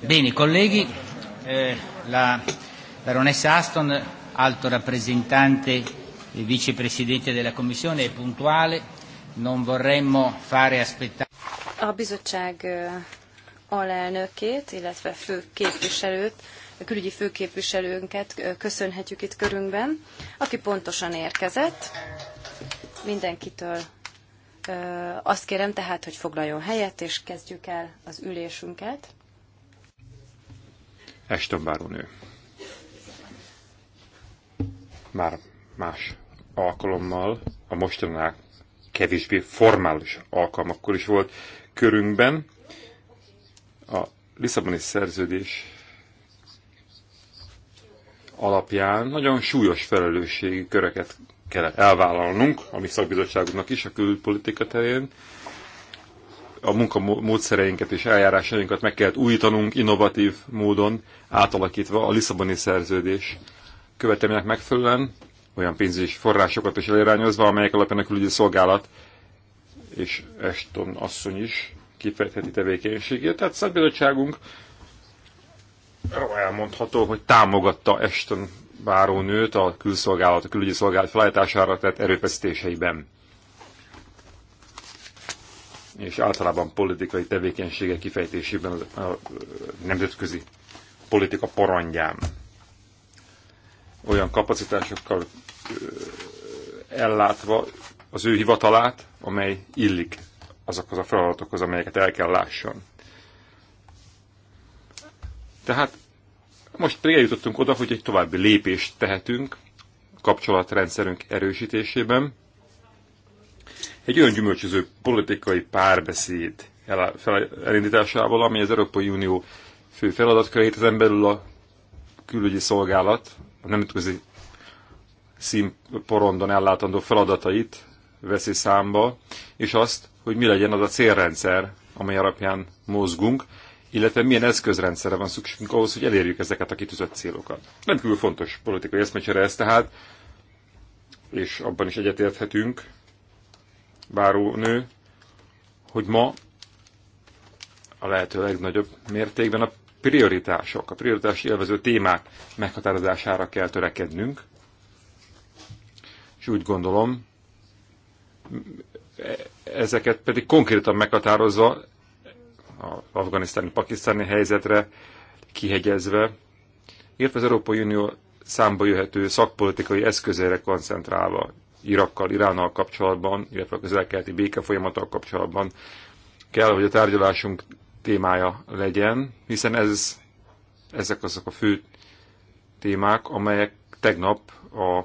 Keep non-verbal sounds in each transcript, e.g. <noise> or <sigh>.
Bene, colleghi, eh, la baronessa Aston, alto rappresentante e vicepresidente della Commissione, è puntuale, non vorremmo fare aspettare. A bizottság eh, alelnökét, illetve fő képviselőt, a külügyi főképviselőnket eh, köszönhetjük itt körünkben, aki pontosan érkezett. Mindenkitől azt kérem tehát, hogy foglaljon helyet, és kezdjük el az ülésünket. Eston bárónő. Már más alkalommal, a mostanák kevésbé formális alkalmakkor is volt körünkben. A Lisszaboni szerződés alapján nagyon súlyos felelősségi köreket kell elvállalnunk, a mi szakbizottságunknak is a külpolitika terén. A munkamódszereinket és eljárásainkat meg kell újítanunk innovatív módon, átalakítva a Lisszaboni szerződés követelmények megfelelően, olyan pénzügyi forrásokat is elirányozva, amelyek alapján a külügyi szolgálat és Eston asszony is kifejtheti tevékenységét. Tehát szakbizottságunk elmondható, hogy támogatta Eston bárónőt a külszolgálat, a külügyi szolgálat felállítására tett erőfeszítéseiben és általában politikai tevékenysége kifejtésében a nemzetközi politika porondján. Olyan kapacitásokkal ellátva az ő hivatalát, amely illik azokhoz a feladatokhoz, amelyeket el kell lásson. Tehát most pedig eljutottunk oda, hogy egy további lépést tehetünk kapcsolatrendszerünk erősítésében. Egy olyan gyümölcsöző politikai párbeszéd elindításával, ami az Európai Unió fő feladatkörét, ezen belül a külügyi szolgálat, a nemzetközi színporondon ellátandó feladatait veszi számba, és azt, hogy mi legyen az a célrendszer, amely alapján mozgunk, illetve milyen eszközrendszerre van szükségünk ahhoz, hogy elérjük ezeket a kitűzött célokat. Nem külön fontos politikai eszmecsere ez tehát, és abban is egyetérthetünk, báró nő, hogy ma a lehető legnagyobb mértékben a prioritások, a prioritás élvező témák meghatározására kell törekednünk, és úgy gondolom, ezeket pedig konkrétan meghatározza afganisztáni, pakisztáni helyzetre kihegyezve, illetve az Európai Unió számba jöhető szakpolitikai eszközére koncentrálva, Irakkal, Iránnal kapcsolatban, illetve a közel-keleti béke folyamatok kapcsolatban kell, hogy a tárgyalásunk témája legyen, hiszen ez, ezek azok a fő témák, amelyek tegnap a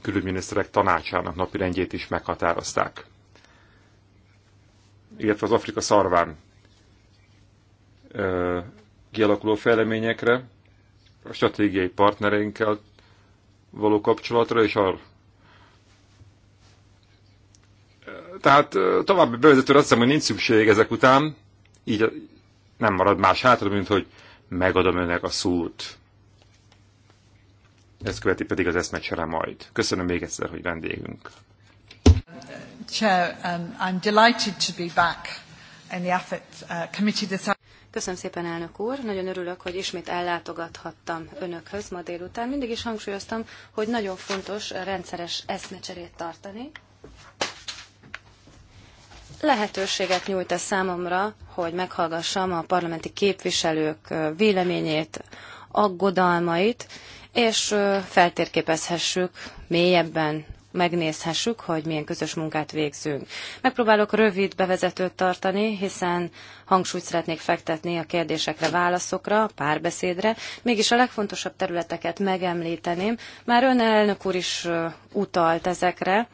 külügyminiszterek tanácsának napi rendjét is meghatározták. Illetve az Afrika szarván kialakuló fejleményekre, a stratégiai partnereinkkel való kapcsolatra, és arra. Tehát további bevezetőre azt hiszem, hogy nincs szükség ezek után, így nem marad más hátra, mint hogy megadom önnek a szót. Ezt követi pedig az eszmecsere majd. Köszönöm még egyszer, hogy vendégünk. Chair, um, I'm delighted to be back in the AFET uh, committee this afternoon. Köszönöm szépen, elnök úr. Nagyon örülök, hogy ismét ellátogathattam önökhöz ma délután. Mindig is hangsúlyoztam, hogy nagyon fontos rendszeres eszmecserét tartani. Lehetőséget nyújt ez számomra, hogy meghallgassam a parlamenti képviselők véleményét, aggodalmait, és feltérképezhessük mélyebben megnézhessük, hogy milyen közös munkát végzünk. Megpróbálok rövid bevezetőt tartani, hiszen hangsúlyt szeretnék fektetni a kérdésekre, válaszokra, párbeszédre. Mégis a legfontosabb területeket megemlíteném. Már ön elnök úr is utalt ezekre,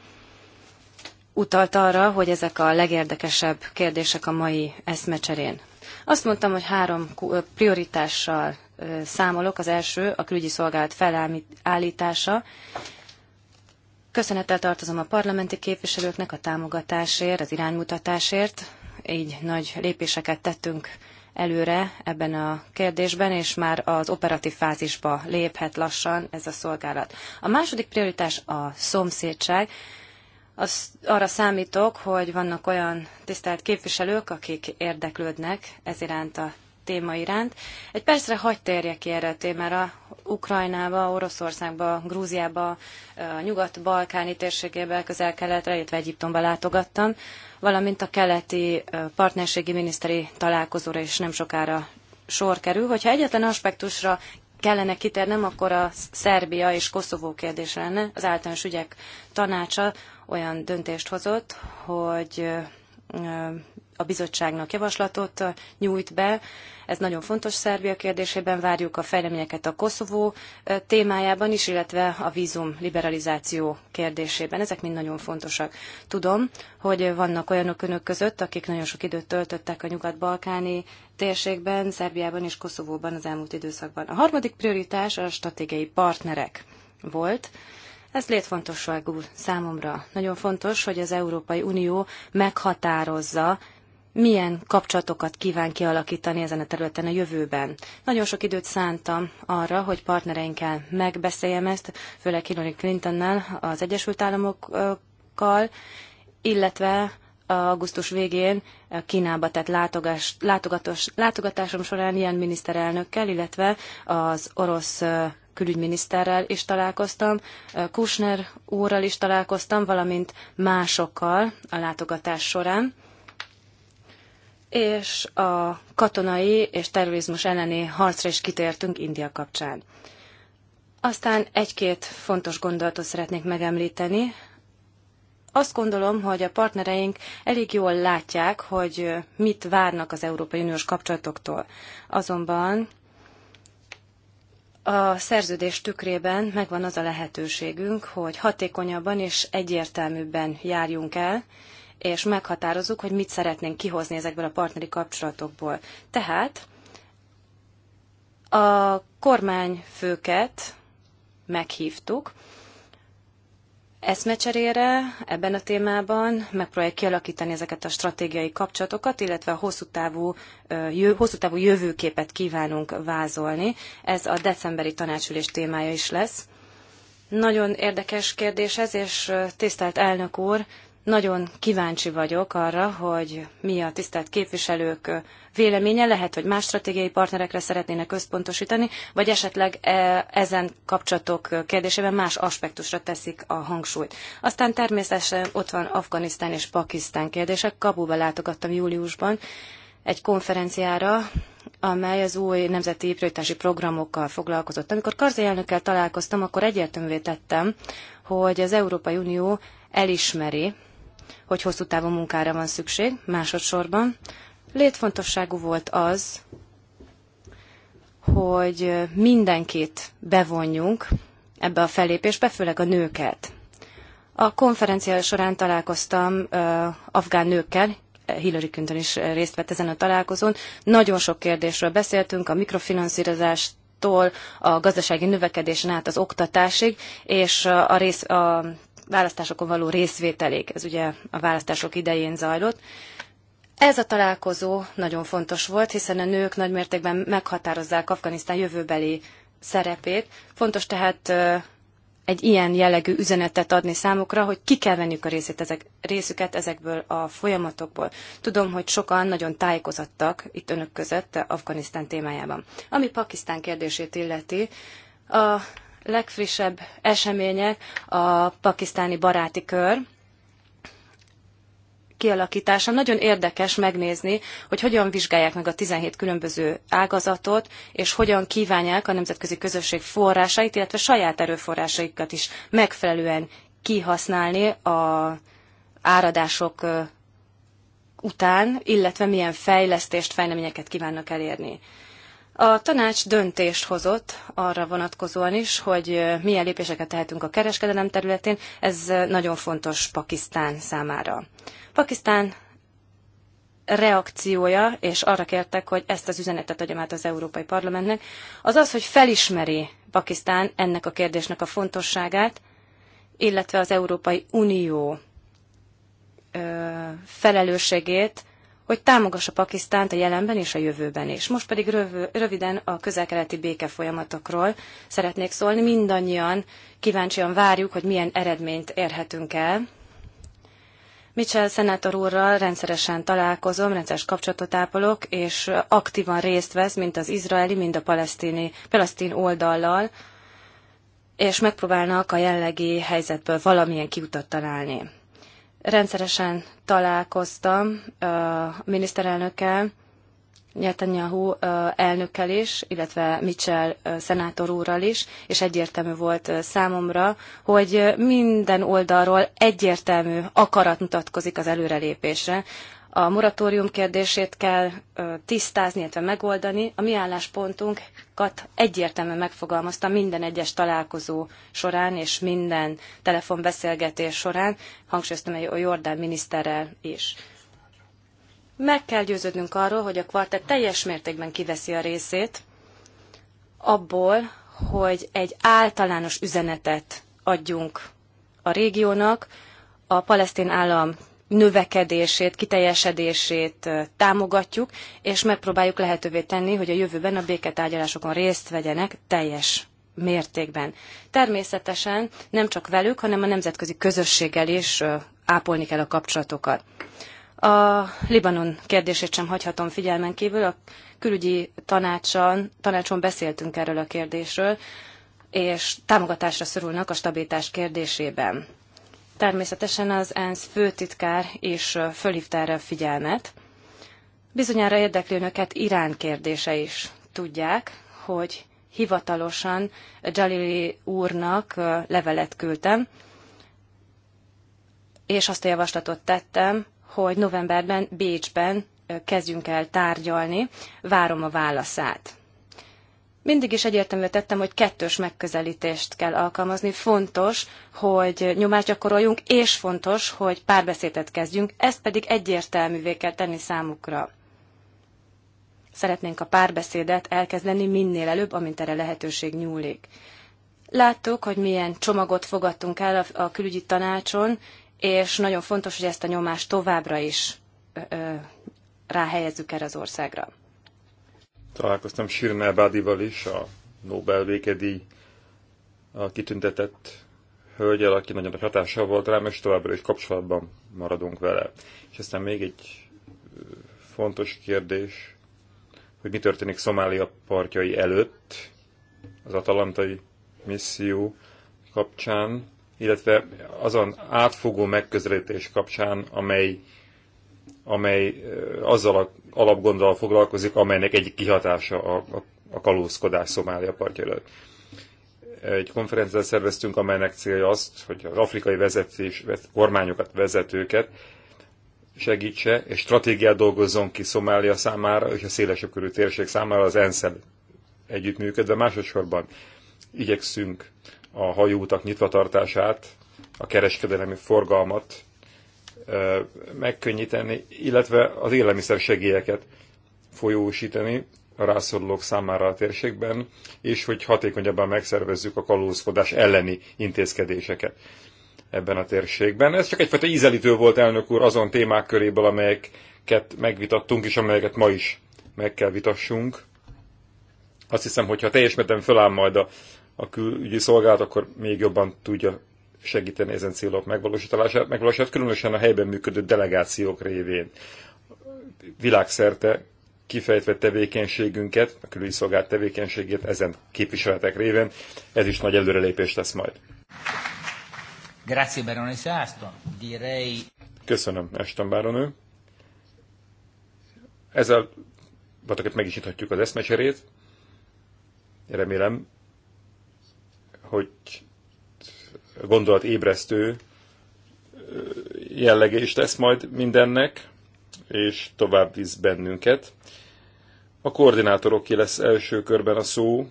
utalt arra, hogy ezek a legérdekesebb kérdések a mai eszmecserén. Azt mondtam, hogy három prioritással számolok. Az első a külügyi szolgálat felállítása, Köszönettel tartozom a parlamenti képviselőknek a támogatásért, az iránymutatásért. Így nagy lépéseket tettünk előre ebben a kérdésben, és már az operatív fázisba léphet lassan ez a szolgálat. A második prioritás a szomszédság. Az, arra számítok, hogy vannak olyan tisztelt képviselők, akik érdeklődnek ez iránt a téma iránt. Egy percre hagy térjek ki erre a témára. Ukrajnába, Oroszországba, Grúziába, Nyugat-Balkáni térségébe, közel-keletre, illetve Egyiptomba látogattam, valamint a keleti partnerségi miniszteri találkozóra is nem sokára sor kerül. Hogyha egyetlen aspektusra kellene kitérnem, akkor a Szerbia és Koszovó kérdés lenne. Az általános ügyek tanácsa olyan döntést hozott, hogy a bizottságnak javaslatot nyújt be. Ez nagyon fontos Szerbia kérdésében, várjuk a fejleményeket a Koszovó témájában is, illetve a vízum liberalizáció kérdésében. Ezek mind nagyon fontosak. Tudom, hogy vannak olyanok önök között, akik nagyon sok időt töltöttek a nyugat-balkáni térségben, Szerbiában és Koszovóban az elmúlt időszakban. A harmadik prioritás a stratégiai partnerek volt. Ez létfontosságú számomra. Nagyon fontos, hogy az Európai Unió meghatározza milyen kapcsolatokat kíván kialakítani ezen a területen a jövőben. Nagyon sok időt szántam arra, hogy partnereinkkel megbeszéljem ezt, főleg Hillary Clintonnal, az Egyesült Államokkal, illetve augusztus végén Kínába tett látogás, látogatásom során ilyen miniszterelnökkel, illetve az orosz külügyminiszterrel is találkoztam, Kushner úrral is találkoztam, valamint másokkal a látogatás során és a katonai és terrorizmus elleni harcra is kitértünk India kapcsán. Aztán egy-két fontos gondolatot szeretnék megemlíteni. Azt gondolom, hogy a partnereink elég jól látják, hogy mit várnak az Európai Uniós kapcsolatoktól. Azonban a szerződés tükrében megvan az a lehetőségünk, hogy hatékonyabban és egyértelműbben járjunk el, és meghatározzuk, hogy mit szeretnénk kihozni ezekből a partneri kapcsolatokból. Tehát a kormányfőket meghívtuk, eszmecserére ebben a témában megpróbáljuk kialakítani ezeket a stratégiai kapcsolatokat, illetve a hosszú távú, jö, hosszú távú jövőképet kívánunk vázolni. Ez a decemberi tanácsülés témája is lesz. Nagyon érdekes kérdés ez, és tisztelt elnök úr, nagyon kíváncsi vagyok arra, hogy mi a tisztelt képviselők véleménye. Lehet, hogy más stratégiai partnerekre szeretnének központosítani, vagy esetleg e, ezen kapcsolatok kérdésében más aspektusra teszik a hangsúlyt. Aztán természetesen ott van Afganisztán és Pakisztán kérdése. Kabulba látogattam júliusban egy konferenciára, amely az új nemzeti prioritási programokkal foglalkozott. Amikor Karzai elnökkel találkoztam, akkor egyértelművé tettem, hogy az Európai Unió elismeri hogy hosszú távú munkára van szükség, másodszorban létfontosságú volt az, hogy mindenkit bevonjunk ebbe a felépésbe főleg a nőket. A konferencia során találkoztam uh, afgán nőkkel, Hillary Clinton is részt vett ezen a találkozón. Nagyon sok kérdésről beszéltünk, a mikrofinanszírozástól, a gazdasági növekedésen át az oktatásig, és a, rész, a választásokon való részvételék, ez ugye a választások idején zajlott. Ez a találkozó nagyon fontos volt, hiszen a nők nagymértékben meghatározzák Afganisztán jövőbeli szerepét. Fontos tehát egy ilyen jellegű üzenetet adni számukra, hogy ki kell venniük a részét ezek, részüket ezekből a folyamatokból. Tudom, hogy sokan nagyon tájékozattak itt önök között Afganisztán témájában. Ami Pakisztán kérdését illeti, a legfrissebb események a pakisztáni baráti kör kialakítása. Nagyon érdekes megnézni, hogy hogyan vizsgálják meg a 17 különböző ágazatot, és hogyan kívánják a nemzetközi közösség forrásait, illetve saját erőforrásaikat is megfelelően kihasználni a áradások után, illetve milyen fejlesztést, fejleményeket kívánnak elérni. A tanács döntést hozott arra vonatkozóan is, hogy milyen lépéseket tehetünk a kereskedelem területén. Ez nagyon fontos Pakisztán számára. Pakisztán reakciója, és arra kértek, hogy ezt az üzenetet adjam át az Európai Parlamentnek, az az, hogy felismeri Pakisztán ennek a kérdésnek a fontosságát, illetve az Európai Unió felelősségét hogy támogassa Pakisztánt a jelenben és a jövőben is. Most pedig röv, röviden a közelkeleti béke folyamatokról szeretnék szólni. Mindannyian kíváncsian várjuk, hogy milyen eredményt érhetünk el. Mitchell szenátor úrral rendszeresen találkozom, rendszeres kapcsolatot ápolok, és aktívan részt vesz, mint az izraeli, mind a palesztini, palesztin oldallal, és megpróbálnak a jellegi helyzetből valamilyen kiutat találni. Rendszeresen találkoztam a miniszterelnökkel, Netanyahu elnökkel is, illetve Mitchell szenátor úrral is, és egyértelmű volt számomra, hogy minden oldalról egyértelmű akarat mutatkozik az előrelépésre a moratórium kérdését kell tisztázni, illetve megoldani. A mi álláspontunkat egyértelműen megfogalmazta minden egyes találkozó során és minden telefonbeszélgetés során, hangsúlyoztam a Jordán miniszterrel is. Meg kell győződnünk arról, hogy a kvartett teljes mértékben kiveszi a részét abból, hogy egy általános üzenetet adjunk a régiónak, a palesztin állam növekedését, kiteljesedését támogatjuk, és megpróbáljuk lehetővé tenni, hogy a jövőben a béketárgyalásokon részt vegyenek teljes mértékben. Természetesen nem csak velük, hanem a nemzetközi közösséggel is ápolni kell a kapcsolatokat. A Libanon kérdését sem hagyhatom figyelmen kívül. A külügyi tanácson, tanácson beszéltünk erről a kérdésről, és támogatásra szorulnak a stabilitás kérdésében. Természetesen az ENSZ főtitkár is fölhívta erre a figyelmet. Bizonyára érdekli önöket Irán kérdése is. Tudják, hogy hivatalosan Jalili úrnak levelet küldtem, és azt a javaslatot tettem, hogy novemberben Bécsben kezdjünk el tárgyalni, várom a válaszát. Mindig is egyértelműen tettem, hogy kettős megközelítést kell alkalmazni. Fontos, hogy nyomást gyakoroljunk, és fontos, hogy párbeszédet kezdjünk, ezt pedig egyértelművé kell tenni számukra. Szeretnénk a párbeszédet elkezdeni minél előbb, amint erre lehetőség nyúlik. Láttuk, hogy milyen csomagot fogadtunk el a külügyi tanácson, és nagyon fontos, hogy ezt a nyomást továbbra is ráhelyezzük erre az országra. Találkoztam Sirne Bádival is, a Nobel Békedi a kitüntetett hölgyel, aki nagyon nagy hatással volt rám, és továbbra is kapcsolatban maradunk vele. És aztán még egy fontos kérdés, hogy mi történik Szomália partjai előtt, az atalantai misszió kapcsán, illetve azon átfogó megközelítés kapcsán, amely amely azzal a alapgondal foglalkozik, amelynek egyik kihatása a, a, a kalózkodás Szomália partja előtt. Egy konferenciát szerveztünk, amelynek célja az, hogy az afrikai vezetés, kormányokat, vezetőket segítse, és stratégiát dolgozzon ki Szomália számára, és a szélesebb körű térség számára az ensz együttműködve. Másodszorban igyekszünk a hajóutak nyitvatartását, a kereskedelemi forgalmat megkönnyíteni, illetve az élelmiszersegélyeket folyósítani a rászorulók számára a térségben, és hogy hatékonyabban megszervezzük a kalózkodás elleni intézkedéseket ebben a térségben. Ez csak egyfajta ízelítő volt, elnök úr, azon témák köréből, amelyeket megvitattunk, és amelyeket ma is meg kell vitassunk. Azt hiszem, hogy ha teljes mértékben föláll majd a, a külügyi szolgálat, akkor még jobban tudja segíteni ezen célok megvalósítását, megvalósítását különösen a helyben működő delegációk révén. Világszerte kifejtve tevékenységünket, a külügyi szolgált tevékenységét ezen képviseletek révén, ez is nagy előrelépés lesz majd. Grazie, Baronessa Aston. Direi... Köszönöm, Aston Baronő. Ezzel voltaket meg is nyithatjuk az eszmecserét. Remélem, hogy gondolatébresztő jellege is lesz majd mindennek, és tovább visz bennünket. A koordinátoroké lesz első körben a szó.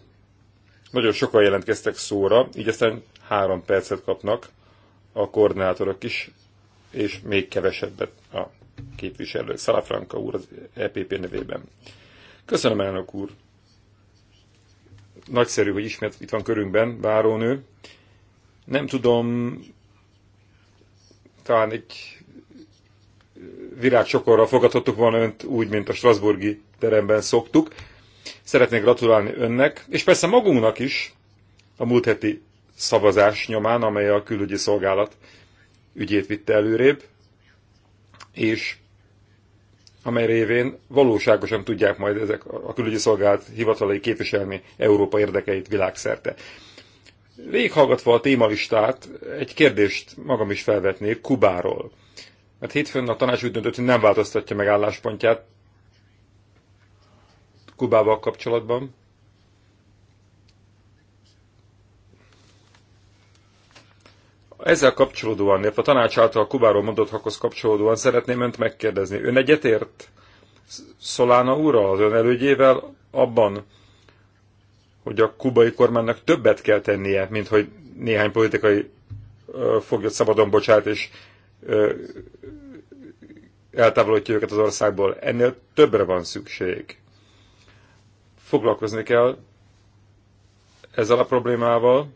Nagyon sokan jelentkeztek szóra, így aztán három percet kapnak a koordinátorok is, és még kevesebbet a képviselő. Szalafranka úr az EPP nevében. Köszönöm, elnök úr! Nagyszerű, hogy ismét itt van körünkben, várónő, nem tudom, talán egy virágcsokorra fogadhattuk volna önt úgy, mint a Strasburgi teremben szoktuk. Szeretnék gratulálni önnek, és persze magunknak is a múlt heti szavazás nyomán, amely a külügyi szolgálat ügyét vitte előrébb, és amely révén valóságosan tudják majd ezek a külügyi szolgálat hivatalai képviselni Európa érdekeit világszerte. Véghallgatva a témalistát, egy kérdést magam is felvetnék Kubáról. Mert hát hétfőn a tanács úgy döntött, hogy nem változtatja meg álláspontját Kubával kapcsolatban. Ezzel kapcsolódóan, a tanács által Kubáról mondottakhoz kapcsolódóan szeretném önt megkérdezni. Ön egyetért Szolána úrral, az ön elődjével abban, hogy a kubai kormánynak többet kell tennie, mint hogy néhány politikai foglyot szabadon bocsát, és eltávolítja őket az országból. Ennél többre van szükség. Foglalkozni kell ezzel a problémával.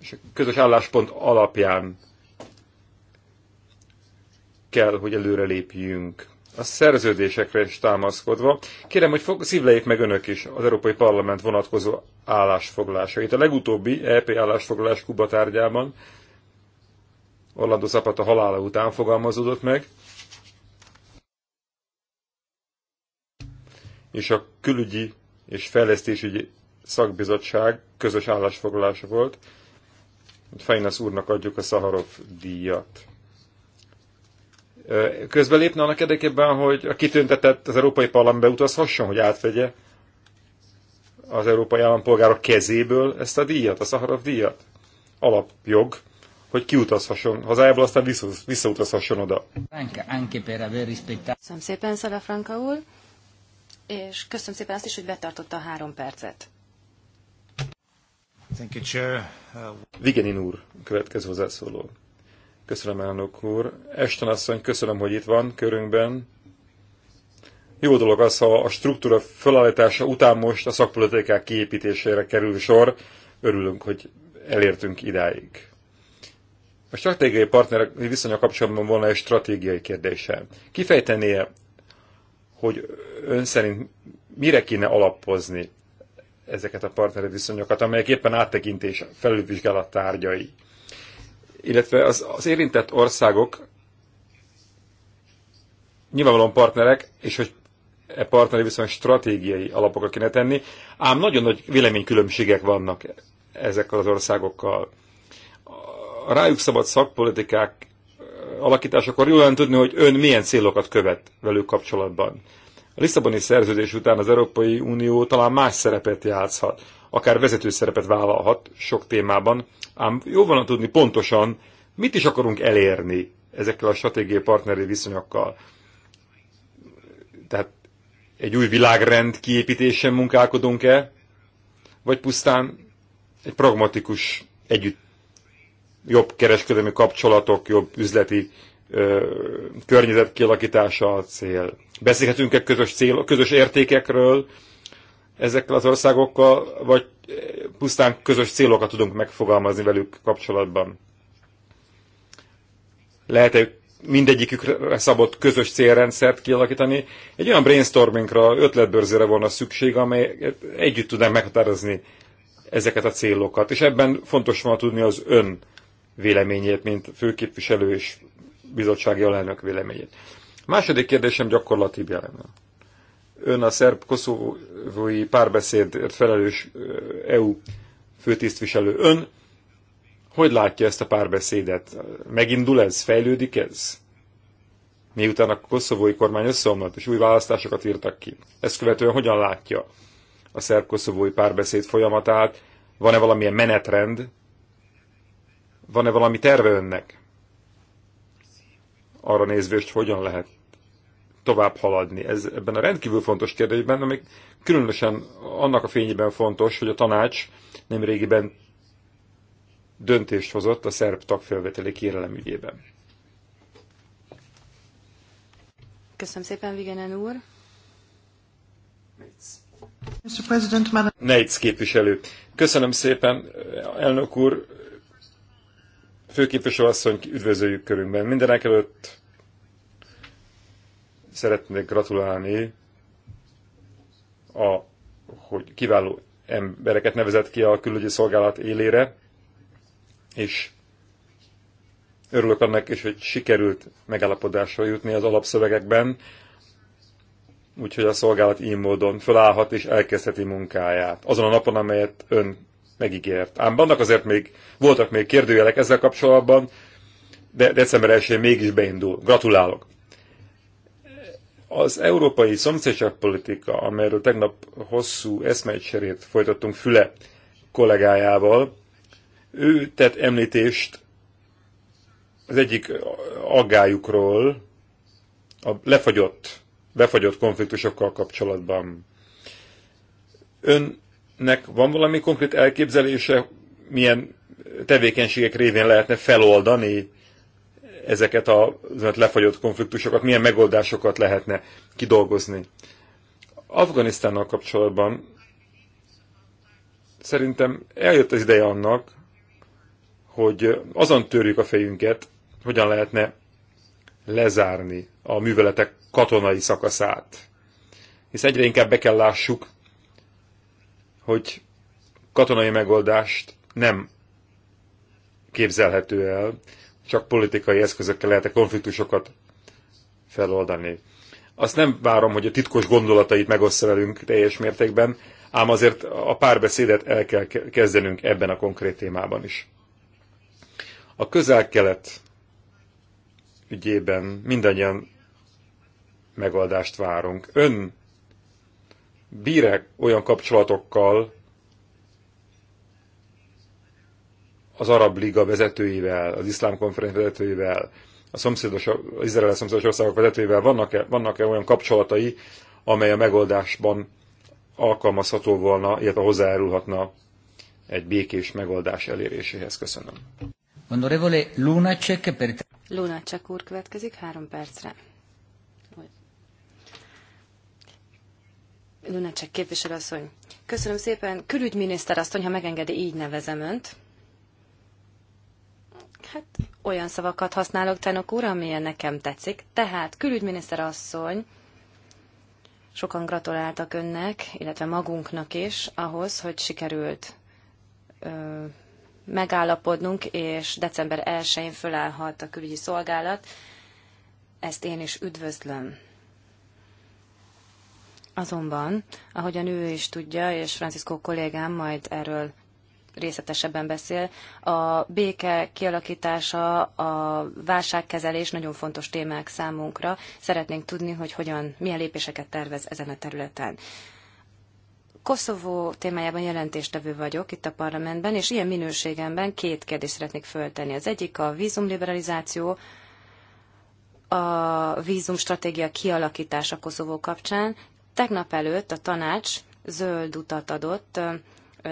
És a közös álláspont alapján kell, hogy lépjünk a szerződésekre is támaszkodva. Kérem, hogy szívlejék meg önök is az Európai Parlament vonatkozó állásfoglásait. A legutóbbi EP állásfoglalás Kuba tárgyában Orlando Zapata halála után fogalmazódott meg, és a külügyi és fejlesztésügyi szakbizottság közös állásfoglalása volt, Fejnasz úrnak adjuk a Szaharov díjat közbelépne annak érdekében, hogy a kitüntetett az Európai Parlamentbe utazhasson, hogy átvegye az európai állampolgárok kezéből ezt a díjat, a Szaharov díjat? Alapjog, hogy kiutazhasson hazájából, aztán vissza, visszautazhasson oda. Köszönöm szépen, Szala Franka úr, és köszönöm szépen azt is, hogy betartotta a három percet. Vigenin úr, következő hozzászóló. Köszönöm, elnök úr. Esten asszony, köszönöm, hogy itt van körünkben. Jó dolog az, ha a struktúra felállítása után most a szakpolitikák kiépítésére kerül sor. Örülünk, hogy elértünk idáig. A stratégiai partnerek viszonya kapcsolatban volna egy stratégiai kérdése. Kifejtenie, hogy ön szerint mire kéne alapozni ezeket a partneri viszonyokat, amelyek éppen áttekintés felülvizsgálat tárgyai? illetve az, az érintett országok nyilvánvalóan partnerek, és hogy e partneri viszont stratégiai alapokra kéne tenni, ám nagyon nagy véleménykülönbségek vannak ezekkel az országokkal. A rájuk szabad szakpolitikák eh, alakításakor jól lenne tudni, hogy ön milyen célokat követ velük kapcsolatban. A Lisszaboni szerződés után az Európai Unió talán más szerepet játszhat, akár vezető szerepet vállalhat sok témában, Ám jó van tudni pontosan, mit is akarunk elérni ezekkel a stratégiai partneri viszonyokkal. Tehát egy új világrend kiépítésen munkálkodunk-e, vagy pusztán egy pragmatikus együtt jobb kereskedelmi kapcsolatok, jobb üzleti ö, környezet kialakítása a cél. Beszélhetünk-e közös, cél, közös értékekről, ezekkel az országokkal, vagy eh, pusztán közös célokat tudunk megfogalmazni velük kapcsolatban? Lehet-e mindegyikükre szabott közös célrendszert kialakítani? Egy olyan brainstormingra, ötletbörzére volna szükség, amely együtt tudnánk meghatározni ezeket a célokat. És ebben fontos van tudni az ön véleményét, mint főképviselő és bizottsági alelnök véleményét. második kérdésem gyakorlati jelenlő. Ön a szerb-koszovói párbeszédért felelős EU főtisztviselő. Ön hogy látja ezt a párbeszédet? Megindul ez? Fejlődik ez? Miután a koszovói kormány összeomlott és új választásokat írtak ki. Ezt követően hogyan látja a szerb-koszovói párbeszéd folyamatát? Van-e valamilyen menetrend? Van-e valami terve önnek? Arra hogy hogyan lehet tovább haladni ez, ebben a rendkívül fontos kérdésben, amik különösen annak a fényében fontos, hogy a tanács nem régiben döntést hozott a szerb tagfelvételi kérelem ügyében. Köszönöm szépen, Vigenen úr. Neitz képviselő. Köszönöm szépen, elnök úr, főképviselő asszony, üdvözöljük körünkben. Mindenek előtt szeretnék gratulálni, a, hogy kiváló embereket nevezett ki a külügyi szolgálat élére, és örülök annak is, hogy sikerült megállapodásra jutni az alapszövegekben, úgyhogy a szolgálat így módon fölállhat és elkezdheti munkáját. Azon a napon, amelyet ön megígért. Ám vannak azért még, voltak még kérdőjelek ezzel kapcsolatban, de december 1 mégis beindul. Gratulálok! Az európai szomszédságpolitika, amelyről tegnap hosszú eszmecserét folytattunk Füle kollégájával, ő tett említést az egyik aggájukról, a lefagyott, befagyott konfliktusokkal kapcsolatban. Önnek van valami konkrét elképzelése, milyen tevékenységek révén lehetne feloldani ezeket a lefagyott konfliktusokat, milyen megoldásokat lehetne kidolgozni. Afganisztánnal kapcsolatban szerintem eljött az ideje annak, hogy azon törjük a fejünket, hogyan lehetne lezárni a műveletek katonai szakaszát. Hisz egyre inkább be kell lássuk, hogy katonai megoldást nem képzelhető el, csak politikai eszközökkel lehet a konfliktusokat feloldani. Azt nem várom, hogy a titkos gondolatait megossza velünk teljes mértékben, ám azért a párbeszédet el kell kezdenünk ebben a konkrét témában is. A közel-kelet ügyében mindannyian megoldást várunk. Ön bírek olyan kapcsolatokkal, az Arab Liga vezetőivel, az iszlám konferencia vezetőivel, a szomszédos, az izrael szomszédos országok vezetőivel vannak-e, vannak-e olyan kapcsolatai, amely a megoldásban alkalmazható volna, illetve hozzájárulhatna egy békés megoldás eléréséhez. Köszönöm. Honorevole Lunacek per... Lunacek úr következik három percre. Lunacek asszony. Köszönöm szépen. Külügyminiszter asszony, ha megengedi, így nevezem önt. Hát olyan szavakat használok, tanok úr, amilyen nekem tetszik. Tehát külügyminiszter asszony, sokan gratuláltak önnek, illetve magunknak is ahhoz, hogy sikerült ö, megállapodnunk, és december 1-én fölállhat a külügyi szolgálat. Ezt én is üdvözlöm. Azonban, ahogyan ő is tudja, és Francisco kollégám majd erről részletesebben beszél. A béke kialakítása, a válságkezelés nagyon fontos témák számunkra. Szeretnénk tudni, hogy hogyan, milyen lépéseket tervez ezen a területen. Koszovó témájában jelentéstevő vagyok itt a parlamentben, és ilyen minőségemben két kérdést szeretnék föltenni. Az egyik a vízumliberalizáció, a vízumstratégia kialakítása Koszovó kapcsán. Tegnap előtt a tanács zöld utat adott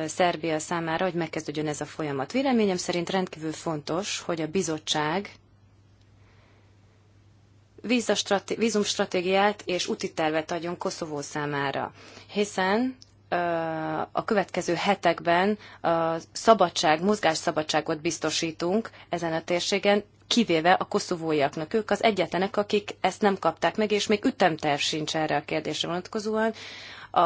Szerbia számára, hogy megkezdődjön ez a folyamat. Véleményem szerint rendkívül fontos, hogy a bizottság vízumstratégiát és útitervet adjon Koszovó számára, hiszen a következő hetekben a szabadság, mozgásszabadságot biztosítunk ezen a térségen, kivéve a koszovóiaknak. Ők az egyetlenek, akik ezt nem kapták meg, és még ütemterv sincs erre a kérdésre vonatkozóan. A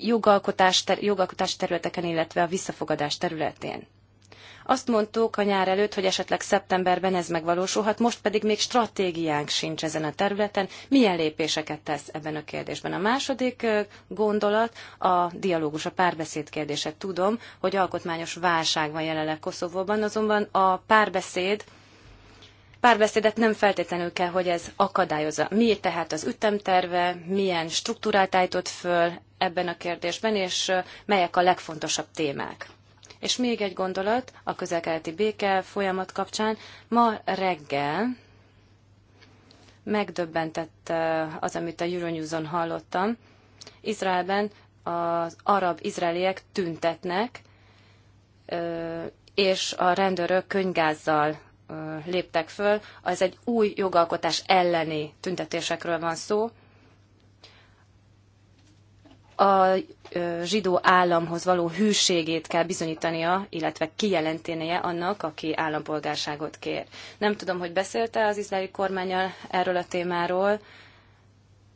jogalkotás, ter, jogalkotás területeken, illetve a visszafogadás területén. Azt mondtuk a nyár előtt, hogy esetleg szeptemberben ez megvalósulhat, most pedig még stratégiánk sincs ezen a területen. Milyen lépéseket tesz ebben a kérdésben? A második gondolat a dialógus, a párbeszéd kérdése. Tudom, hogy alkotmányos válság van jelenleg Koszovóban, azonban a párbeszéd párbeszédet nem feltétlenül kell, hogy ez akadályozza. Mi tehát az ütemterve, milyen struktúrát állított föl ebben a kérdésben, és melyek a legfontosabb témák. És még egy gondolat a közelkeleti béke folyamat kapcsán. Ma reggel megdöbbentett az, amit a Euronews-on hallottam. Izraelben az arab-izraeliek tüntetnek, és a rendőrök könygázzal léptek föl, az egy új jogalkotás elleni tüntetésekről van szó. A zsidó államhoz való hűségét kell bizonyítania, illetve kijelentenie annak, aki állampolgárságot kér. Nem tudom, hogy beszélte az izraeli kormányal erről a témáról.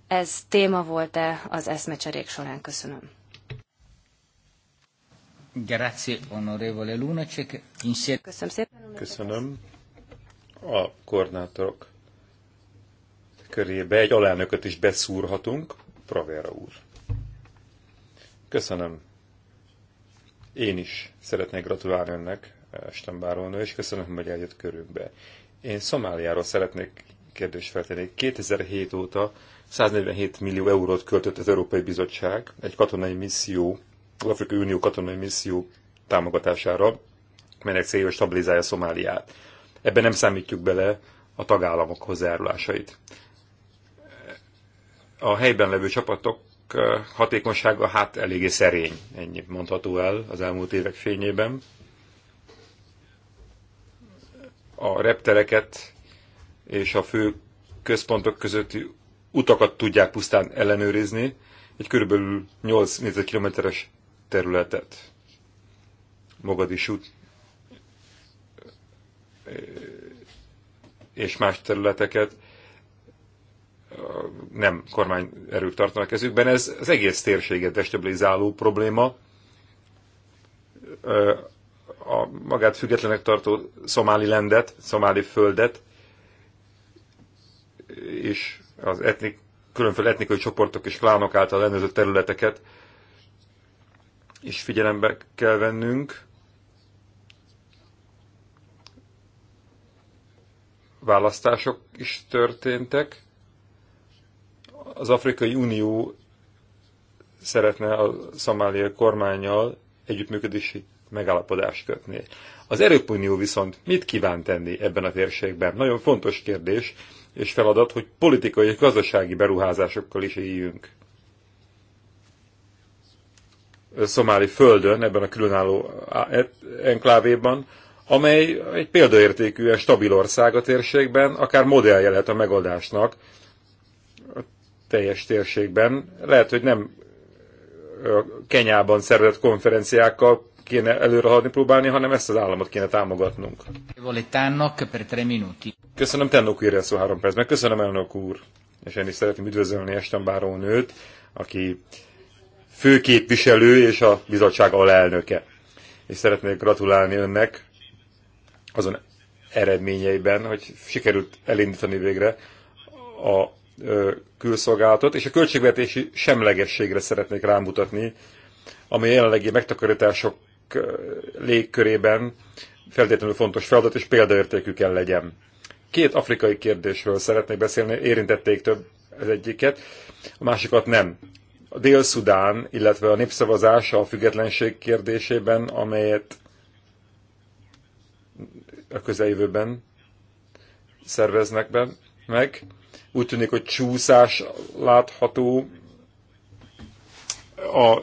Ez téma volt-e az eszmecserék során? Köszönöm. Köszönöm szépen. Köszönöm a koordinátorok körébe egy alelnököt is beszúrhatunk, Pravera úr. Köszönöm. Én is szeretnék gratulálni önnek, Estembárónő, és köszönöm, hogy eljött körünkbe. Én Szomáliáról szeretnék kérdést feltenni. 2007 óta 147 millió eurót költött az Európai Bizottság egy katonai misszió, az Afrikai Unió katonai misszió támogatására, melynek célja, stabilizálja Szomáliát. Ebben nem számítjuk bele a tagállamok hozzájárulásait. A helyben levő csapatok hatékonysága hát eléggé szerény, ennyi mondható el az elmúlt évek fényében. A reptereket és a fő központok közötti utakat tudják pusztán ellenőrizni, egy körülbelül 8 km-es területet. Mogadisút és más területeket nem kormány erők tartanak kezükben. Ez az egész térséget destabilizáló probléma. A magát függetlenek tartó szomáli lendet, szomáli földet, és az etnik, különféle etnikai csoportok és klánok által rendezett területeket is figyelembe kell vennünk választások is történtek. Az Afrikai Unió szeretne a szomáliai kormányjal együttműködési megállapodást kötni. Az Európai Unió viszont mit kíván tenni ebben a térségben? Nagyon fontos kérdés és feladat, hogy politikai és gazdasági beruházásokkal is éljünk. A szomáli földön, ebben a különálló e- enklávéban, amely egy példaértékűen stabil ország a térségben, akár modellje lehet a megoldásnak a teljes térségben. Lehet, hogy nem Kenyában szervezett konferenciákkal kéne előre haladni próbálni, hanem ezt az államot kéne támogatnunk. Köszönöm Tennok úr, szó három percben. Köszönöm elnök úr, és én is szeretném üdvözölni Esten nőt, aki főképviselő és a bizottság alelnöke. És szeretnék gratulálni önnek azon eredményeiben, hogy sikerült elindítani végre a külszolgálatot, és a költségvetési semlegességre szeretnék rámutatni, ami jelenlegi megtakarítások légkörében feltétlenül fontos feladat, és példaértékű kell legyen. Két afrikai kérdésről szeretnék beszélni, érintették több az egyiket, a másikat nem. A Dél-Szudán, illetve a népszavazása a függetlenség kérdésében, amelyet a közeljövőben szerveznek be meg. Úgy tűnik, hogy csúszás látható a,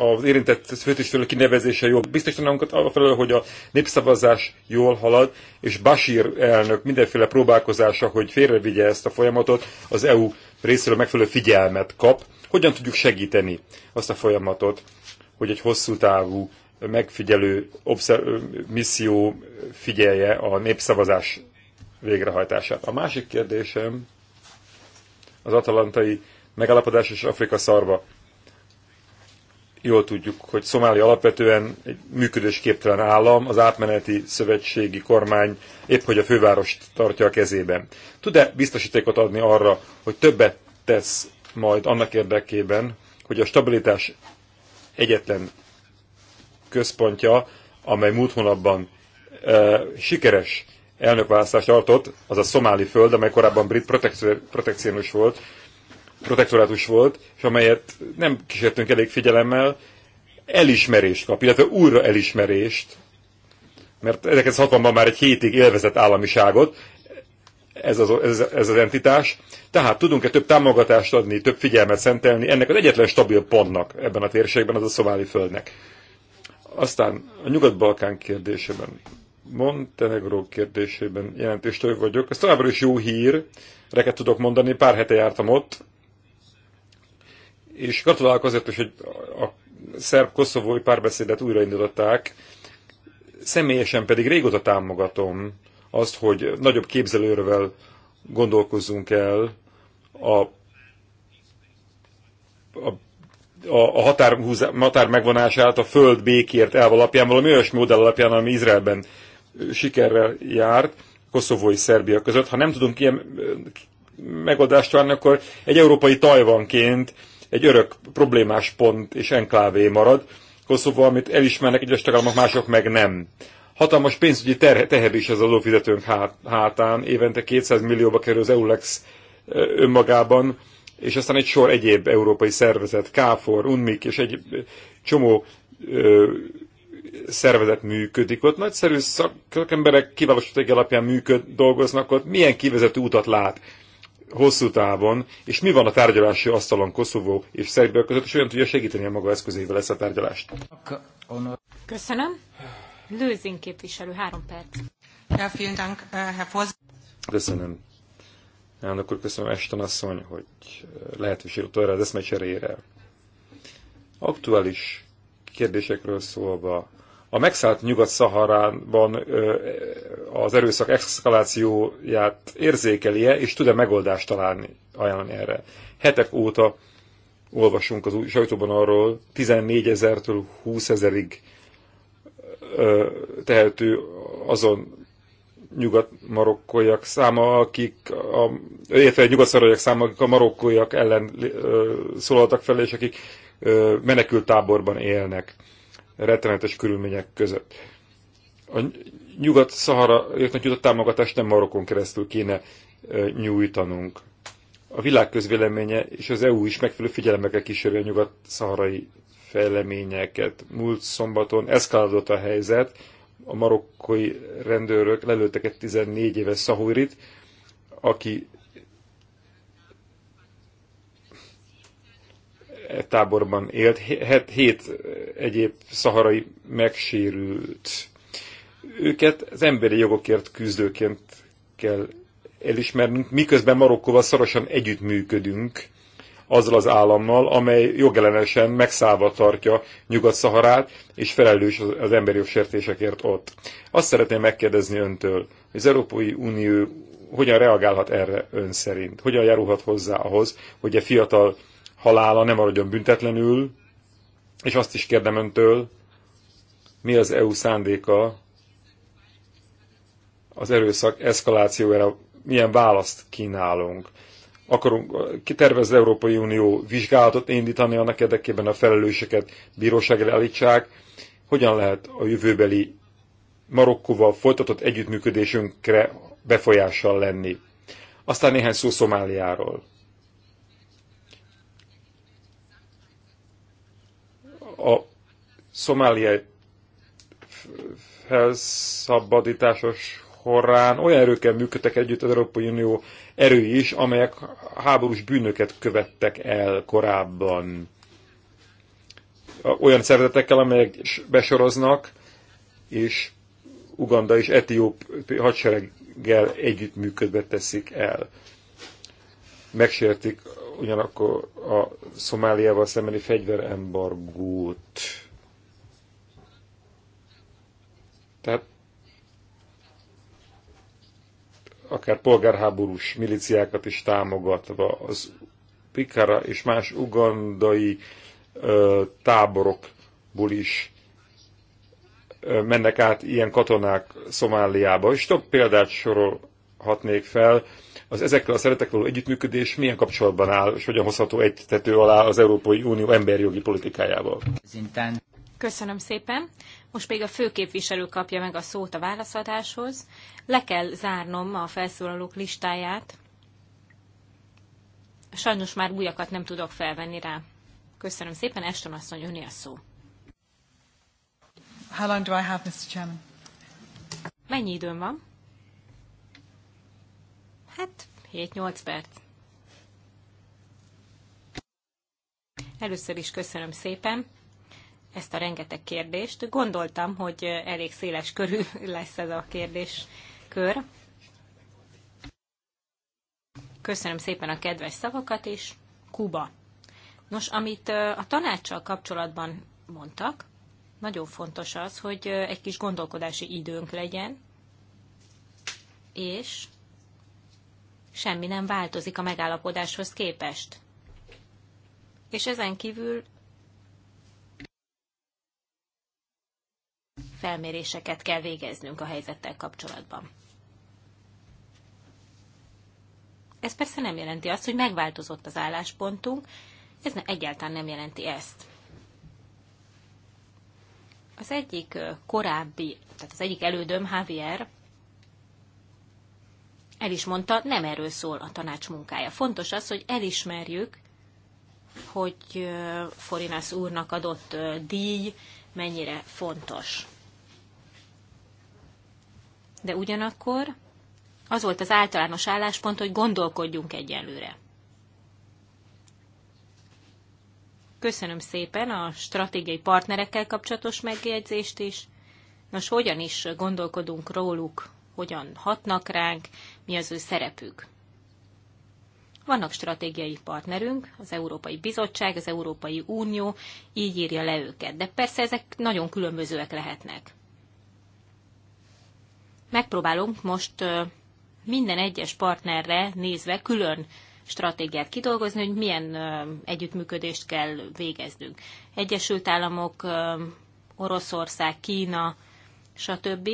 az érintett főtisztelő kinevezése jó. Biztosítanánkat arra felől, hogy a népszavazás jól halad, és Bashir elnök mindenféle próbálkozása, hogy félrevigye ezt a folyamatot, az EU részéről megfelelő figyelmet kap. Hogyan tudjuk segíteni azt a folyamatot, hogy egy hosszú távú megfigyelő misszió figyelje a népszavazás végrehajtását. A másik kérdésem az atalantai megállapodás és Afrika szarva. Jól tudjuk, hogy Szomália alapvetően egy működésképtelen állam, az átmeneti szövetségi kormány épp hogy a fővárost tartja a kezében. Tud-e biztosítékot adni arra, hogy többet tesz majd annak érdekében, hogy a stabilitás egyetlen központja, amely múlt hónapban e, sikeres elnökválasztást tartott, az a szomáli föld, amely korábban brit protekcionus volt, protektorátus volt, és amelyet nem kísértünk elég figyelemmel, elismerést kap, illetve újra elismerést, mert 1960-ban már egy hétig élvezett államiságot, ez az, ez, ez az entitás. Tehát tudunk-e több támogatást adni, több figyelmet szentelni ennek az egyetlen stabil pontnak ebben a térségben, az a szomáli földnek. Aztán a Nyugat-Balkán kérdésében, Montenegró kérdésében jelentéstől vagyok. Ez továbbra is jó hír, reket tudok mondani, pár hete jártam ott, és gratulálok azért is, hogy a szerb-koszovói párbeszédet újraindították, személyesen pedig régóta támogatom azt, hogy nagyobb képzelőrvel gondolkozzunk el a, a a, a határ, határ megvonását a föld békért elv alapján, valami olyas modell alapján, ami Izraelben sikerrel járt, Koszovói Szerbia között. Ha nem tudunk ilyen megoldást találni, akkor egy európai Tajvanként egy örök problémás pont és enklávé marad. Koszovó, amit elismernek egyes tagállamok, mások meg nem. Hatalmas pénzügyi teher is az adófizetőnk hátán, évente 200 millióba kerül az EULEX önmagában, és aztán egy sor egyéb európai szervezet, KFOR, UNMIK és egy csomó ö, szervezet működik ott. Nagyszerű szakemberek kiváló stratégia alapján működ, dolgoznak ott. Milyen kivezető utat lát hosszú távon, és mi van a tárgyalási asztalon Koszovó és Szerbia között, és olyan tudja segíteni a maga eszközével ezt a tárgyalást. Köszönöm. Lőzin képviselő, három perc. Ja, vielen Dank, Herr Köszönöm, Elnök úr, köszönöm Eston asszony, hogy eh, lehetőséget arra az eszmecserére. Aktuális kérdésekről szólva, a megszállt Nyugat-Szaharában eh, az erőszak exkalációját érzékelje, és tud-e megoldást találni, ajánlani erre? Hetek óta olvasunk az új sajtóban arról, 14 ezertől 20 ezerig eh, tehető azon nyugat-marokkóiak száma, akik, a, illetve nyugat száma, akik a marokkóiak ellen ö, szólaltak fel, és akik ö, menekültáborban élnek rettenetes körülmények között. A nyugat-szahara nyugat támogatást nem Marokkon keresztül kéne ö, nyújtanunk. A világ közvéleménye és az EU is megfelelő figyelemekkel kísérő a nyugat-szaharai fejleményeket. Múlt szombaton eszkalálódott a helyzet, a marokkói rendőrök lelőttek egy 14 éves szahúrit, aki e táborban élt, hét egyéb szaharai megsérült. Őket az emberi jogokért küzdőként kell elismernünk, miközben Marokkóval szorosan együttműködünk azzal az állammal, amely jogellenesen megszállva tartja Nyugat-Szaharát, és felelős az emberi sértésekért ott. Azt szeretném megkérdezni öntől, hogy az Európai Unió hogyan reagálhat erre ön szerint? Hogyan járulhat hozzá ahhoz, hogy a fiatal halála nem maradjon büntetlenül, és azt is kérdem öntől, mi az EU szándéka az erőszak eszkalációra, milyen választ kínálunk akarunk, kitervez Európai Unió vizsgálatot indítani annak érdekében a felelőseket bíróságra állítsák, hogyan lehet a jövőbeli Marokkóval folytatott együttműködésünkre befolyással lenni. Aztán néhány szó Szomáliáról. A Szomália felszabadításos horrán olyan erőkkel működtek együtt az Európai Unió erői is, amelyek háborús bűnöket követtek el korábban. Olyan szervezetekkel, amelyek besoroznak, és Uganda és Etióp hadsereggel együttműködve teszik el. Megsértik ugyanakkor a Szomáliával szembeni fegyverembargót. Tehát akár polgárháborús miliciákat is támogatva, az Pikara és más ugandai ö, táborokból is ö, mennek át ilyen katonák Szomáliába, és több példát sorolhatnék fel, az ezekkel a szeretekkel való együttműködés milyen kapcsolatban áll, és hogyan hozható egy tető alá az Európai Unió emberjogi politikájával. Köszönöm szépen. Most pedig a főképviselő kapja meg a szót a válaszadáshoz. Le kell zárnom a felszólalók listáját. Sajnos már újakat nem tudok felvenni rá. Köszönöm szépen, Eston asszony, öné a szó. How long do I have, Mr. Chairman? Mennyi időm van? Hát, 7-8 perc. Először is köszönöm szépen ezt a rengeteg kérdést. Gondoltam, hogy elég széles körű <laughs> lesz ez a kérdéskör. Köszönöm szépen a kedves szavakat, és Kuba. Nos, amit a tanácssal kapcsolatban mondtak, nagyon fontos az, hogy egy kis gondolkodási időnk legyen, és semmi nem változik a megállapodáshoz képest. És ezen kívül felméréseket kell végeznünk a helyzettel kapcsolatban. Ez persze nem jelenti azt, hogy megváltozott az álláspontunk, ez ne, egyáltalán nem jelenti ezt. Az egyik korábbi, tehát az egyik elődöm, Javier, el is mondta, nem erről szól a tanács munkája. Fontos az, hogy elismerjük, hogy Forinász úrnak adott díj mennyire fontos de ugyanakkor az volt az általános álláspont, hogy gondolkodjunk egyelőre. Köszönöm szépen a stratégiai partnerekkel kapcsolatos megjegyzést is. Nos, hogyan is gondolkodunk róluk, hogyan hatnak ránk, mi az ő szerepük. Vannak stratégiai partnerünk, az Európai Bizottság, az Európai Unió, így írja le őket. De persze ezek nagyon különbözőek lehetnek megpróbálunk most minden egyes partnerre nézve külön stratégiát kidolgozni, hogy milyen együttműködést kell végeznünk. Egyesült Államok, Oroszország, Kína, stb.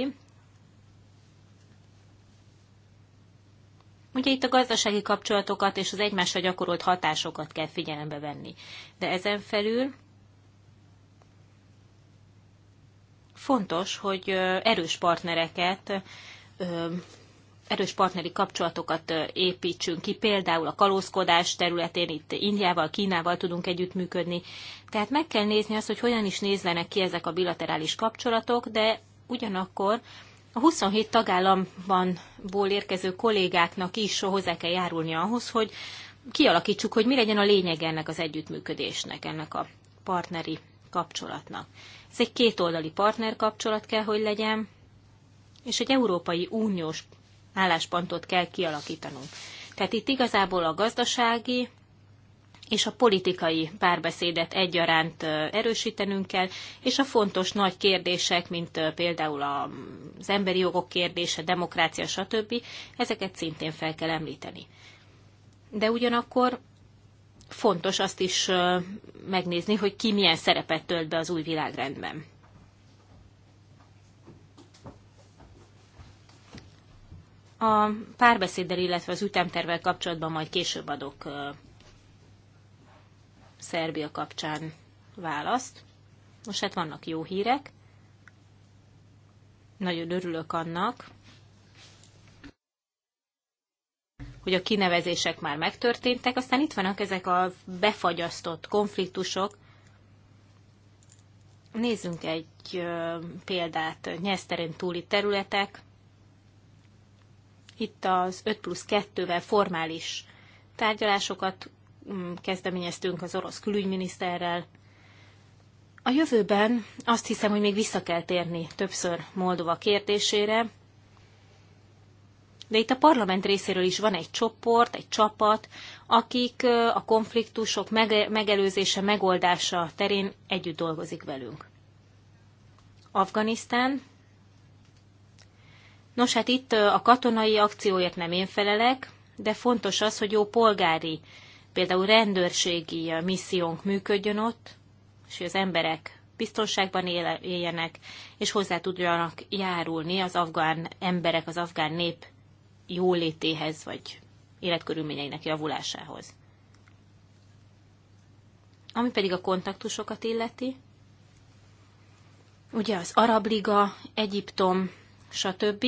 Ugye itt a gazdasági kapcsolatokat és az egymásra gyakorolt hatásokat kell figyelembe venni. De ezen felül fontos, hogy erős partnereket, erős partneri kapcsolatokat építsünk ki, például a kalózkodás területén itt Indiával, Kínával tudunk együttműködni. Tehát meg kell nézni azt, hogy hogyan is nézzenek ki ezek a bilaterális kapcsolatok, de ugyanakkor a 27 tagállamban érkező kollégáknak is hozzá kell járulni ahhoz, hogy kialakítsuk, hogy mi legyen a lényeg ennek az együttműködésnek, ennek a partneri kapcsolatnak. Ez egy kétoldali partnerkapcsolat kell, hogy legyen, és egy Európai Uniós álláspontot kell kialakítanunk. Tehát itt igazából a gazdasági és a politikai párbeszédet egyaránt erősítenünk kell, és a fontos nagy kérdések, mint például az emberi jogok kérdése, demokrácia, stb., ezeket szintén fel kell említeni. De ugyanakkor fontos azt is megnézni, hogy ki milyen szerepet tölt be az új világrendben. A párbeszéddel, illetve az ütemtervel kapcsolatban majd később adok Szerbia kapcsán választ. Most hát vannak jó hírek. Nagyon örülök annak, hogy a kinevezések már megtörténtek, aztán itt vannak ezek a befagyasztott konfliktusok. Nézzünk egy példát, nyeszterén túli területek. Itt az 5 plusz 2-vel formális tárgyalásokat mm, kezdeményeztünk az orosz külügyminiszterrel. A jövőben azt hiszem, hogy még vissza kell térni többször Moldova kérdésére, de itt a parlament részéről is van egy csoport, egy csapat, akik a konfliktusok megelőzése, megoldása terén együtt dolgozik velünk. Afganisztán. Nos, hát itt a katonai akcióért nem én felelek, de fontos az, hogy jó polgári, például rendőrségi missziónk működjön ott, és hogy az emberek biztonságban éljenek, és hozzá tudjanak járulni az afgán emberek, az afgán nép jólétéhez, vagy életkörülményeinek javulásához. Ami pedig a kontaktusokat illeti, ugye az Arab Liga, Egyiptom, stb.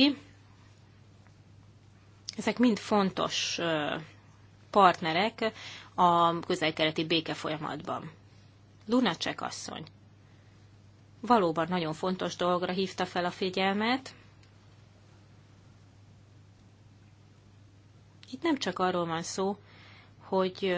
Ezek mind fontos partnerek a közel-keleti béke folyamatban. Lunacek asszony valóban nagyon fontos dolgra hívta fel a figyelmet, Itt nem csak arról van szó, hogy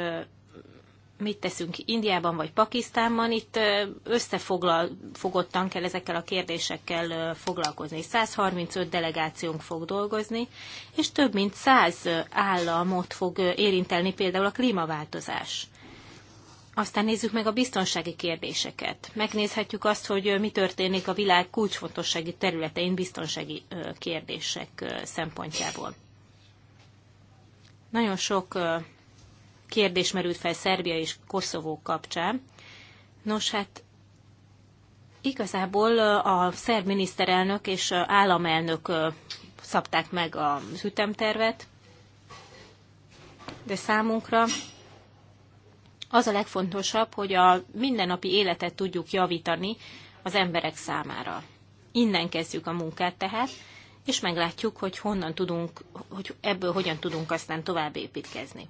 mit teszünk Indiában vagy Pakisztánban, itt összefogottan kell ezekkel a kérdésekkel foglalkozni. 135 delegációnk fog dolgozni, és több mint 100 államot fog érintelni például a klímaváltozás. Aztán nézzük meg a biztonsági kérdéseket. Megnézhetjük azt, hogy mi történik a világ kulcsfontossági területein biztonsági kérdések szempontjából. Nagyon sok kérdés merült fel Szerbia és Koszovó kapcsán. Nos, hát igazából a szerb miniszterelnök és államelnök szabták meg az ütemtervet, de számunkra az a legfontosabb, hogy a mindennapi életet tudjuk javítani az emberek számára. Innen kezdjük a munkát tehát, és meglátjuk, hogy honnan tudunk, hogy ebből hogyan tudunk aztán tovább építkezni.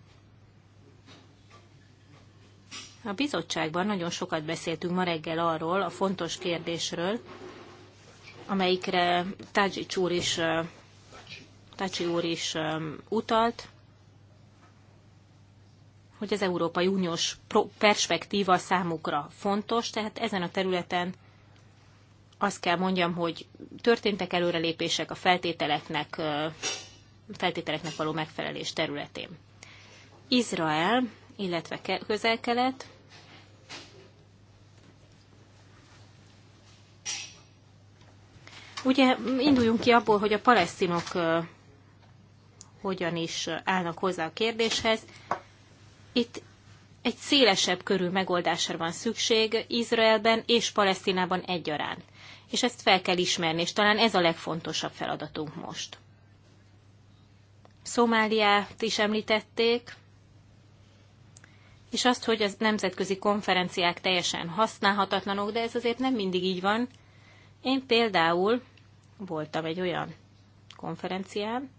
A bizottságban nagyon sokat beszéltünk ma reggel arról a fontos kérdésről, amelyikre Tácsi úr is, Tácsi úr is utalt, hogy az Európai Uniós perspektíva számukra fontos, tehát ezen a területen azt kell mondjam, hogy történtek előrelépések a feltételeknek, feltételeknek való megfelelés területén. Izrael, illetve közel-kelet, Ugye induljunk ki abból, hogy a palesztinok hogyan is állnak hozzá a kérdéshez. Itt egy szélesebb körű megoldásra van szükség Izraelben és Palesztinában egyaránt és ezt fel kell ismerni, és talán ez a legfontosabb feladatunk most. Szomáliát is említették, és azt, hogy az nemzetközi konferenciák teljesen használhatatlanok, de ez azért nem mindig így van. Én például voltam egy olyan konferencián,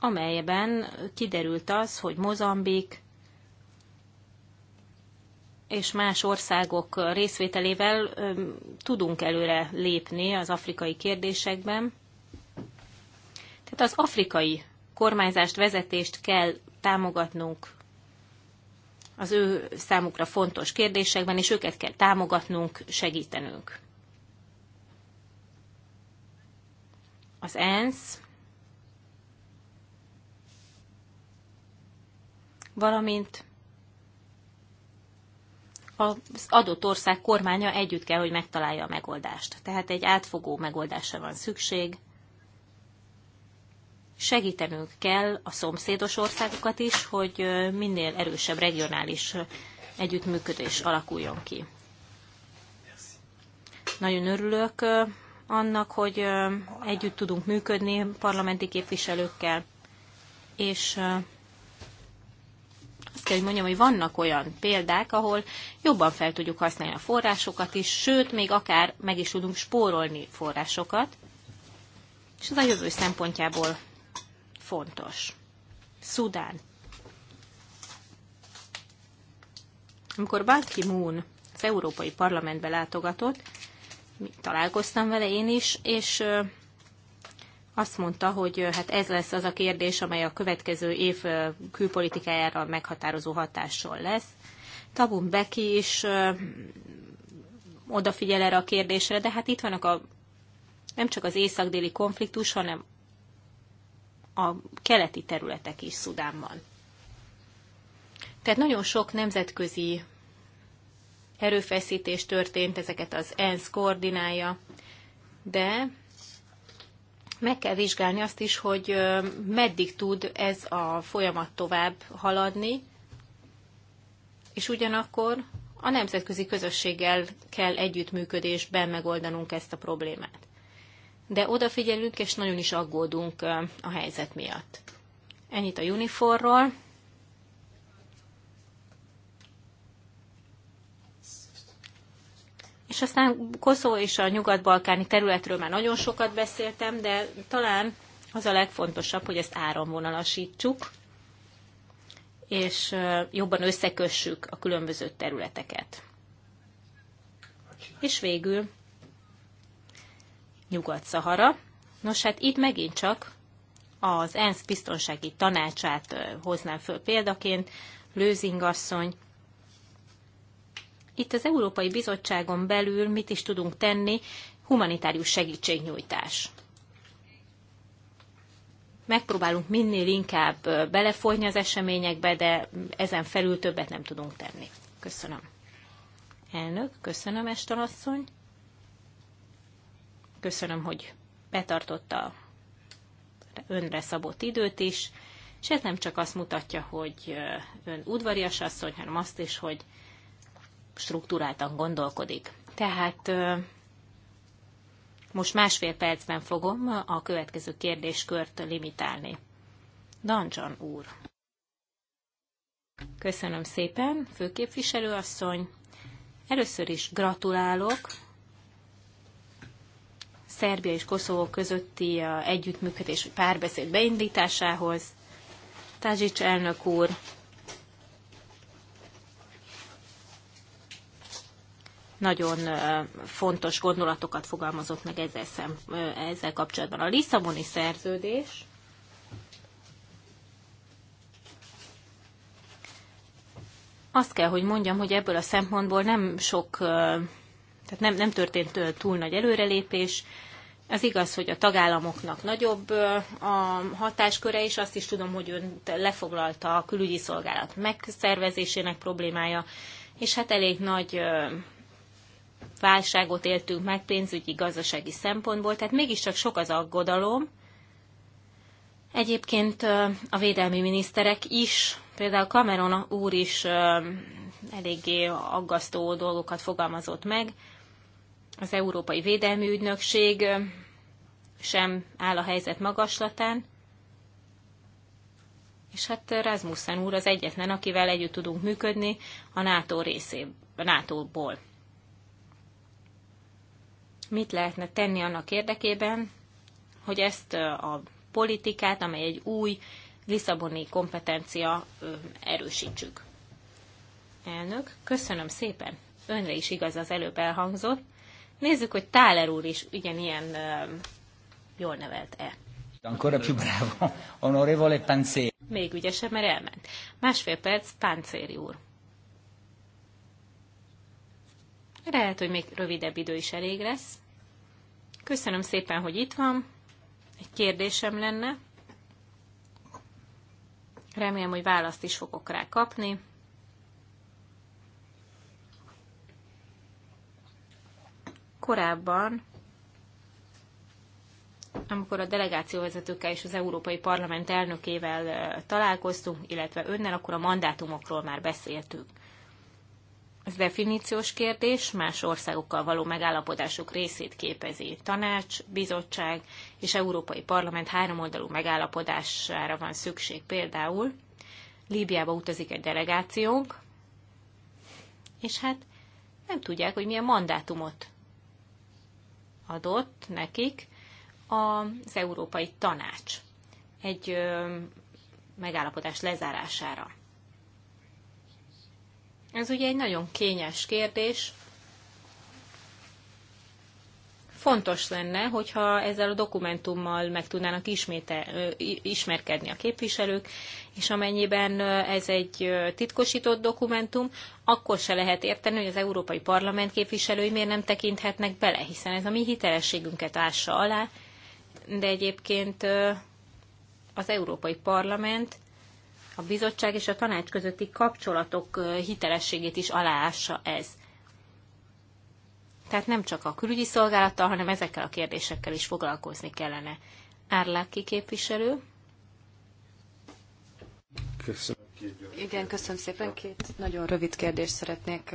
amelyben kiderült az, hogy Mozambik és más országok részvételével tudunk előre lépni az afrikai kérdésekben. Tehát az afrikai kormányzást, vezetést kell támogatnunk az ő számukra fontos kérdésekben, és őket kell támogatnunk, segítenünk. Az ENSZ, valamint az adott ország kormánya együtt kell, hogy megtalálja a megoldást. Tehát egy átfogó megoldásra van szükség. Segítenünk kell a szomszédos országokat is, hogy minél erősebb regionális együttműködés alakuljon ki. Nagyon örülök annak, hogy együtt tudunk működni parlamenti képviselőkkel, és kell, hogy mondjam, hogy vannak olyan példák, ahol jobban fel tudjuk használni a forrásokat is, sőt, még akár meg is tudunk spórolni forrásokat, és ez a jövő szempontjából fontos. Szudán. Amikor Ban Ki-moon az Európai Parlamentbe látogatott, találkoztam vele én is, és azt mondta, hogy hát ez lesz az a kérdés, amely a következő év külpolitikájára meghatározó hatással lesz. Tabun Beki is odafigyel erre a kérdésre, de hát itt vannak a, nem csak az észak-déli konfliktus, hanem a keleti területek is Szudánban. Tehát nagyon sok nemzetközi erőfeszítés történt, ezeket az ENSZ koordinálja, de meg kell vizsgálni azt is, hogy meddig tud ez a folyamat tovább haladni, és ugyanakkor a nemzetközi közösséggel kell együttműködésben megoldanunk ezt a problémát. De odafigyelünk, és nagyon is aggódunk a helyzet miatt. Ennyit a uniforról. És aztán Koszovó és a nyugat-balkáni területről már nagyon sokat beszéltem, de talán az a legfontosabb, hogy ezt áramvonalasítsuk, és jobban összekössük a különböző területeket. És végül Nyugat-Szahara. Nos, hát itt megint csak az ENSZ biztonsági tanácsát hoznám föl példaként. Lőzingasszony itt az Európai Bizottságon belül mit is tudunk tenni, humanitárius segítségnyújtás. Megpróbálunk minél inkább belefolyni az eseményekbe, de ezen felül többet nem tudunk tenni. Köszönöm. Elnök, köszönöm, Estalasszony. Köszönöm, hogy betartotta önre szabott időt is, és ez nem csak azt mutatja, hogy ön udvarias asszony, hanem azt is, hogy struktúráltan gondolkodik. Tehát most másfél percben fogom a következő kérdéskört limitálni. Dancsan úr. Köszönöm szépen, főképviselő asszony. Először is gratulálok Szerbia és Koszovó közötti együttműködés párbeszéd beindításához. Tázsics elnök úr, nagyon fontos gondolatokat fogalmazott meg ezzel, szem, ezzel kapcsolatban. A Lisszaboni szerződés azt kell, hogy mondjam, hogy ebből a szempontból nem sok, tehát nem, nem történt túl nagy előrelépés. Az igaz, hogy a tagállamoknak nagyobb a hatásköre, és azt is tudom, hogy ön lefoglalta a külügyi szolgálat megszervezésének problémája, és hát elég nagy válságot éltünk meg pénzügyi, gazdasági szempontból, tehát mégiscsak sok az aggodalom. Egyébként a védelmi miniszterek is, például Cameron úr is eléggé aggasztó dolgokat fogalmazott meg. Az Európai Védelmi Ügynökség sem áll a helyzet magaslatán, és hát Rasmussen úr az egyetlen, akivel együtt tudunk működni a NATO részéből. a NATO-ból mit lehetne tenni annak érdekében, hogy ezt a politikát, amely egy új Lisszaboni kompetencia erősítsük. Elnök, köszönöm szépen. Önre is igaz az előbb elhangzott. Nézzük, hogy Táler úr is ugyanilyen jól nevelt-e. Ancora più bravo, onorevole Panzeri. Még ügyesebb, mert elment. Másfél perc, Panzeri úr. Lehet, hogy még rövidebb idő is elég lesz. Köszönöm szépen, hogy itt van. Egy kérdésem lenne. Remélem, hogy választ is fogok rá kapni. Korábban, amikor a delegációvezetőkkel és az Európai Parlament elnökével eh, találkoztunk, illetve önnel, akkor a mandátumokról már beszéltünk. Ez definíciós kérdés, más országokkal való megállapodások részét képezi tanács, bizottság és Európai Parlament háromoldalú megállapodására van szükség. Például Líbiába utazik egy delegációnk, és hát nem tudják, hogy milyen mandátumot adott nekik az Európai Tanács egy megállapodás lezárására. Ez ugye egy nagyon kényes kérdés. Fontos lenne, hogyha ezzel a dokumentummal meg tudnának ismétel, ismerkedni a képviselők, és amennyiben ez egy titkosított dokumentum, akkor se lehet érteni, hogy az Európai Parlament képviselői miért nem tekinthetnek bele, hiszen ez a mi hitelességünket ássa alá, de egyébként az Európai Parlament a bizottság és a tanács közötti kapcsolatok hitelességét is aláássa ez. Tehát nem csak a külügyi szolgálattal, hanem ezekkel a kérdésekkel is foglalkozni kellene. Árláki képviselő. Köszönöm. Igen, köszönöm szépen. Két nagyon rövid kérdést szeretnék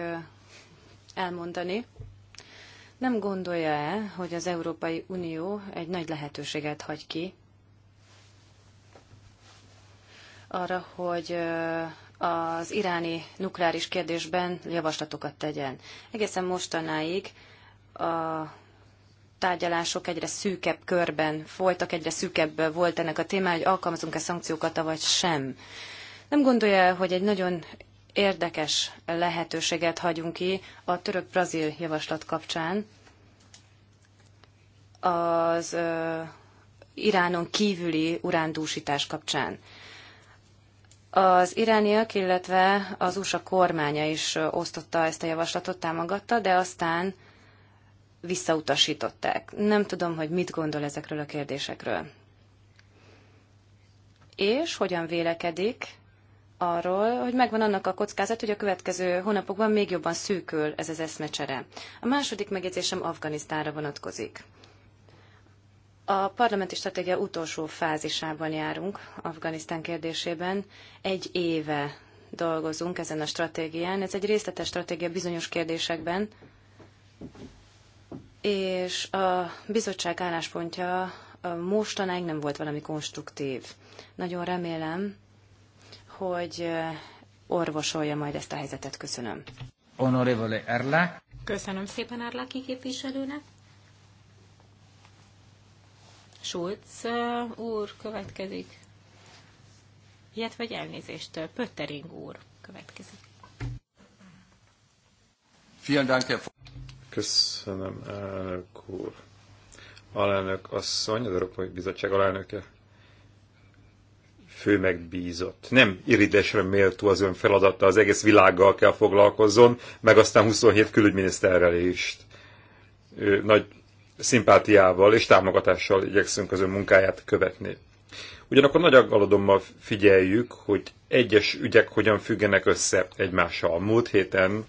elmondani. Nem gondolja-e, hogy az Európai Unió egy nagy lehetőséget hagy ki arra, hogy az iráni nukleáris kérdésben javaslatokat tegyen. Egészen mostanáig a tárgyalások egyre szűkebb körben folytak, egyre szűkebb volt ennek a témája, hogy alkalmazunk-e szankciókat, vagy sem. Nem gondolja, hogy egy nagyon érdekes lehetőséget hagyunk ki a török-brazil javaslat kapcsán. Az Iránon kívüli urándúsítás kapcsán. Az irániak, illetve az USA kormánya is osztotta ezt a javaslatot, támogatta, de aztán visszautasították. Nem tudom, hogy mit gondol ezekről a kérdésekről. És hogyan vélekedik arról, hogy megvan annak a kockázat, hogy a következő hónapokban még jobban szűkül ez az eszmecsere. A második megjegyzésem Afganisztánra vonatkozik. A parlamenti stratégia utolsó fázisában járunk Afganisztán kérdésében. Egy éve dolgozunk ezen a stratégián. Ez egy részletes stratégia bizonyos kérdésekben, és a bizottság álláspontja mostanáig nem volt valami konstruktív. Nagyon remélem, hogy orvosolja majd ezt a helyzetet. Köszönöm. Honorevole Erlá. Köszönöm szépen Erláki képviselőnek. Schulz uh, úr következik, Ilyet vagy elnézést, Pöttering úr következik. Köszönöm, elnök úr. Alelnök asszony, az Európai Bizottság alelnöke fő megbízott. Nem iridesre méltó az ön feladata, az egész világgal kell foglalkozzon, meg aztán 27 külügyminiszterrel is. Ő nagy szimpátiával és támogatással igyekszünk az ön munkáját követni. Ugyanakkor nagy aggalodommal figyeljük, hogy egyes ügyek hogyan függenek össze egymással. Múlt héten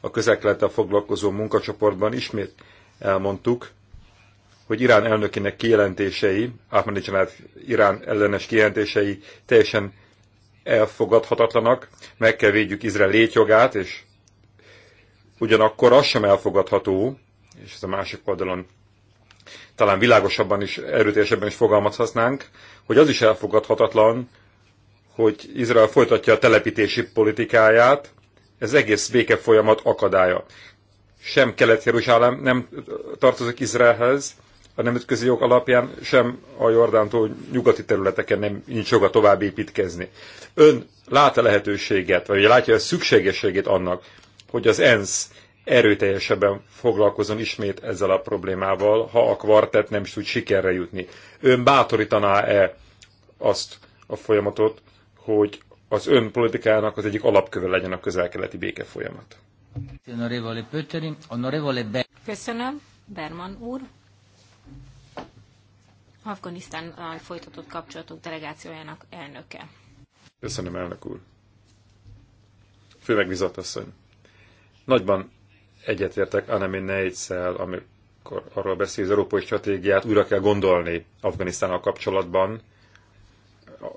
a közeklettel foglalkozó munkacsoportban ismét elmondtuk, hogy Irán elnökének kijelentései, család Irán ellenes kijelentései teljesen elfogadhatatlanak, meg kell védjük Izrael létjogát, és ugyanakkor az sem elfogadható, és ez a másik oldalon talán világosabban is, erőteljesebben is fogalmazhatnánk, hogy az is elfogadhatatlan, hogy Izrael folytatja a telepítési politikáját, ez egész béke folyamat akadálya. Sem Kelet-Jeruzsálem nem tartozik Izraelhez, a nemzetközi jog alapján, sem a Jordántól nyugati területeken nem nincs joga tovább építkezni. Ön lát-e lehetőséget, vagy látja a szükségességét annak, hogy az ENSZ erőteljesebben foglalkozon ismét ezzel a problémával, ha a kvartett nem is tud sikerre jutni. Ön bátorítaná-e azt a folyamatot, hogy az ön politikának az egyik alapköve legyen a közel-keleti béke folyamat? Köszönöm, Berman úr. Afganisztán folytatott kapcsolatok delegációjának elnöke. Köszönöm, elnök úr. Főmegbízott asszony. Nagyban egyetértek Anami Neitzel, amikor arról beszél, hogy az európai stratégiát újra kell gondolni Afganisztánnal kapcsolatban,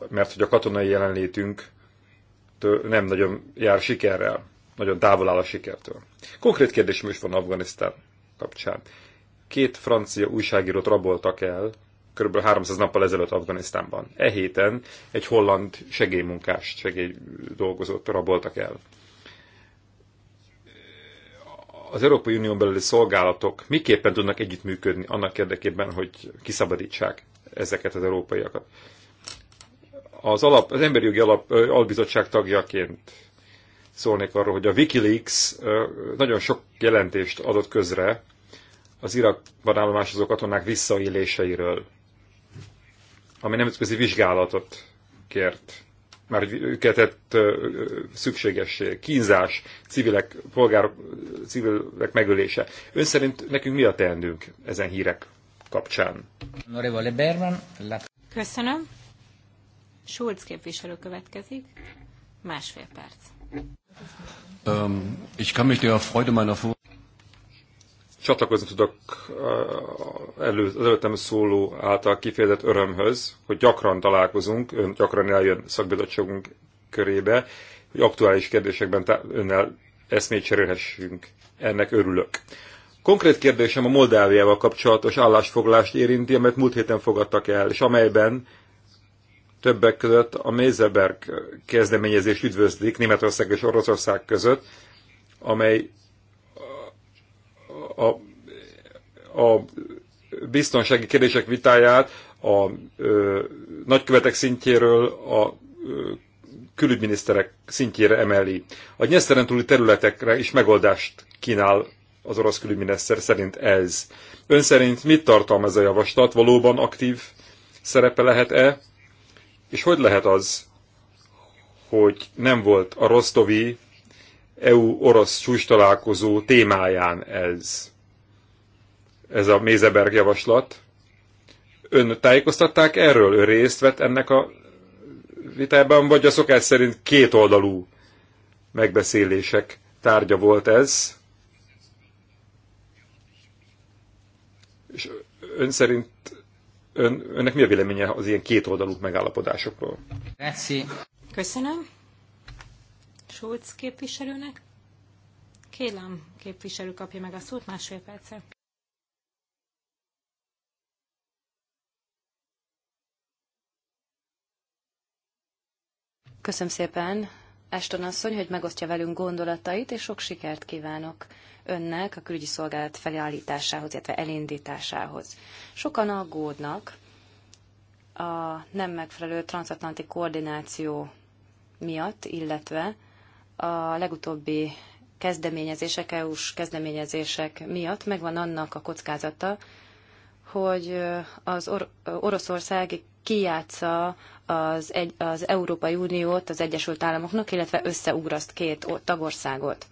mert hogy a katonai jelenlétünk nem nagyon jár sikerrel, nagyon távol áll a sikertől. Konkrét kérdésem is van Afganisztán kapcsán. Két francia újságírót raboltak el kb. 300 nappal ezelőtt Afganisztánban. E héten egy holland segélymunkást, segély dolgozott, raboltak el az Európai Unión belüli szolgálatok miképpen tudnak együttműködni annak érdekében, hogy kiszabadítsák ezeket az európaiakat. Az, alap, az emberi jogi alap, albizottság tagjaként szólnék arról, hogy a Wikileaks nagyon sok jelentést adott közre az Irakban állomásozó katonák visszaéléseiről, ami nemzetközi vizsgálatot kért már őket tett szükségessé, kínzás, civilek, polgárok, civilek megölése. Ön szerint nekünk mi a teendünk ezen hírek kapcsán? Köszönöm. Schulz képviselő következik. Másfél perc. Um, ich kann mich der Freude meiner csatlakozni tudok eh, elő, az előttem szóló által kifejezett örömhöz, hogy gyakran találkozunk, ön gyakran eljön szakbizottságunk körébe, hogy aktuális kérdésekben önnel eszmét cserélhessünk. Ennek örülök. Konkrét kérdésem a Moldáviával kapcsolatos állásfoglalást érinti, amelyet múlt héten fogadtak el, és amelyben többek között a Mézeberg kezdeményezést üdvözlik Németország és Oroszország között, amely a, a biztonsági kérdések vitáját a ö, nagykövetek szintjéről a ö, külügyminiszterek szintjére emeli. A nyeszteren túli területekre is megoldást kínál az orosz külügyminiszter szerint ez. Ön szerint mit tartalmaz a javaslat? Valóban aktív szerepe lehet-e? És hogy lehet az, hogy nem volt a rosztovi EU-orosz csúcs találkozó témáján ez, ez a Mézeberg javaslat. Ön tájékoztatták erről? Ön részt vett ennek a vitában, vagy a szokás szerint kétoldalú megbeszélések tárgya volt ez? És ön szerint ön, önnek mi a véleménye az ilyen kétoldalú megállapodásokról? Köszönöm. Schulz képviselőnek. Kélem képviselő kapja meg a szót másfél percre. Köszönöm szépen, Eston asszony, hogy megosztja velünk gondolatait, és sok sikert kívánok önnek a külügyi szolgálat felállításához, illetve elindításához. Sokan aggódnak a nem megfelelő transatlanti koordináció miatt, illetve a legutóbbi kezdeményezések, EU-s kezdeményezések miatt megvan annak a kockázata, hogy az Or- Oroszország kijátsza az, egy, az Európai Uniót az Egyesült Államoknak, illetve összeugraszt két tagországot.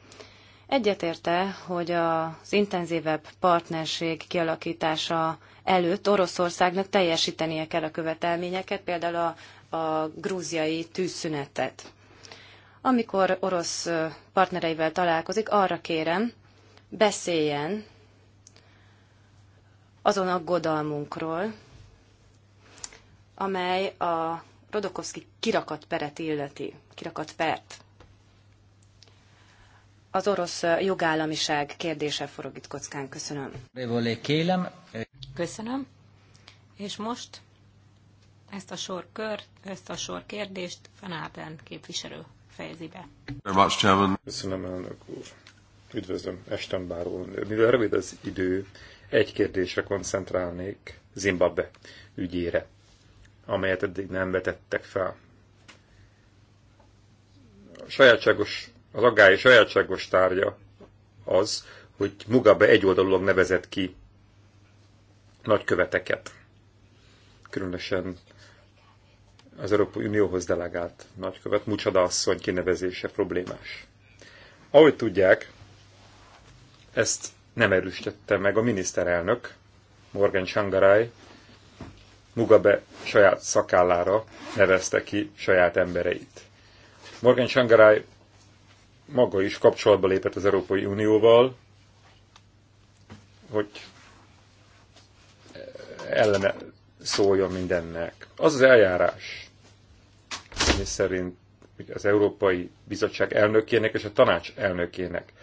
Egyetérte, hogy az intenzívebb partnerség kialakítása előtt Oroszországnak teljesítenie kell a követelményeket, például a, a grúziai tűzszünetet. Amikor orosz partnereivel találkozik, arra kérem, beszéljen azon aggodalmunkról, amely a Rodokovszki kirakat peret illeti, kirakat pert. Az orosz jogállamiság kérdése forog itt kockán. Köszönöm. Kélem. Köszönöm. És most ezt a sor kört, ezt a sor kérdést Van képviselő fejezi be. Köszönöm, elnök úr. Üdvözlöm, Esten Báró. Mivel rövid az idő, egy kérdésre koncentrálnék Zimbabwe ügyére, amelyet eddig nem vetettek fel. A sajátságos, az aggály sajátságos tárgya az, hogy Mugabe egyoldalulag nevezett ki nagyköveteket. Különösen az Európai Unióhoz delegált nagykövet Mucsada asszony kinevezése problémás. Ahogy tudják, ezt nem erősítette meg a miniszterelnök, Morgan Sangaraj, Mugabe saját szakállára nevezte ki saját embereit. Morgan Sangaraj maga is kapcsolatba lépett az Európai Unióval, hogy ellene szóljon mindennek. Az az eljárás, mi szerint az Európai Bizottság elnökének és a tanács elnökének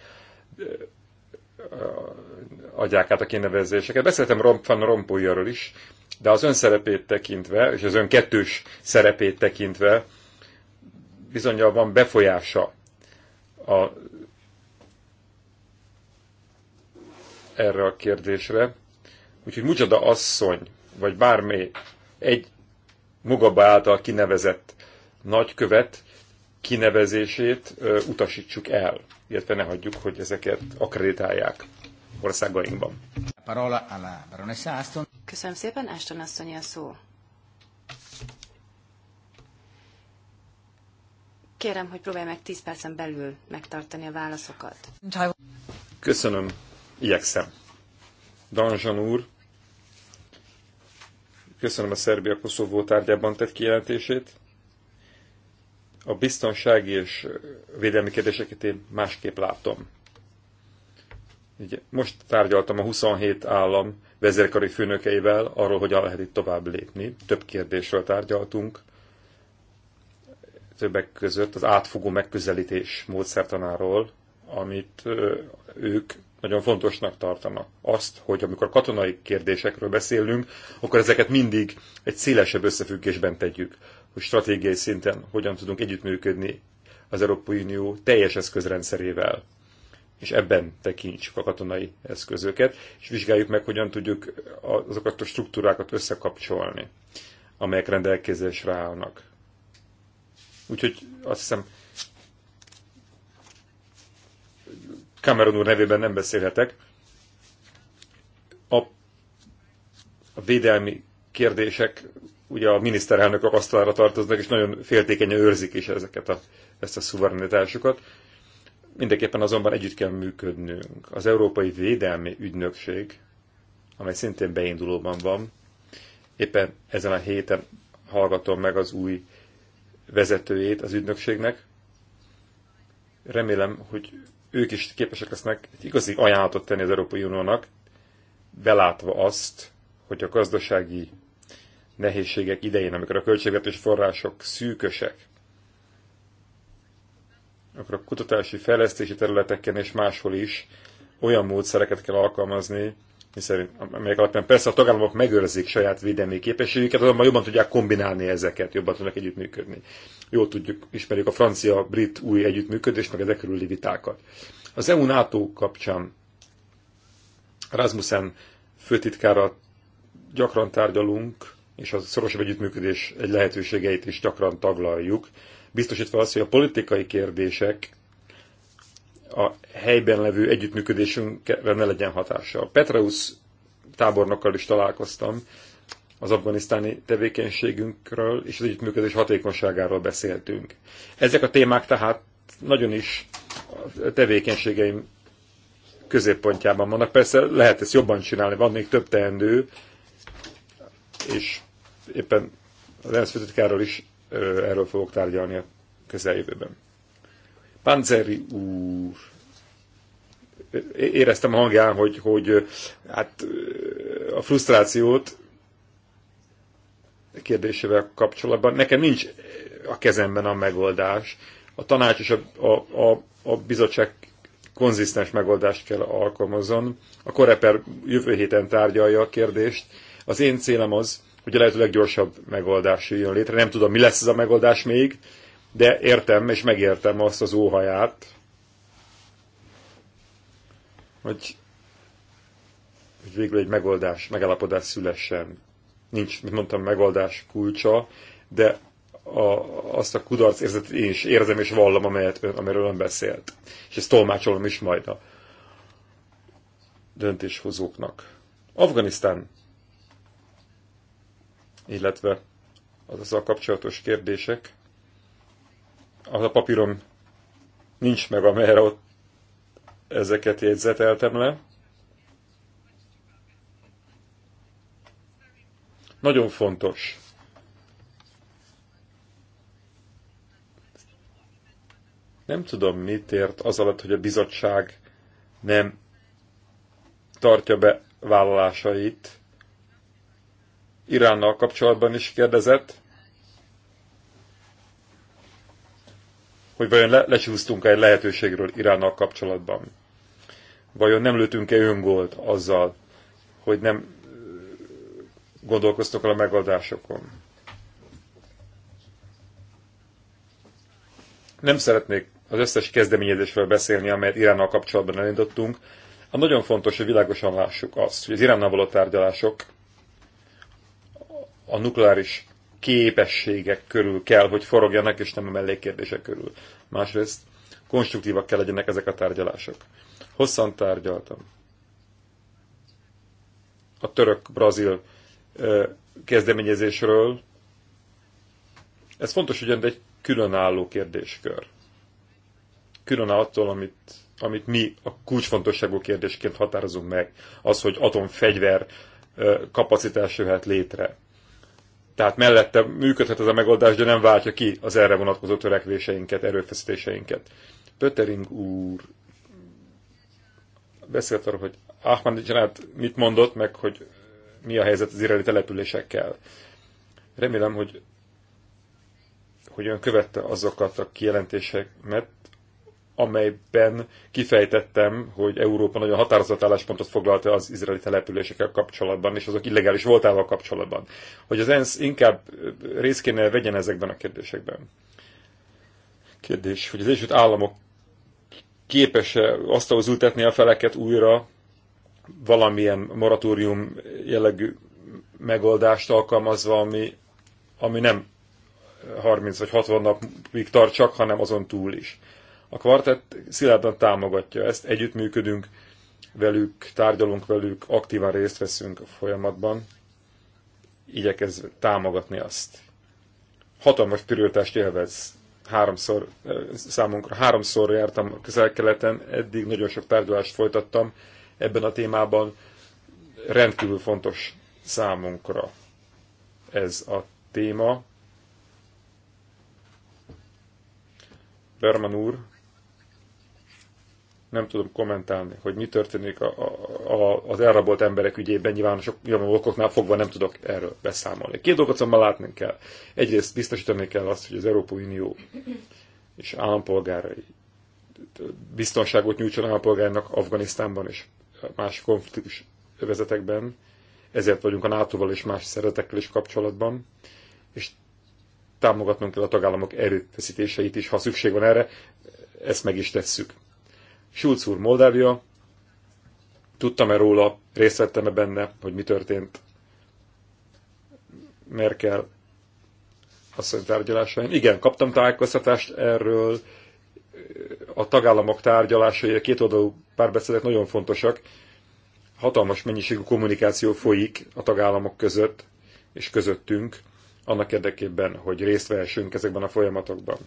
adják át a kinevezéseket. Beszéltem van Rompuyról is, de az ön szerepét tekintve, és az ön kettős szerepét tekintve bizonyal van befolyása a, erre a kérdésre. Úgyhogy Mucsada asszony, vagy bármely egy Mugaba által kinevezett nagykövet kinevezését utasítsuk el, illetve ne hagyjuk, hogy ezeket akreditálják országainkban. Köszönöm szépen, Ashton asszony a szó. Kérem, hogy próbálj meg 10 percen belül megtartani a válaszokat. Köszönöm, igyekszem. Danzsan úr, köszönöm a Szerbia-Koszovó tárgyában tett kijelentését a biztonsági és védelmi kérdéseket én másképp látom. Ugye, most tárgyaltam a 27 állam vezérkari főnökeivel arról, hogy lehet itt tovább lépni. Több kérdésről tárgyaltunk, többek között az átfogó megközelítés módszertanáról, amit ők nagyon fontosnak tartanak. Azt, hogy amikor katonai kérdésekről beszélünk, akkor ezeket mindig egy szélesebb összefüggésben tegyük hogy stratégiai szinten hogyan tudunk együttműködni az Európai Unió teljes eszközrendszerével, és ebben tekintsük a katonai eszközöket, és vizsgáljuk meg, hogyan tudjuk azokat a struktúrákat összekapcsolni, amelyek rendelkezésre állnak. Úgyhogy azt hiszem, Cameron úr nevében nem beszélhetek. A, a védelmi kérdések ugye a miniszterelnök asztalára tartoznak, és nagyon féltékenyen őrzik is ezeket a, ezt a szuverenitásukat. Mindenképpen azonban együtt kell működnünk. Az Európai Védelmi Ügynökség, amely szintén beindulóban van, éppen ezen a héten hallgatom meg az új vezetőjét az ügynökségnek. Remélem, hogy ők is képesek lesznek egy igazi ajánlatot tenni az Európai Uniónak, belátva azt, hogy a gazdasági nehézségek idején, amikor a költségvetés források szűkösek, akkor a kutatási, fejlesztési területeken és máshol is olyan módszereket kell alkalmazni, hiszen amelyek alapján persze a tagállamok megőrzik saját védelmi képességüket, azonban jobban tudják kombinálni ezeket, jobban tudnak együttműködni. Jól tudjuk, ismerjük a francia-brit új együttműködést, meg ezek körüli vitákat. Az EU-NATO kapcsán Rasmussen főtitkára gyakran tárgyalunk és a szorosabb együttműködés egy lehetőségeit is gyakran taglaljuk, biztosítva azt, hogy a politikai kérdések a helyben levő együttműködésünkre ne legyen hatással. Petreus tábornokkal is találkoztam, az afganisztáni tevékenységünkről és az együttműködés hatékonyságáról beszéltünk. Ezek a témák tehát nagyon is a tevékenységeim középpontjában vannak. Persze lehet ezt jobban csinálni, van még több teendő, és éppen a ENSZ is erről fogok tárgyalni a közeljövőben. Panzeri úr, éreztem a hangján, hogy, hogy hát a frusztrációt kérdésével kapcsolatban. Nekem nincs a kezemben a megoldás. A tanács és a, a, a, a bizottság konzisztens megoldást kell alkalmazon. A Koreper jövő héten tárgyalja a kérdést, az én célom az, hogy a lehető leggyorsabb megoldás jön létre. Nem tudom, mi lesz ez a megoldás még, de értem és megértem azt az óhaját, hogy, hogy végül egy megoldás, megállapodás szülessen. Nincs, mint mondtam, megoldás kulcsa, de a, azt a kudarc érzet én is érzem és vallom, amelyet, amiről ön beszélt. És ezt tolmácsolom is majd a döntéshozóknak. Afganisztán illetve az a kapcsolatos kérdések. Az a papírom nincs meg, amelyre ott ezeket jegyzeteltem le. Nagyon fontos. Nem tudom, mit ért az alatt, hogy a bizottság nem tartja be vállalásait Iránnal kapcsolatban is kérdezett, hogy vajon le, lecsúsztunk-e egy lehetőségről Iránnal kapcsolatban. Vajon nem lőtünk-e öngolt azzal, hogy nem gondolkoztok el a megoldásokon. Nem szeretnék az összes kezdeményezésről beszélni, amelyet Iránnal kapcsolatban elindítottunk. A nagyon fontos, hogy világosan lássuk azt, hogy az Iránnal való tárgyalások a nukleáris képességek körül kell, hogy forogjanak, és nem a mellékkérdések körül. Másrészt konstruktívak kell legyenek ezek a tárgyalások. Hosszan tárgyaltam. A török-brazil kezdeményezésről. Ez fontos hogy egy különálló kérdéskör. Külön attól, amit, amit mi a kulcsfontosságú kérdésként határozunk meg, az, hogy atomfegyver kapacitás jöhet létre tehát mellette működhet ez a megoldás, de nem váltja ki az erre vonatkozó törekvéseinket, erőfeszítéseinket. Pöttering úr beszélt arról, hogy Janát mit mondott, meg hogy mi a helyzet az iráni településekkel. Remélem, hogy hogy ön követte azokat a kijelentéseket, amelyben kifejtettem, hogy Európa nagyon határozott álláspontot foglalta az izraeli településekkel kapcsolatban, és azok illegális voltával kapcsolatban. Hogy az ENSZ inkább részt kéne vegyen ezekben a kérdésekben. Kérdés, hogy az Egyesült Államok képes-e asztalhoz ültetni a feleket újra valamilyen moratórium jellegű megoldást alkalmazva, ami, ami nem 30 vagy 60 napig tart csak, hanem azon túl is. A kvartett szilárdan támogatja ezt, együttműködünk velük, tárgyalunk velük, aktívan részt veszünk a folyamatban, igyekez támogatni azt. Hatalmas pirültást élvez. Háromszor, számunkra háromszor jártam közel-keleten, eddig nagyon sok tárgyalást folytattam ebben a témában. Rendkívül fontos számunkra ez a téma. Berman úr nem tudom kommentálni, hogy mi történik a, a, az elrabolt emberek ügyében, nyilván sok nyilván okoknál fogva nem tudok erről beszámolni. Két dolgot szóval látni kell. Egyrészt biztosítani kell azt, hogy az Európai Unió és állampolgárai biztonságot nyújtson állampolgárnak Afganisztánban és más konfliktus övezetekben, ezért vagyunk a NATO-val és más szeretekkel is kapcsolatban, és támogatnunk kell a tagállamok erőfeszítéseit is, ha szükség van erre, ezt meg is tesszük. Schulz úr Moldávia, tudtam-e róla, részt vettem-e benne, hogy mi történt Merkel asszony tárgyalásain. Igen, kaptam tájékoztatást erről, a tagállamok tárgyalásai, a kétoldalú párbeszédek nagyon fontosak. Hatalmas mennyiségű kommunikáció folyik a tagállamok között és közöttünk, annak érdekében, hogy részt vehessünk ezekben a folyamatokban.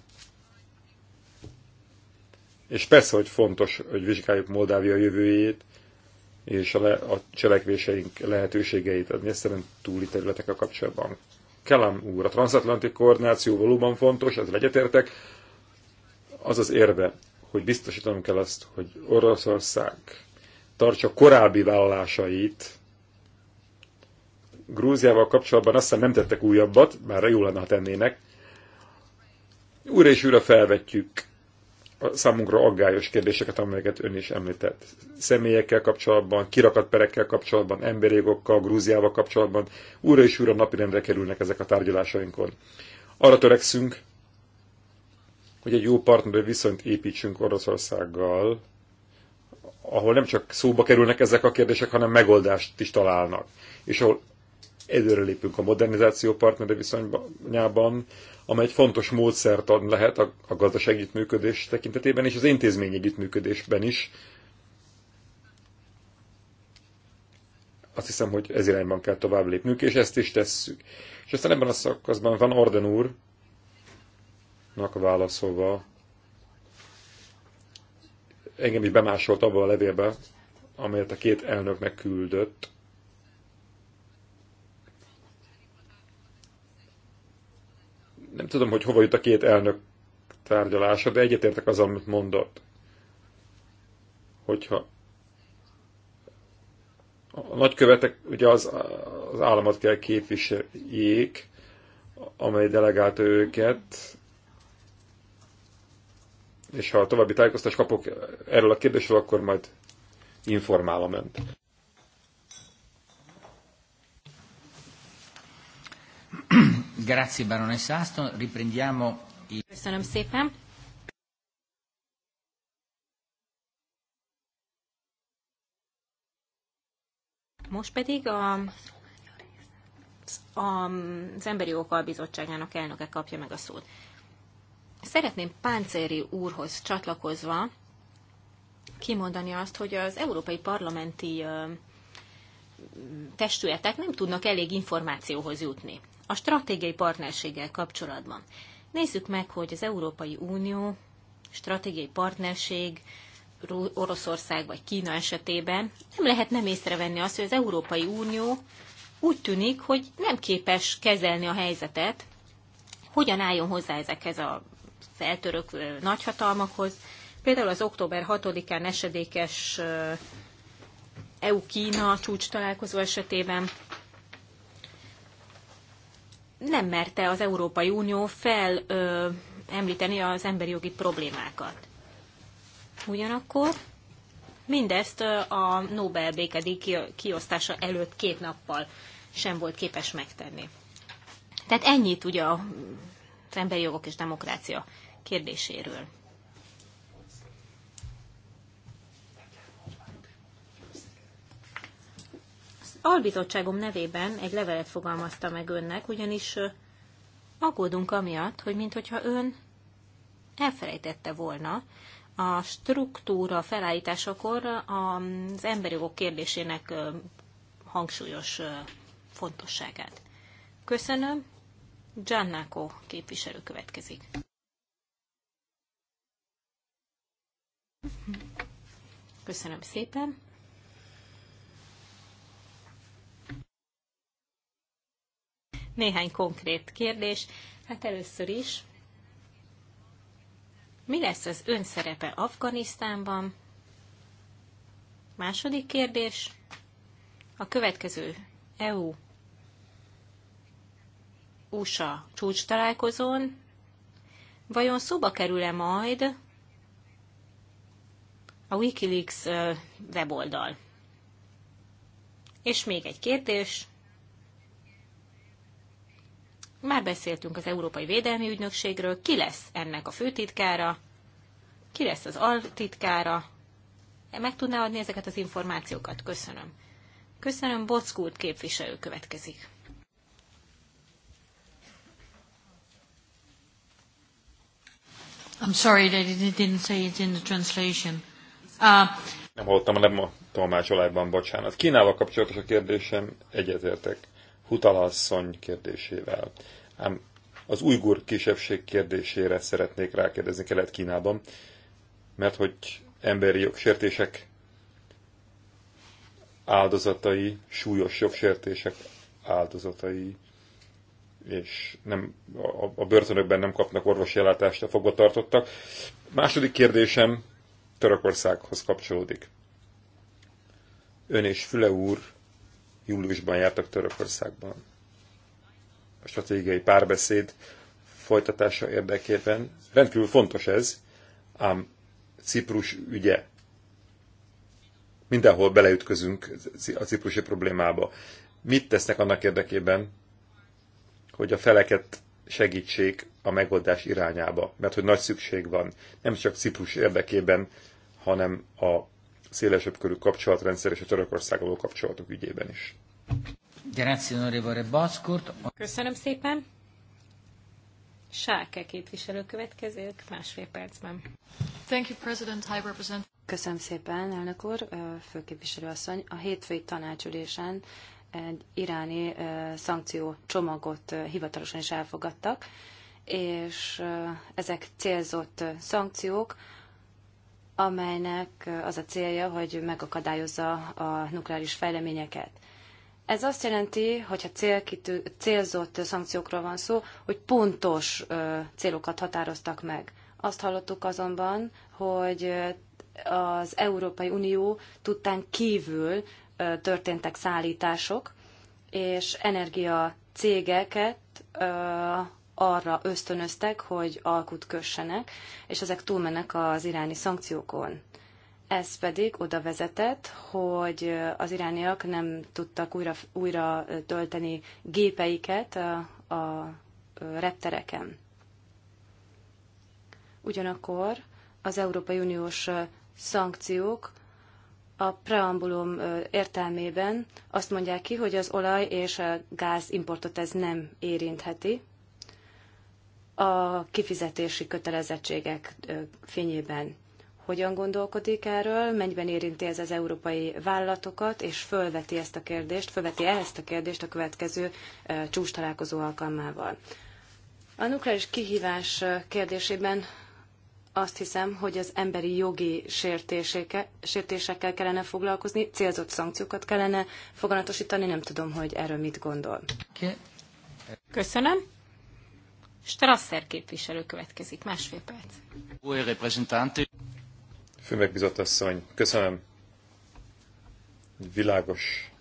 És persze, hogy fontos, hogy vizsgáljuk Moldávia jövőjét, és a, le, a cselekvéseink lehetőségeit a Nyeszteren túli a kapcsolatban. Kelem úr, a transatlanti koordináció valóban fontos, ez értek. Az az érve, hogy biztosítanunk kell azt, hogy Oroszország tartsa korábbi vállalásait. Grúziával kapcsolatban aztán nem tettek újabbat, bár jó lenne, ha tennének. Újra és újra felvetjük számunkra aggályos kérdéseket, amelyeket ön is említett. Személyekkel kapcsolatban, kirakat perekkel kapcsolatban, emberjogokkal, Grúziával kapcsolatban újra és újra napirendre kerülnek ezek a tárgyalásainkon. Arra törekszünk, hogy egy jó partneri viszonyt építsünk Oroszországgal, ahol nem csak szóba kerülnek ezek a kérdések, hanem megoldást is találnak. És ahol előrelépünk a modernizáció partneri viszonyában, amely egy fontos módszert ad lehet a, a együttműködés tekintetében és az intézmény együttműködésben is. Azt hiszem, hogy ez irányban kell tovább lépnünk, és ezt is tesszük. És aztán ebben a szakaszban van Orden úrnak válaszolva, engem is bemásolt abba a levélbe, amelyet a két elnöknek küldött, nem tudom, hogy hova jut a két elnök tárgyalása, de egyetértek az, amit mondott. Hogyha a nagykövetek ugye az, az államot kell képviseljék, amely delegált őket, és ha további tájékoztatást kapok erről a kérdésről, akkor majd informálom önt. Grazie Aston, riprendiamo Köszönöm szépen. Most pedig a, a, az Emberi Jogok Bizottságának elnöke kapja meg a szót. Szeretném Páncéri úrhoz csatlakozva kimondani azt, hogy az európai parlamenti testületek nem tudnak elég információhoz jutni a stratégiai partnerséggel kapcsolatban. Nézzük meg, hogy az Európai Unió stratégiai partnerség Oroszország vagy Kína esetében nem lehet nem észrevenni azt, hogy az Európai Unió úgy tűnik, hogy nem képes kezelni a helyzetet, hogyan álljon hozzá ezekhez a feltörök nagyhatalmakhoz. Például az október 6-án esedékes EU-Kína csúcs találkozó esetében nem merte az Európai Unió fel ö, említeni az emberi jogi problémákat. Ugyanakkor mindezt a Nobel békedi kiosztása előtt két nappal sem volt képes megtenni. Tehát ennyit ugye az emberi jogok és demokrácia kérdéséről. albizottságom nevében egy levelet fogalmazta meg önnek, ugyanis aggódunk amiatt, hogy minthogyha ön elfelejtette volna a struktúra felállításakor az emberi jogok kérdésének hangsúlyos fontosságát. Köszönöm. Giannako képviselő következik. Köszönöm szépen. Néhány konkrét kérdés. Hát először is, mi lesz az ön szerepe Afganisztánban? Második kérdés, a következő EU USA csúcs találkozón vajon szóba kerül-e majd a Wikileaks weboldal? És még egy kérdés, már beszéltünk az Európai Védelmi Ügynökségről. Ki lesz ennek a főtitkára? Ki lesz az altitkára? Meg tudná adni ezeket az információkat? Köszönöm. Köszönöm, Bockult képviselő következik. I'm sorry that it didn't say it in the translation. Uh, nem hallottam, nem a tolmácsolásban, bocsánat. Kínával kapcsolatos a kérdésem, egyetértek Hutalasszony kérdésével. Ám az ujgur kisebbség kérdésére szeretnék rákérdezni Kelet-Kínában, mert hogy emberi jogsértések áldozatai, súlyos jogsértések áldozatai, és nem, a, a börtönökben nem kapnak orvosi ellátást a fogva tartottak. Második kérdésem Törökországhoz kapcsolódik. Ön és Füle úr júliusban jártak Törökországban. A stratégiai párbeszéd folytatása érdekében rendkívül fontos ez, ám Ciprus ügye. Mindenhol beleütközünk a ciprusi problémába. Mit tesznek annak érdekében, hogy a feleket segítsék a megoldás irányába, mert hogy nagy szükség van, nem csak Ciprus érdekében, hanem a szélesebb körű kapcsolatrendszer és a Törökországgal kapcsolatok ügyében is. Köszönöm szépen! Sáke képviselő következők másfél percben. Thank you, President, High Representative. Köszönöm szépen, elnök úr, főképviselő asszony. A hétfői tanácsülésen egy iráni szankció csomagot hivatalosan is elfogadtak, és ezek célzott szankciók, amelynek az a célja, hogy megakadályozza a nukleáris fejleményeket. Ez azt jelenti, hogyha célkitű, célzott szankciókról van szó, hogy pontos ö, célokat határoztak meg. Azt hallottuk azonban, hogy az Európai Unió tudtán kívül ö, történtek szállítások, és energia cégeket ö, arra ösztönöztek, hogy alkut kössenek, és ezek túlmennek az iráni szankciókon. Ez pedig oda vezetett, hogy az irániak nem tudtak újra, újra tölteni gépeiket a, a reptereken. Ugyanakkor az Európai Uniós szankciók a preambulum értelmében azt mondják ki, hogy az olaj és a gáz importot ez nem érintheti, a kifizetési kötelezettségek fényében hogyan gondolkodik erről, mennyiben érinti ez az európai vállalatokat, és fölveti ezt a kérdést, fölveti -e ezt a kérdést a következő csúcs találkozó alkalmával. A nukleáris kihívás kérdésében azt hiszem, hogy az emberi jogi sértésekkel kellene foglalkozni, célzott szankciókat kellene foganatosítani, nem tudom, hogy erről mit gondol. Köszönöm. Strasser képviselő következik, másfél perc. Főmegbizott asszony, köszönöm. Világos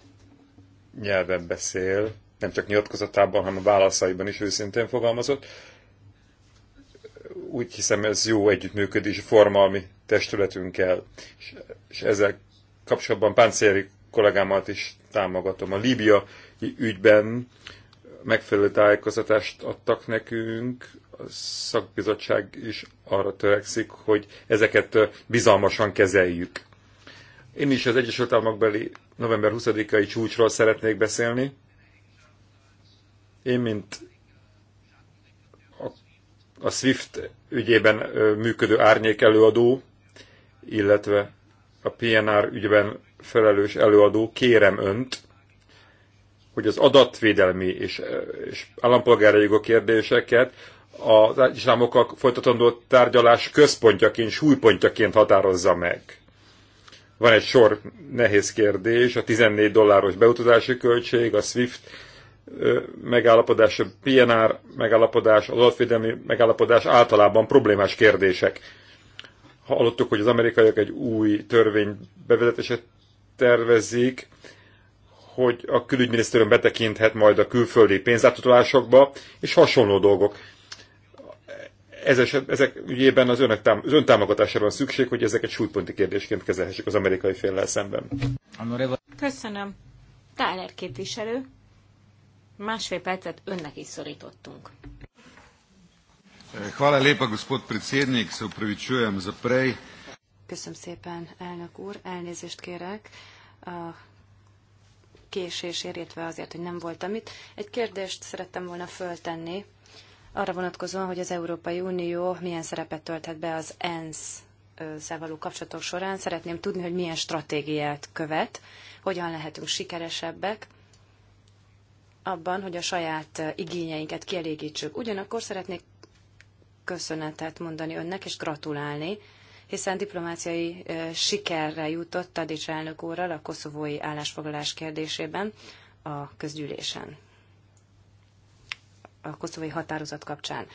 nyelven beszél, nem csak nyilatkozatában, hanem a válaszaiban is őszintén fogalmazott. Úgy hiszem, ez jó együttműködési forma ami testületünkkel, és, és ezzel kapcsolatban Páncéri kollégámat is támogatom. A Líbia ügyben megfelelő tájékoztatást adtak nekünk, a szakbizottság is arra törekszik, hogy ezeket bizalmasan kezeljük. Én is az Egyesült Államokbeli november 20-ai csúcsról szeretnék beszélni. Én, mint a SWIFT ügyében működő árnyék előadó, illetve a PNR ügyben felelős előadó, kérem önt, hogy az adatvédelmi és, és állampolgári jogok kérdéseket az Egyesült folytatandó tárgyalás központjaként, súlypontjaként határozza meg. Van egy sor nehéz kérdés, a 14 dolláros beutazási költség, a SWIFT megállapodás, a PNR megállapodás, az adatvédelmi megállapodás általában problémás kérdések. Hallottuk, hogy az amerikaiak egy új törvény bevezetését tervezik, hogy a külügyminisztérium betekinthet majd a külföldi pénzátutalásokba, és hasonló dolgok. Ez eset, ezek ügyében az, önök tám- az öntámogatására van szükség, hogy ezeket súlyponti kérdésként kezelhessük az amerikai féllel szemben. Köszönöm. Tyler képviselő, másfél percet önnek is szorítottunk. Hvala gospod predsednik, se upravičujem za prej. Köszönöm szépen, elnök úr, elnézést kérek a késésért, illetve azért, hogy nem voltam itt. Egy kérdést szerettem volna föltenni arra vonatkozóan, hogy az Európai Unió milyen szerepet tölthet be az ENSZ való kapcsolatok során. Szeretném tudni, hogy milyen stratégiát követ, hogyan lehetünk sikeresebbek abban, hogy a saját igényeinket kielégítsük. Ugyanakkor szeretnék köszönetet mondani önnek, és gratulálni hiszen diplomáciai sikerre jutott Tadics elnök úrral a koszovói állásfoglalás kérdésében a közgyűlésen, a koszovói határozat kapcsán.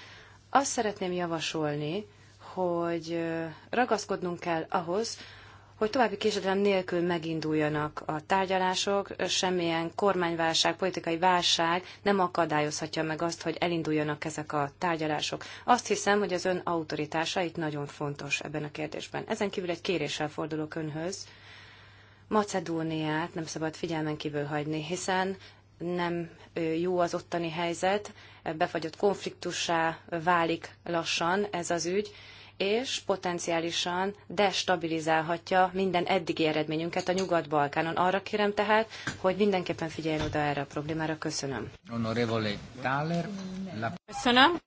Azt szeretném javasolni, hogy ragaszkodnunk kell ahhoz, hogy további késedelem nélkül meginduljanak a tárgyalások, semmilyen kormányválság, politikai válság nem akadályozhatja meg azt, hogy elinduljanak ezek a tárgyalások. Azt hiszem, hogy az ön autoritása itt nagyon fontos ebben a kérdésben. Ezen kívül egy kéréssel fordulok önhöz. Macedóniát nem szabad figyelmen kívül hagyni, hiszen nem jó az ottani helyzet, befagyott konfliktussá válik lassan ez az ügy, és potenciálisan destabilizálhatja minden eddigi eredményünket a Nyugat-Balkánon. Arra kérem tehát, hogy mindenképpen figyeljen oda erre a problémára. Köszönöm. Honorevole Köszönöm.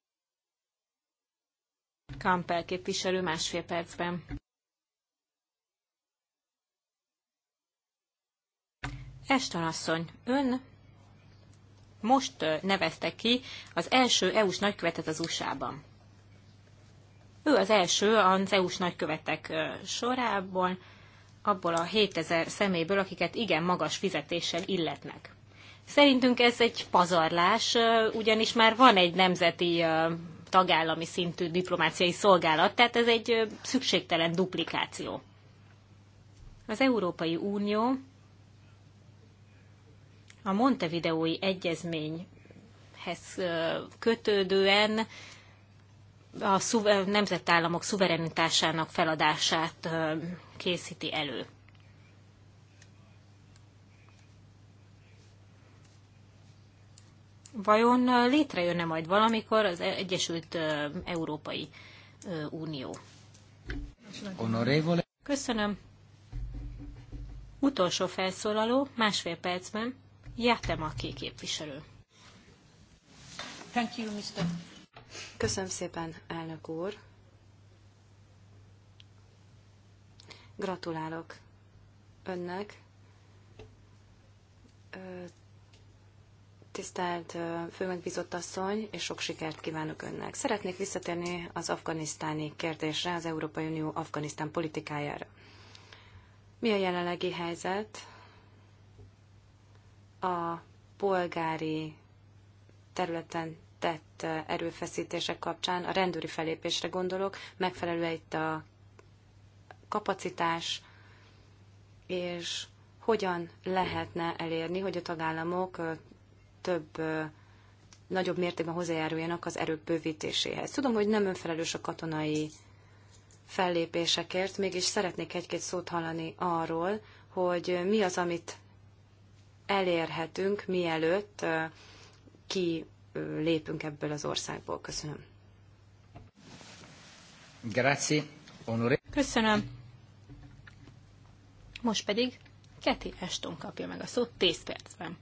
Kampel képviselő másfél percben. Eston asszony, ön most nevezte ki az első EU-s nagykövetet az USA-ban. Ő az első az eu nagykövetek sorából, abból a 7000 személyből, akiket igen magas fizetéssel illetnek. Szerintünk ez egy pazarlás, ugyanis már van egy nemzeti tagállami szintű diplomáciai szolgálat, tehát ez egy szükségtelen duplikáció. Az Európai Unió a Montevideói Egyezményhez kötődően a nemzetállamok szuverenitásának feladását készíti elő. Vajon létrejönne majd valamikor az e- Egyesült Európai Unió? Köszönöm. Utolsó felszólaló, másfél percben, Jatemaki képviselő. Thank you, Mr. Köszönöm szépen, elnök úr. Gratulálok önnek. Tisztelt főmegbízott asszony, és sok sikert kívánok önnek. Szeretnék visszatérni az afganisztáni kérdésre, az Európai Unió afganisztán politikájára. Mi a jelenlegi helyzet a polgári területen tett eh, erőfeszítések kapcsán, a rendőri felépésre gondolok, megfelelő itt a kapacitás, és hogyan lehetne elérni, hogy a tagállamok eh, több eh, nagyobb mértékben hozzájáruljanak az erők bővítéséhez. Tudom, hogy nem önfelelős a katonai fellépésekért, mégis szeretnék egy-két szót hallani arról, hogy mi az, amit elérhetünk, mielőtt ki lépünk ebből az országból. Köszönöm. Grazie. Onore. Köszönöm. Most pedig Keti Eston kapja meg a szót 10 percben.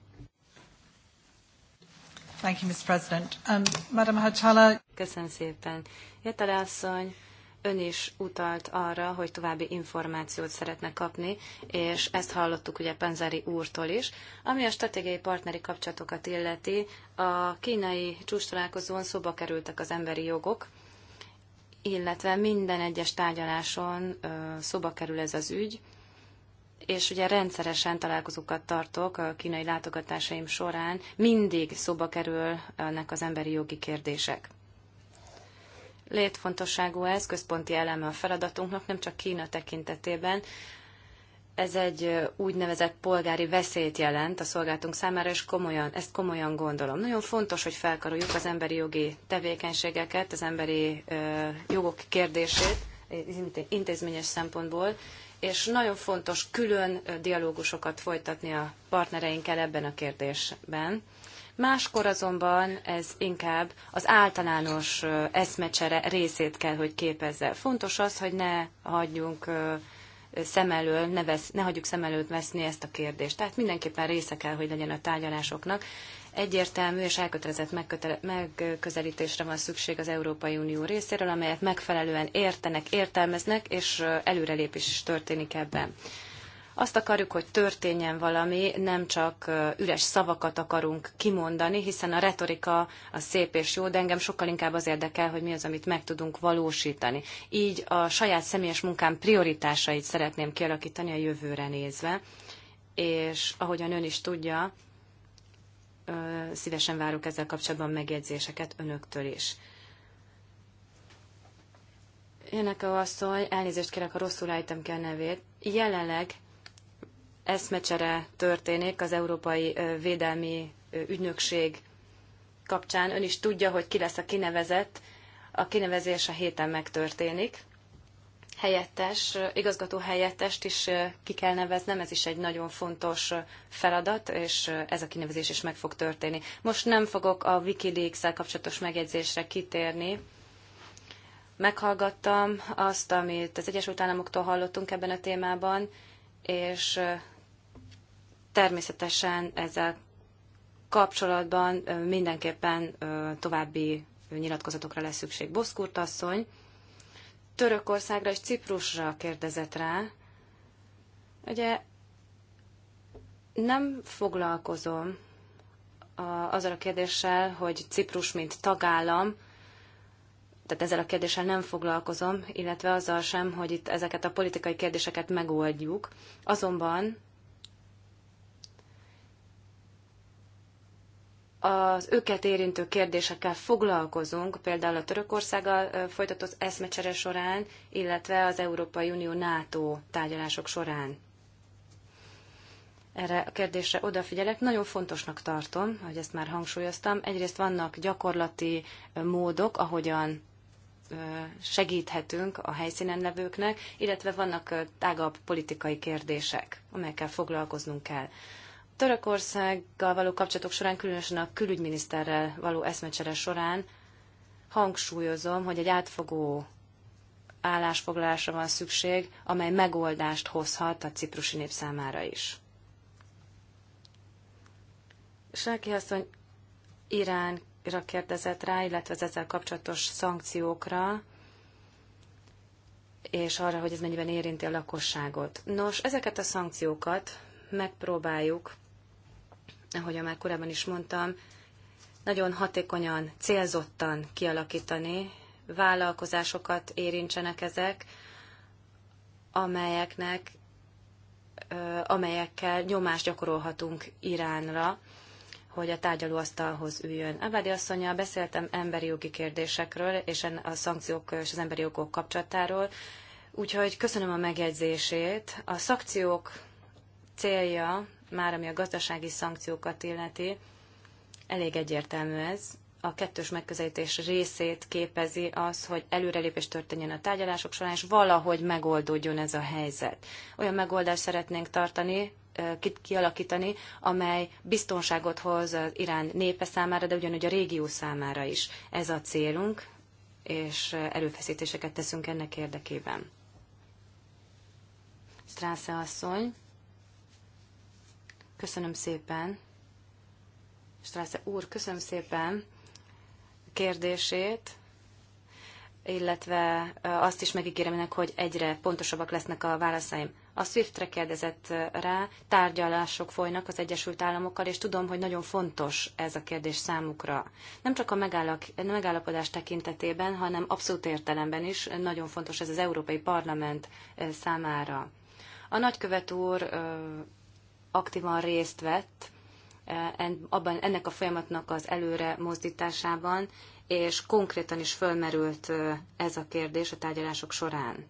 Thank you, Mr. President. Um, Madam Hautala. Köszönöm szépen. Jetele asszony, ön is utalt arra, hogy további információt szeretne kapni, és ezt hallottuk ugye Penzeri úrtól is. Ami a stratégiai partneri kapcsolatokat illeti, a kínai csúcstalálkozón szóba kerültek az emberi jogok, illetve minden egyes tárgyaláson szóba kerül ez az ügy, és ugye rendszeresen találkozókat tartok a kínai látogatásaim során, mindig szóba kerülnek az emberi jogi kérdések létfontosságú ez, központi eleme a feladatunknak, nem csak Kína tekintetében, ez egy úgynevezett polgári veszélyt jelent a szolgáltunk számára, és komolyan, ezt komolyan gondolom. Nagyon fontos, hogy felkaroljuk az emberi jogi tevékenységeket, az emberi jogok kérdését intézményes szempontból, és nagyon fontos külön dialógusokat folytatni a partnereinkkel ebben a kérdésben. Máskor azonban ez inkább az általános eszmecsere részét kell, hogy képezze. Fontos az, hogy ne hagyjunk szem elől, ne, vesz, ne hagyjuk szem előtt veszni ezt a kérdést. Tehát mindenképpen része kell, hogy legyen a tárgyalásoknak. Egyértelmű és elkötelezett megközelítésre van szükség az Európai Unió részéről, amelyet megfelelően értenek, értelmeznek, és előrelépés is történik ebben. Azt akarjuk, hogy történjen valami, nem csak üres szavakat akarunk kimondani, hiszen a retorika a szép és jó, de engem sokkal inkább az érdekel, hogy mi az, amit meg tudunk valósítani. Így a saját személyes munkám prioritásait szeretném kialakítani a jövőre nézve, és ahogyan ön is tudja, szívesen várok ezzel kapcsolatban megjegyzéseket önöktől is. Jönnek a asszony, elnézést kérek, ha rosszul állítom ki a nevét. Jelenleg eszmecsere történik az Európai Védelmi Ügynökség kapcsán. Ön is tudja, hogy ki lesz a kinevezett. A kinevezés a héten megtörténik. Helyettes, igazgató helyettest is ki kell neveznem, ez is egy nagyon fontos feladat, és ez a kinevezés is meg fog történni. Most nem fogok a Wikileaks-el kapcsolatos megjegyzésre kitérni, meghallgattam azt, amit az Egyesült Államoktól hallottunk ebben a témában, és természetesen ezzel kapcsolatban mindenképpen további nyilatkozatokra lesz szükség. Boszkurt asszony Törökországra és Ciprusra kérdezett rá. Ugye nem foglalkozom azzal a kérdéssel, hogy Ciprus, mint tagállam, tehát ezzel a kérdéssel nem foglalkozom, illetve azzal sem, hogy itt ezeket a politikai kérdéseket megoldjuk. Azonban az őket érintő kérdésekkel foglalkozunk, például a Törökországgal folytatott eszmecsere során, illetve az Európai Unió-NATO tárgyalások során. Erre a kérdésre odafigyelek, nagyon fontosnak tartom, hogy ezt már hangsúlyoztam. Egyrészt vannak gyakorlati módok, ahogyan segíthetünk a helyszínen levőknek, illetve vannak tágabb politikai kérdések, amelyekkel foglalkoznunk kell. Törökországgal való kapcsolatok során, különösen a külügyminiszterrel való eszmecsere során hangsúlyozom, hogy egy átfogó állásfoglalásra van szükség, amely megoldást hozhat a ciprusi nép számára is. Sárki asszony Irán kérdezett rá, illetve az ezzel kapcsolatos szankciókra, és arra, hogy ez mennyiben érinti a lakosságot. Nos, ezeket a szankciókat megpróbáljuk, ahogy már korábban is mondtam, nagyon hatékonyan, célzottan kialakítani, vállalkozásokat érintsenek ezek, amelyeknek, amelyekkel nyomást gyakorolhatunk Iránra, hogy a tárgyalóasztalhoz üljön. Abádi asszonya, beszéltem emberi jogi kérdésekről és a szankciók és az emberi jogok kapcsolatáról, úgyhogy köszönöm a megjegyzését. A szankciók célja, már ami a gazdasági szankciókat illeti, elég egyértelmű ez. A kettős megközelítés részét képezi az, hogy előrelépés történjen a tárgyalások során, és valahogy megoldódjon ez a helyzet. Olyan megoldást szeretnénk tartani, kialakítani, amely biztonságot hoz az Irán népe számára, de ugyanúgy a régió számára is. Ez a célunk, és erőfeszítéseket teszünk ennek érdekében. Strásze asszony, köszönöm szépen. Strásze úr, köszönöm szépen kérdését illetve azt is megígérem önnek, hogy egyre pontosabbak lesznek a válaszaim a SWIFT-re kérdezett rá, tárgyalások folynak az Egyesült Államokkal, és tudom, hogy nagyon fontos ez a kérdés számukra. Nem csak a megállapodás tekintetében, hanem abszolút értelemben is nagyon fontos ez az Európai Parlament számára. A nagykövet úr aktívan részt vett abban, ennek a folyamatnak az előre mozdításában, és konkrétan is fölmerült ez a kérdés a tárgyalások során.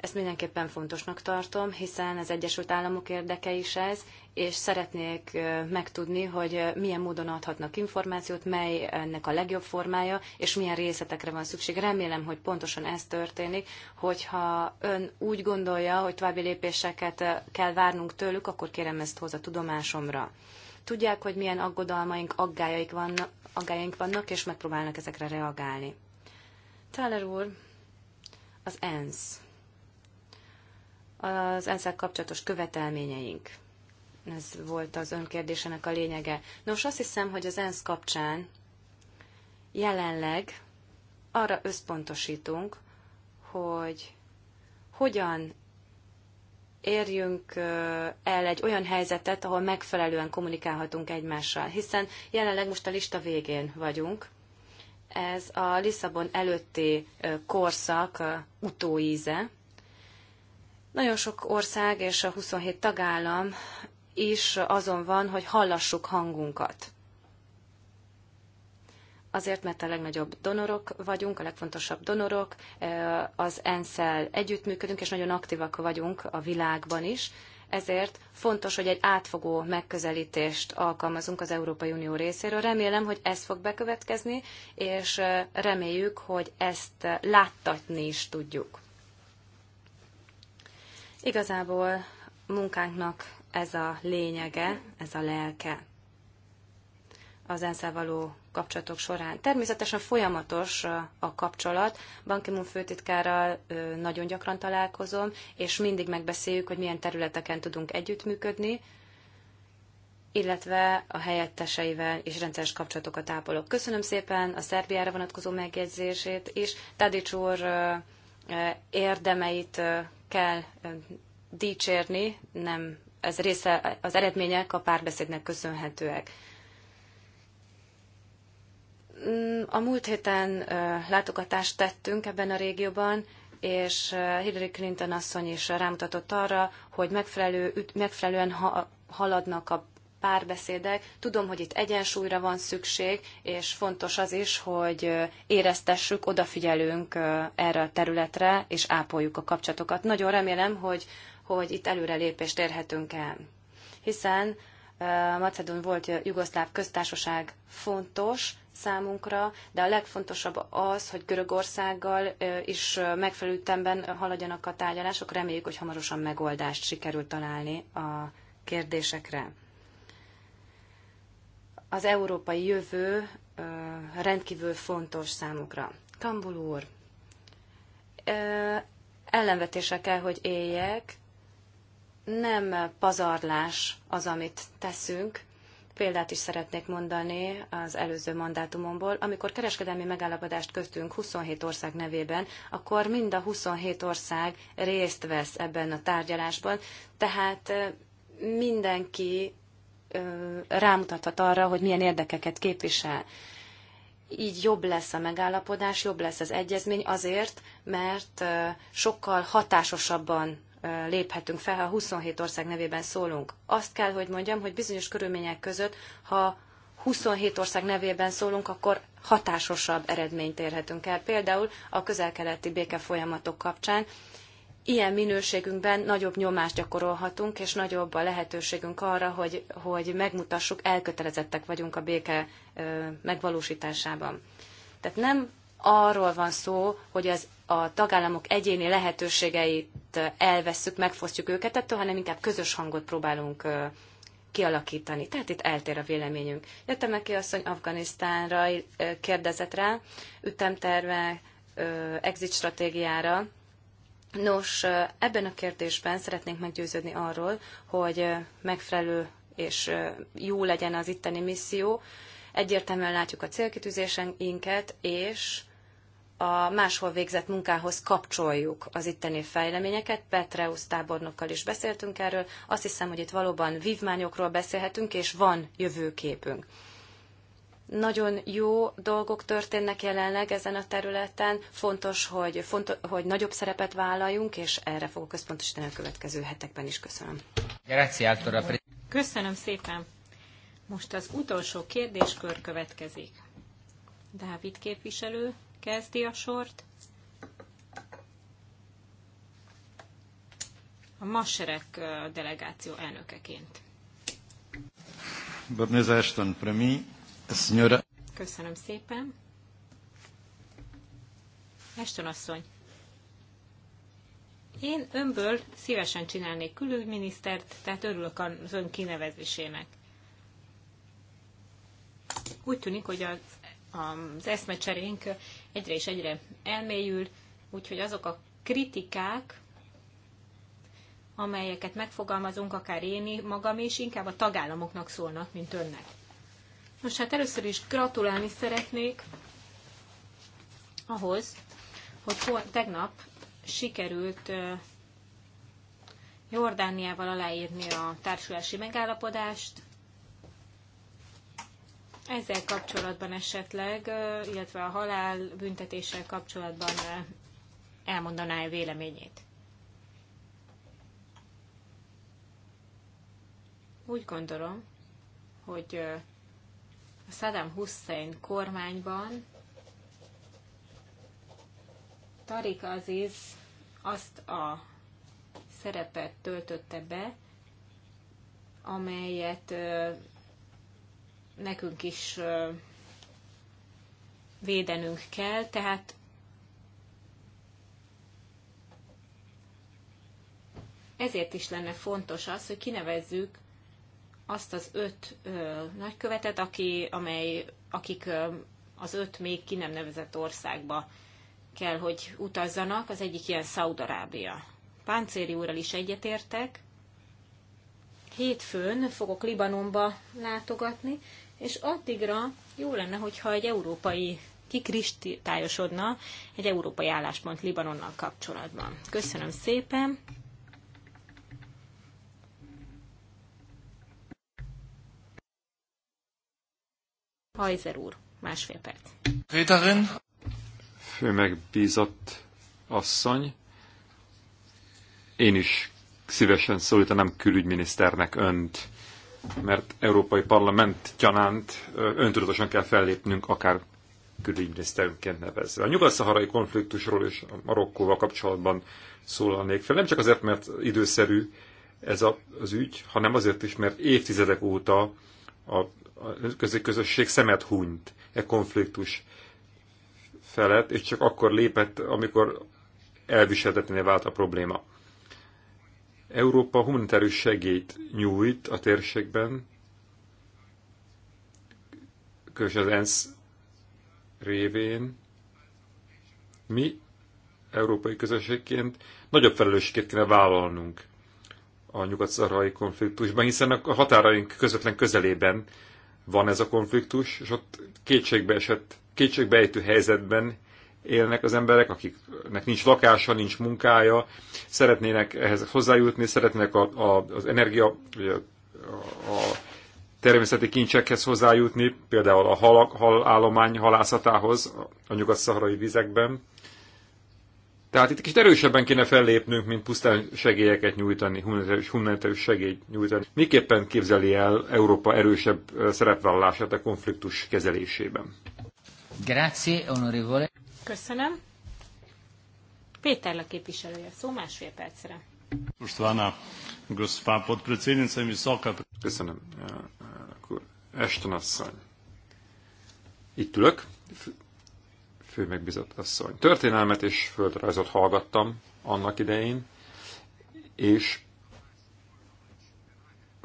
Ezt mindenképpen fontosnak tartom, hiszen az Egyesült Államok érdeke is ez, és szeretnék megtudni, hogy milyen módon adhatnak információt, mely ennek a legjobb formája, és milyen részletekre van szükség. Remélem, hogy pontosan ez történik, hogyha ön úgy gondolja, hogy további lépéseket kell várnunk tőlük, akkor kérem ezt hozzá tudomásomra. Tudják, hogy milyen aggodalmaink, aggájaik vannak, aggájaink vannak, és megpróbálnak ezekre reagálni. Tyler úr, az ENSZ az ezzel kapcsolatos követelményeink. Ez volt az önkérdésének a lényege. Nos, azt hiszem, hogy az ENSZ kapcsán jelenleg arra összpontosítunk, hogy hogyan érjünk el egy olyan helyzetet, ahol megfelelően kommunikálhatunk egymással. Hiszen jelenleg most a lista végén vagyunk. Ez a Lisszabon előtti korszak utóíze, nagyon sok ország és a 27 tagállam is azon van, hogy hallassuk hangunkat. Azért, mert a legnagyobb donorok vagyunk, a legfontosabb donorok, eh, az ENSZ-el együttműködünk, és nagyon aktívak vagyunk a világban is. Ezért fontos, hogy egy átfogó megközelítést alkalmazunk az Európai Unió részéről. Remélem, hogy ez fog bekövetkezni, és eh, reméljük, hogy ezt eh, láttatni is tudjuk. Igazából munkánknak ez a lényege, ez a lelke az ensz való kapcsolatok során. Természetesen folyamatos a kapcsolat. Banki Moon főtitkárral nagyon gyakran találkozom, és mindig megbeszéljük, hogy milyen területeken tudunk együttműködni, illetve a helyetteseivel is rendszeres kapcsolatokat ápolok. Köszönöm szépen a Szerbiára vonatkozó megjegyzését és Tadics úr érdemeit kell dicsérni, nem, ez része, az eredmények a párbeszédnek köszönhetőek. Mm, a múlt héten látogatást tettünk ebben a régióban, és Hillary Clinton asszony is rámutatott arra, hogy megfelelő, megfelelően haladnak a párbeszédek. Tudom, hogy itt egyensúlyra van szükség, és fontos az is, hogy éreztessük, odafigyelünk erre a területre, és ápoljuk a kapcsolatokat. Nagyon remélem, hogy, hogy itt előrelépést érhetünk el. Hiszen Macedon volt Jugoszláv köztársaság fontos számunkra, de a legfontosabb az, hogy Görögországgal is megfelelő haladjanak a tárgyalások. Reméljük, hogy hamarosan megoldást sikerül találni a kérdésekre az európai jövő rendkívül fontos számukra. Kambul úr, ellenvetése kell, hogy éljek, nem pazarlás az, amit teszünk. Példát is szeretnék mondani az előző mandátumomból. Amikor kereskedelmi megállapodást kötünk 27 ország nevében, akkor mind a 27 ország részt vesz ebben a tárgyalásban, tehát mindenki rámutathat arra, hogy milyen érdekeket képvisel. Így jobb lesz a megállapodás, jobb lesz az egyezmény azért, mert sokkal hatásosabban léphetünk fel, ha 27 ország nevében szólunk. Azt kell, hogy mondjam, hogy bizonyos körülmények között, ha 27 ország nevében szólunk, akkor hatásosabb eredményt érhetünk el. Például a közelkeleti folyamatok kapcsán ilyen minőségünkben nagyobb nyomást gyakorolhatunk, és nagyobb a lehetőségünk arra, hogy, hogy megmutassuk, elkötelezettek vagyunk a béke megvalósításában. Tehát nem arról van szó, hogy az, a tagállamok egyéni lehetőségeit elvesszük, megfosztjuk őket ettől, hanem inkább közös hangot próbálunk kialakítani. Tehát itt eltér a véleményünk. Jöttem neki asszony Afganisztánra, kérdezett rá, ütemterve, exit stratégiára, Nos, ebben a kérdésben szeretnénk meggyőződni arról, hogy megfelelő és jó legyen az itteni misszió. Egyértelműen látjuk a célkitűzéseinket, és a máshol végzett munkához kapcsoljuk az itteni fejleményeket. Petreus tábornokkal is beszéltünk erről. Azt hiszem, hogy itt valóban vívmányokról beszélhetünk, és van jövőképünk. Nagyon jó dolgok történnek jelenleg ezen a területen. Fontos, hogy, fontos, hogy nagyobb szerepet vállaljunk, és erre fogok központosítani a következő hetekben is. Köszönöm. Köszönöm szépen. Most az utolsó kérdéskör következik. Dávid képviselő kezdi a sort. a Maserek delegáció elnökeként. Barneza premi. Köszönöm szépen. Eston asszony. Én önből szívesen csinálnék külügyminisztert, tehát örülök az ön kinevezésének. Úgy tűnik, hogy az, az eszmecserénk egyre és egyre elmélyül, úgyhogy azok a kritikák, amelyeket megfogalmazunk, akár én magam is, inkább a tagállamoknak szólnak, mint önnek. Nos, hát először is gratulálni szeretnék ahhoz, hogy tegnap sikerült Jordániával aláírni a társulási megállapodást. Ezzel kapcsolatban esetleg, illetve a halál büntetéssel kapcsolatban elmondaná -e véleményét. Úgy gondolom, hogy a Saddam Hussein kormányban Tarik Aziz azt a szerepet töltötte be, amelyet nekünk is védenünk kell, tehát ezért is lenne fontos az, hogy kinevezzük azt az öt ö, nagykövetet, aki, amely, akik ö, az öt még ki nem nevezett országba kell, hogy utazzanak. Az egyik ilyen Szaudarábia. Páncéri úrral is egyetértek. Hétfőn fogok Libanonba látogatni, és addigra jó lenne, hogyha egy európai kikristályosodna egy európai álláspont Libanonnal kapcsolatban. Köszönöm szépen! Hajzer úr, másfél perc. Véterin. Fő megbízott asszony. Én is szívesen szólítanám külügyminiszternek önt, mert Európai Parlament gyanánt öntudatosan kell fellépnünk, akár külügyminiszterünként nevezve. A nyugat-szaharai konfliktusról és a Marokkóval kapcsolatban szólalnék fel, nem csak azért, mert időszerű ez az ügy, hanem azért is, mert évtizedek óta a a közösség szemet hunyt e konfliktus felett, és csak akkor lépett, amikor elviselhetetlené vált a probléma. Európa humanitárius segélyt nyújt a térségben, különösen az ENSZ révén. Mi, európai közösségként, nagyobb felelősséget kéne vállalnunk a nyugat-szarai konfliktusban, hiszen a határaink közvetlen közelében van ez a konfliktus, és ott kétségbe esett, kétségbejtő helyzetben élnek az emberek, akiknek nincs lakása, nincs munkája, szeretnének ehhez hozzájutni, szeretnének a, a, az energia, a, a természeti kincsekhez hozzájutni, például a hal, halállomány halászatához a nyugat-szaharai vizekben, tehát itt kicsit erősebben kéne fellépnünk, mint pusztán segélyeket nyújtani, humanitárius segélyt nyújtani. Miképpen képzeli el Európa erősebb szerepvállását a konfliktus kezelésében? Grazie, onorevole. Köszönöm. Péter a képviselője, szó másfél percre. Postvana gospa podpredsednica visoka... Köszönöm. Akkor Eston Itt ülök, fő megbízott asszony. Történelmet és földrajzot hallgattam annak idején, és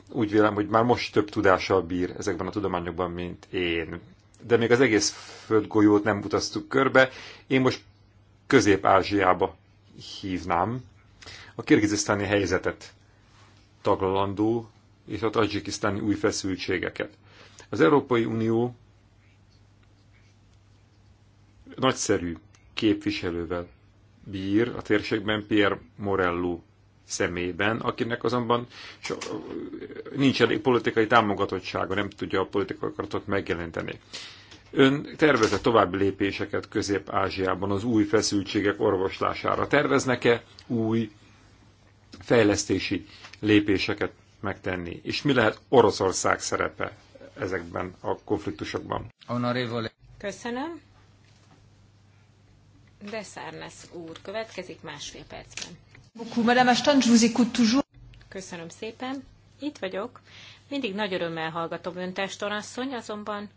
úgy vélem, hogy már most több tudással bír ezekben a tudományokban, mint én. De még az egész földgolyót nem utaztuk körbe. Én most Közép-Ázsiába hívnám a kirgizisztáni helyzetet taglalandó és a tajikisztáni új feszültségeket. Az Európai Unió nagyszerű képviselővel bír a térségben Pierre Morello szemében, akinek azonban nincs elég politikai támogatottsága, nem tudja a politikai akaratot megjelenteni. Ön tervezett további lépéseket Közép-Ázsiában az új feszültségek orvoslására? Terveznek-e új fejlesztési lépéseket megtenni? És mi lehet Oroszország szerepe ezekben a konfliktusokban? Köszönöm. De úr következik másfél percben. Madame Ashton, Köszönöm szépen. Itt vagyok. Mindig nagy örömmel hallgatom ön asszony, azonban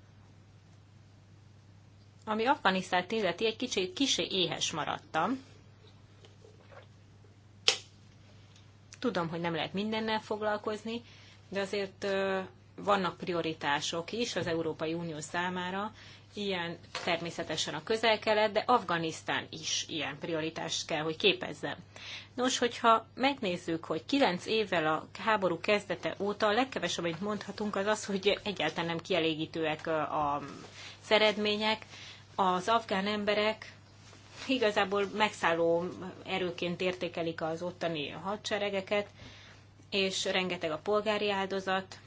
ami Afganisztánt illeti, egy kicsit kisé éhes maradtam. Tudom, hogy nem lehet mindennel foglalkozni, de azért vannak prioritások is az Európai Unió számára, ilyen természetesen a közel-kelet, de Afganisztán is ilyen prioritást kell, hogy képezzen. Nos, hogyha megnézzük, hogy kilenc évvel a háború kezdete óta a legkevesebb, amit mondhatunk, az az, hogy egyáltalán nem kielégítőek a szeredmények, Az afgán emberek igazából megszálló erőként értékelik az ottani hadseregeket, és rengeteg a polgári áldozat,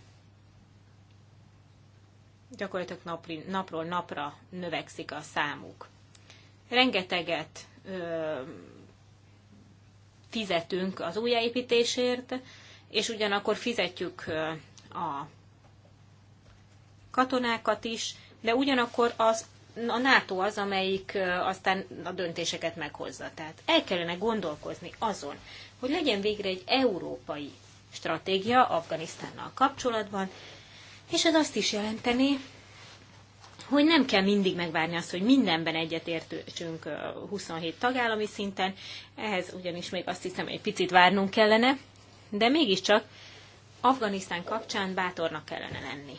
gyakorlatilag napri, napról napra növekszik a számuk. Rengeteget ö, fizetünk az újjáépítésért, és ugyanakkor fizetjük a katonákat is, de ugyanakkor az a NATO az, amelyik aztán a döntéseket meghozza. Tehát el kellene gondolkozni azon, hogy legyen végre egy európai stratégia Afganisztánnal kapcsolatban, és ez azt is jelenteni, hogy nem kell mindig megvárni azt, hogy mindenben egyetértünk 27 tagállami szinten, ehhez ugyanis még azt hiszem egy picit várnunk kellene, de mégiscsak Afganisztán kapcsán bátornak kellene lenni.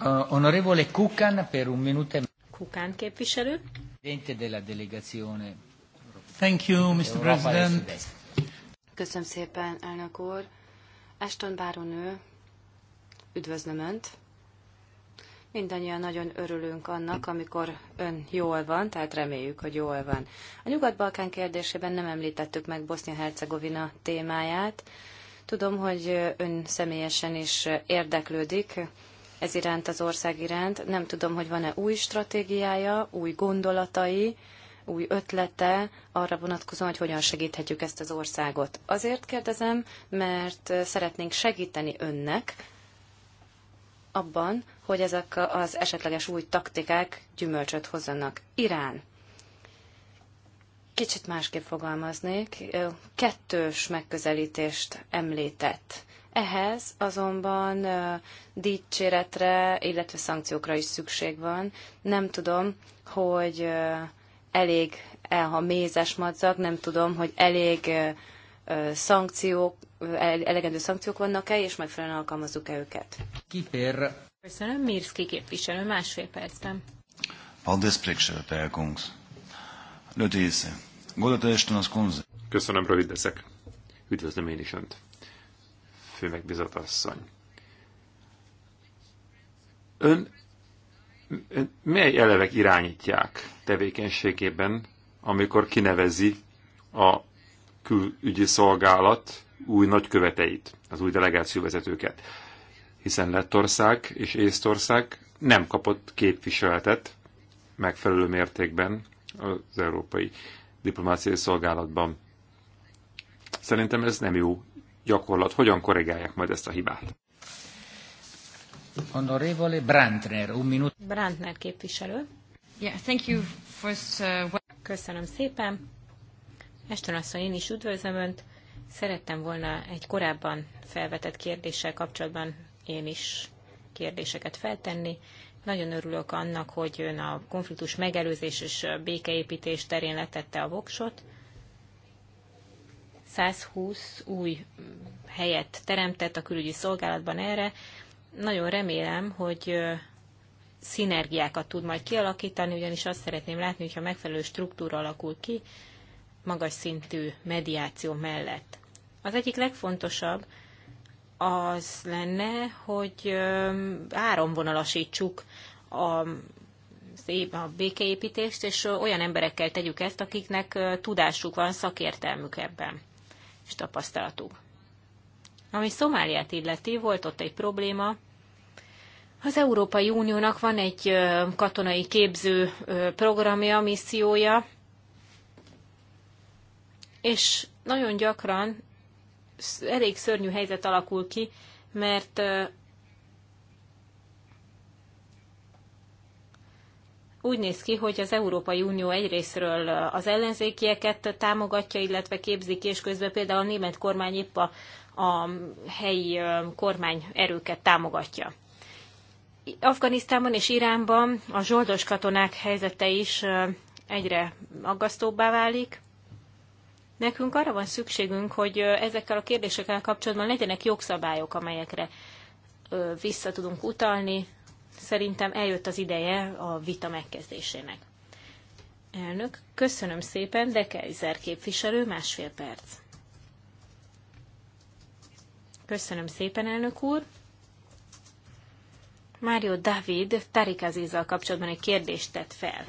Uh, onorevole Kukan per un minuto. E Kukan képviselő. della delegazione. Thank you, Mr. President. Köszönöm szépen, elnök úr. Ashton Báronő Üdvözlöm Önt! Mindannyian nagyon örülünk annak, amikor ön jól van, tehát reméljük, hogy jól van. A Nyugat-Balkán kérdésében nem említettük meg Bosznia-Hercegovina témáját. Tudom, hogy ön személyesen is érdeklődik ez iránt, az ország iránt. Nem tudom, hogy van-e új stratégiája, új gondolatai, új ötlete arra vonatkozóan, hogy hogyan segíthetjük ezt az országot. Azért kérdezem, mert szeretnénk segíteni önnek, abban, hogy ezek az esetleges új taktikák gyümölcsöt hozzanak. Irán. Kicsit másképp fogalmaznék, kettős megközelítést említett. Ehhez azonban dicséretre, illetve szankciókra is szükség van. Nem tudom, hogy elég, ha mézes madzag, nem tudom, hogy elég szankciók, elegendő szankciók vannak-e, és megfelelően alkalmazzuk-e őket. Kipér. Köszönöm, Mirszki képviselő, másfél percben. Paldies priekšsēdētājkungs. Ļoti īsi. Godātais kundze. Köszönöm, rövid leszek. Üdvözlöm én is Önt. Főmegbizat asszony. Ön, ön mely elevek irányítják tevékenységében, amikor kinevezi a külügyi szolgálat új nagyköveteit, az új delegációvezetőket. Hiszen Lettország és Észtország nem kapott képviseletet megfelelő mértékben az európai diplomáciai szolgálatban. Szerintem ez nem jó gyakorlat. Hogyan korrigálják majd ezt a hibát? Honorevole Brandner, un minut. Brandner képviselő. Yeah, thank you first, uh... Köszönöm szépen. Eston asszony, én is üdvözlöm Önt. Szerettem volna egy korábban felvetett kérdéssel kapcsolatban én is kérdéseket feltenni. Nagyon örülök annak, hogy ön a konfliktus megelőzés és békeépítés terén letette a voksot. 120 új helyet teremtett a külügyi szolgálatban erre. Nagyon remélem, hogy szinergiákat tud majd kialakítani, ugyanis azt szeretném látni, hogyha megfelelő struktúra alakul ki, magas szintű mediáció mellett. Az egyik legfontosabb az lenne, hogy áramvonalasítsuk a a békeépítést, és olyan emberekkel tegyük ezt, akiknek tudásuk van, szakértelmük ebben, és tapasztalatuk. Ami Szomáliát illeti, volt ott egy probléma. Az Európai Uniónak van egy katonai képző programja, missziója, és nagyon gyakran elég szörnyű helyzet alakul ki, mert úgy néz ki, hogy az Európai Unió egyrésztről az ellenzékieket támogatja, illetve képzik, és közben például a német kormány épp a, a helyi kormány erőket támogatja. Afganisztánban és Iránban a zsoldos katonák helyzete is egyre aggasztóbbá válik. Nekünk arra van szükségünk, hogy ezekkel a kérdésekkel kapcsolatban legyenek jogszabályok, amelyekre vissza tudunk utalni. Szerintem eljött az ideje a vita megkezdésének. Elnök, köszönöm szépen, de Kejzer képviselő, másfél perc. Köszönöm szépen, elnök úr. Mário David Tarikazizzal kapcsolatban egy kérdést tett fel.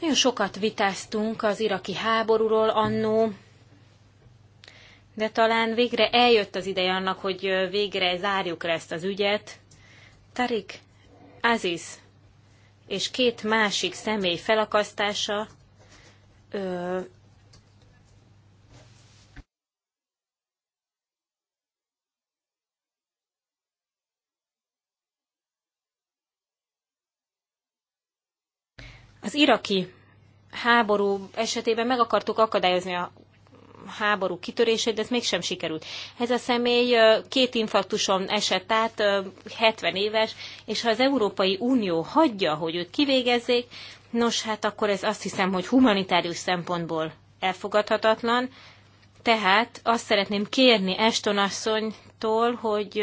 Nagyon sokat vitáztunk az iraki háborúról annó, de talán végre eljött az ideje annak, hogy végre zárjuk le ezt az ügyet. Tarik Aziz és két másik személy felakasztása ö, Az iraki háború esetében meg akartuk akadályozni a háború kitörését, de ez mégsem sikerült. Ez a személy két infarktuson esett át, 70 éves, és ha az Európai Unió hagyja, hogy őt kivégezzék, nos, hát akkor ez azt hiszem, hogy humanitárius szempontból elfogadhatatlan. Tehát azt szeretném kérni Eston asszonytól, hogy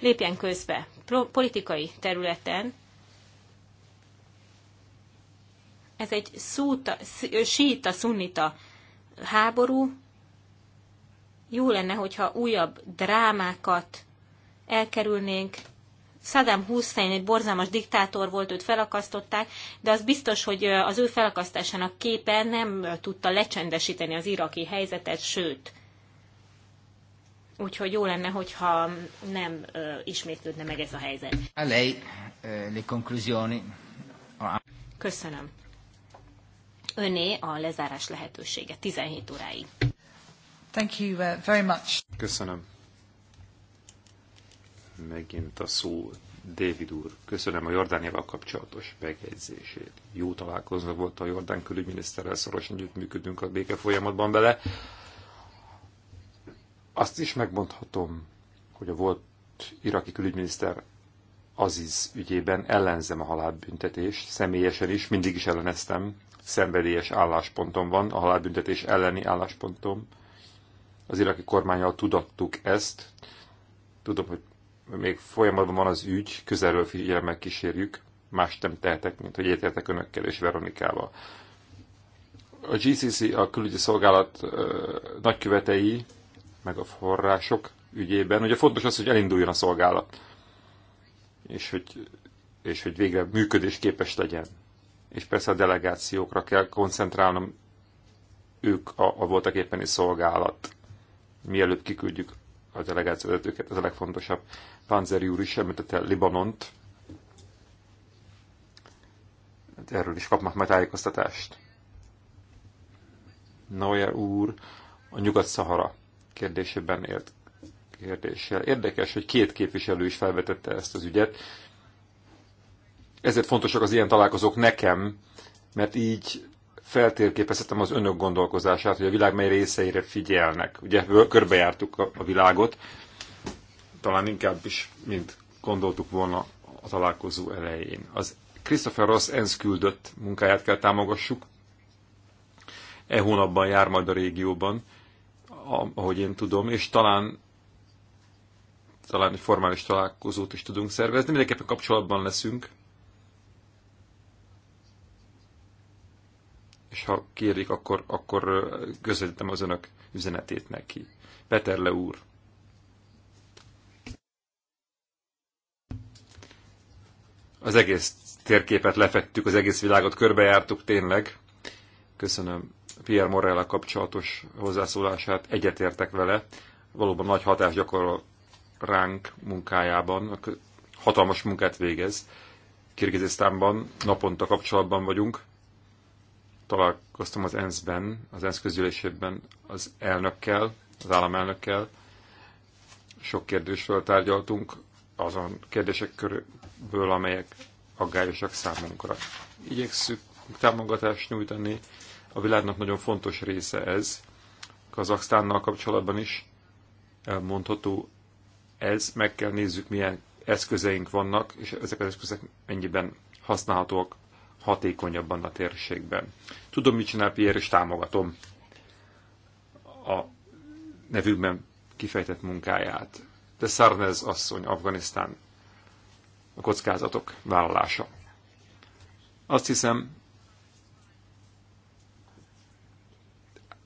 lépjen közbe politikai területen, Ez egy szúta, síta, szunnita háború. Jó lenne, hogyha újabb drámákat elkerülnénk. Saddam Hussein egy borzalmas diktátor volt, őt felakasztották, de az biztos, hogy az ő felakasztásának képe nem tudta lecsendesíteni az iraki helyzetet, sőt. Úgyhogy jó lenne, hogyha nem ismétlődne meg ez a helyzet. A lei le conclusioni. Köszönöm öné a lezárás lehetősége 17 óráig. Thank you uh, very much. Köszönöm. Megint a szó David úr, köszönöm a Jordániával kapcsolatos megjegyzését. Jó találkozva volt a Jordán külügyminiszterrel, szorosan együttműködünk a béke folyamatban bele. Azt is megmondhatom, hogy a volt iraki külügyminiszter Aziz ügyében ellenzem a halálbüntetést, személyesen is, mindig is elleneztem szenvedélyes álláspontom van, a halálbüntetés elleni álláspontom. Az iraki kormányal tudattuk ezt. Tudom, hogy még folyamatban van az ügy, közelről figyelemmel kísérjük. Más nem tehetek, mint hogy értetek önökkel és Veronikával. A GCC, a külügyi szolgálat ö, nagykövetei, meg a források ügyében, ugye fontos az, hogy elinduljon a szolgálat, és hogy, és hogy végre működésképes legyen és persze a delegációkra kell koncentrálnom, ők a, a voltak éppeni szolgálat. Mielőtt kiküldjük a delegációvezetőket, ez a legfontosabb. Panzeri úr is említette Libanont. Hát erről is kapnak majd tájékoztatást. Noé úr a Nyugat-Szahara kérdésében élt kérdéssel. Érdekes, hogy két képviselő is felvetette ezt az ügyet, ezért fontosak az ilyen találkozók nekem, mert így feltérképezhetem az önök gondolkozását, hogy a világ mely részeire figyelnek. Ugye körbejártuk a világot, talán inkább is, mint gondoltuk volna a találkozó elején. Az Christopher Ross ENSZ küldött munkáját kell támogassuk. E hónapban jár majd a régióban, ahogy én tudom, és talán talán egy formális találkozót is tudunk szervezni. Mindenképpen kapcsolatban leszünk és ha kérik, akkor, akkor közvetítem az önök üzenetét neki. Peterle úr. Az egész térképet lefettük, az egész világot körbejártuk tényleg. Köszönöm Pierre Morella kapcsolatos hozzászólását, egyetértek vele. Valóban nagy hatás gyakorol ránk munkájában, hatalmas munkát végez. Kirgizisztánban naponta kapcsolatban vagyunk, találkoztam az ENSZ-ben, az ENSZ közgyűlésében az elnökkel, az államelnökkel. Sok kérdésről tárgyaltunk, azon kérdések körülből, amelyek aggályosak számunkra. Igyekszük támogatást nyújtani, a világnak nagyon fontos része ez. Kazaksztánnal kapcsolatban is mondható, ez, meg kell nézzük, milyen eszközeink vannak, és ezek az eszközök mennyiben használhatóak hatékonyabban a térségben. Tudom, mit csinál Pierre, és támogatom a nevükben kifejtett munkáját. De Szarnez asszony, Afganisztán, a kockázatok vállalása. Azt hiszem,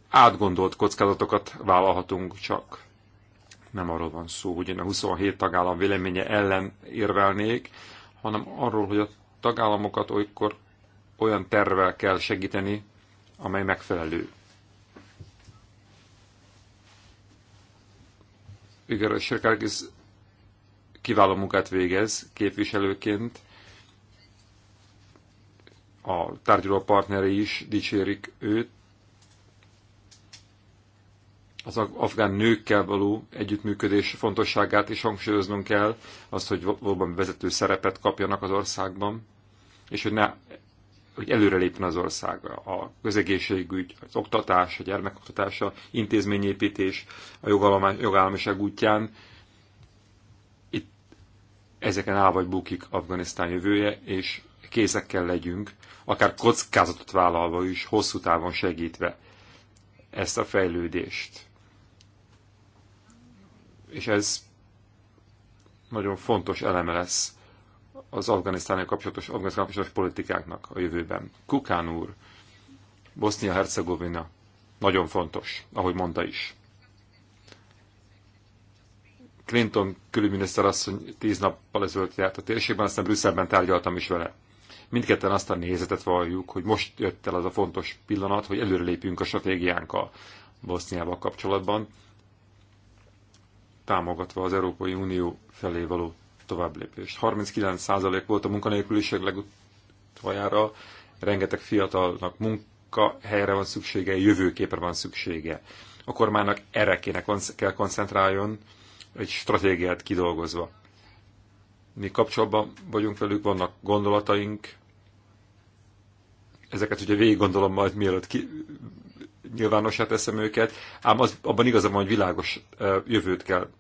átgondolt kockázatokat vállalhatunk csak. Nem arról van szó, hogy én a 27 tagállam véleménye ellen érvelnék, hanem arról, hogy a tagállamokat olykor olyan tervvel kell segíteni, amely megfelelő. Ügeres Serkárkis kiváló munkát végez képviselőként, a tárgyaló partnerei is dicsérik őt, az afgán nőkkel való együttműködés fontosságát is hangsúlyoznunk kell, azt, hogy valóban vezető szerepet kapjanak az országban, és hogy ne hogy előrelépjen az ország, a közegészségügy, az oktatás, a gyermekoktatás, a intézményépítés, a jogállamiság útján. Itt ezeken áll vagy bukik Afganisztán jövője, és kézekkel legyünk, akár kockázatot vállalva is, hosszú távon segítve ezt a fejlődést. És ez nagyon fontos eleme lesz az afganisztáni kapcsolatos, Afganisztán kapcsolatos politikáknak a jövőben. Kukán úr, Bosznia-Hercegovina nagyon fontos, ahogy mondta is. Clinton külügyminiszter asszony tíz nappal ezelőtt járt a térségben, aztán Brüsszelben tárgyaltam is vele. Mindketten azt a nézetet valljuk, hogy most jött el az a fontos pillanat, hogy előrelépjünk a stratégiánkkal Boszniával kapcsolatban, támogatva az Európai Unió felé való tovább lépést. 39% volt a munkanélküliség legutoljára, rengeteg fiatalnak munkahelyre van szüksége, jövőképre van szüksége. A kormánynak erre kéne, kell koncentráljon, egy stratégiát kidolgozva. Mi kapcsolatban vagyunk velük, vannak gondolataink, ezeket ugye végig gondolom majd, mielőtt ki, nyilvánossá teszem őket, ám az, abban igazam, hogy világos jövőt kell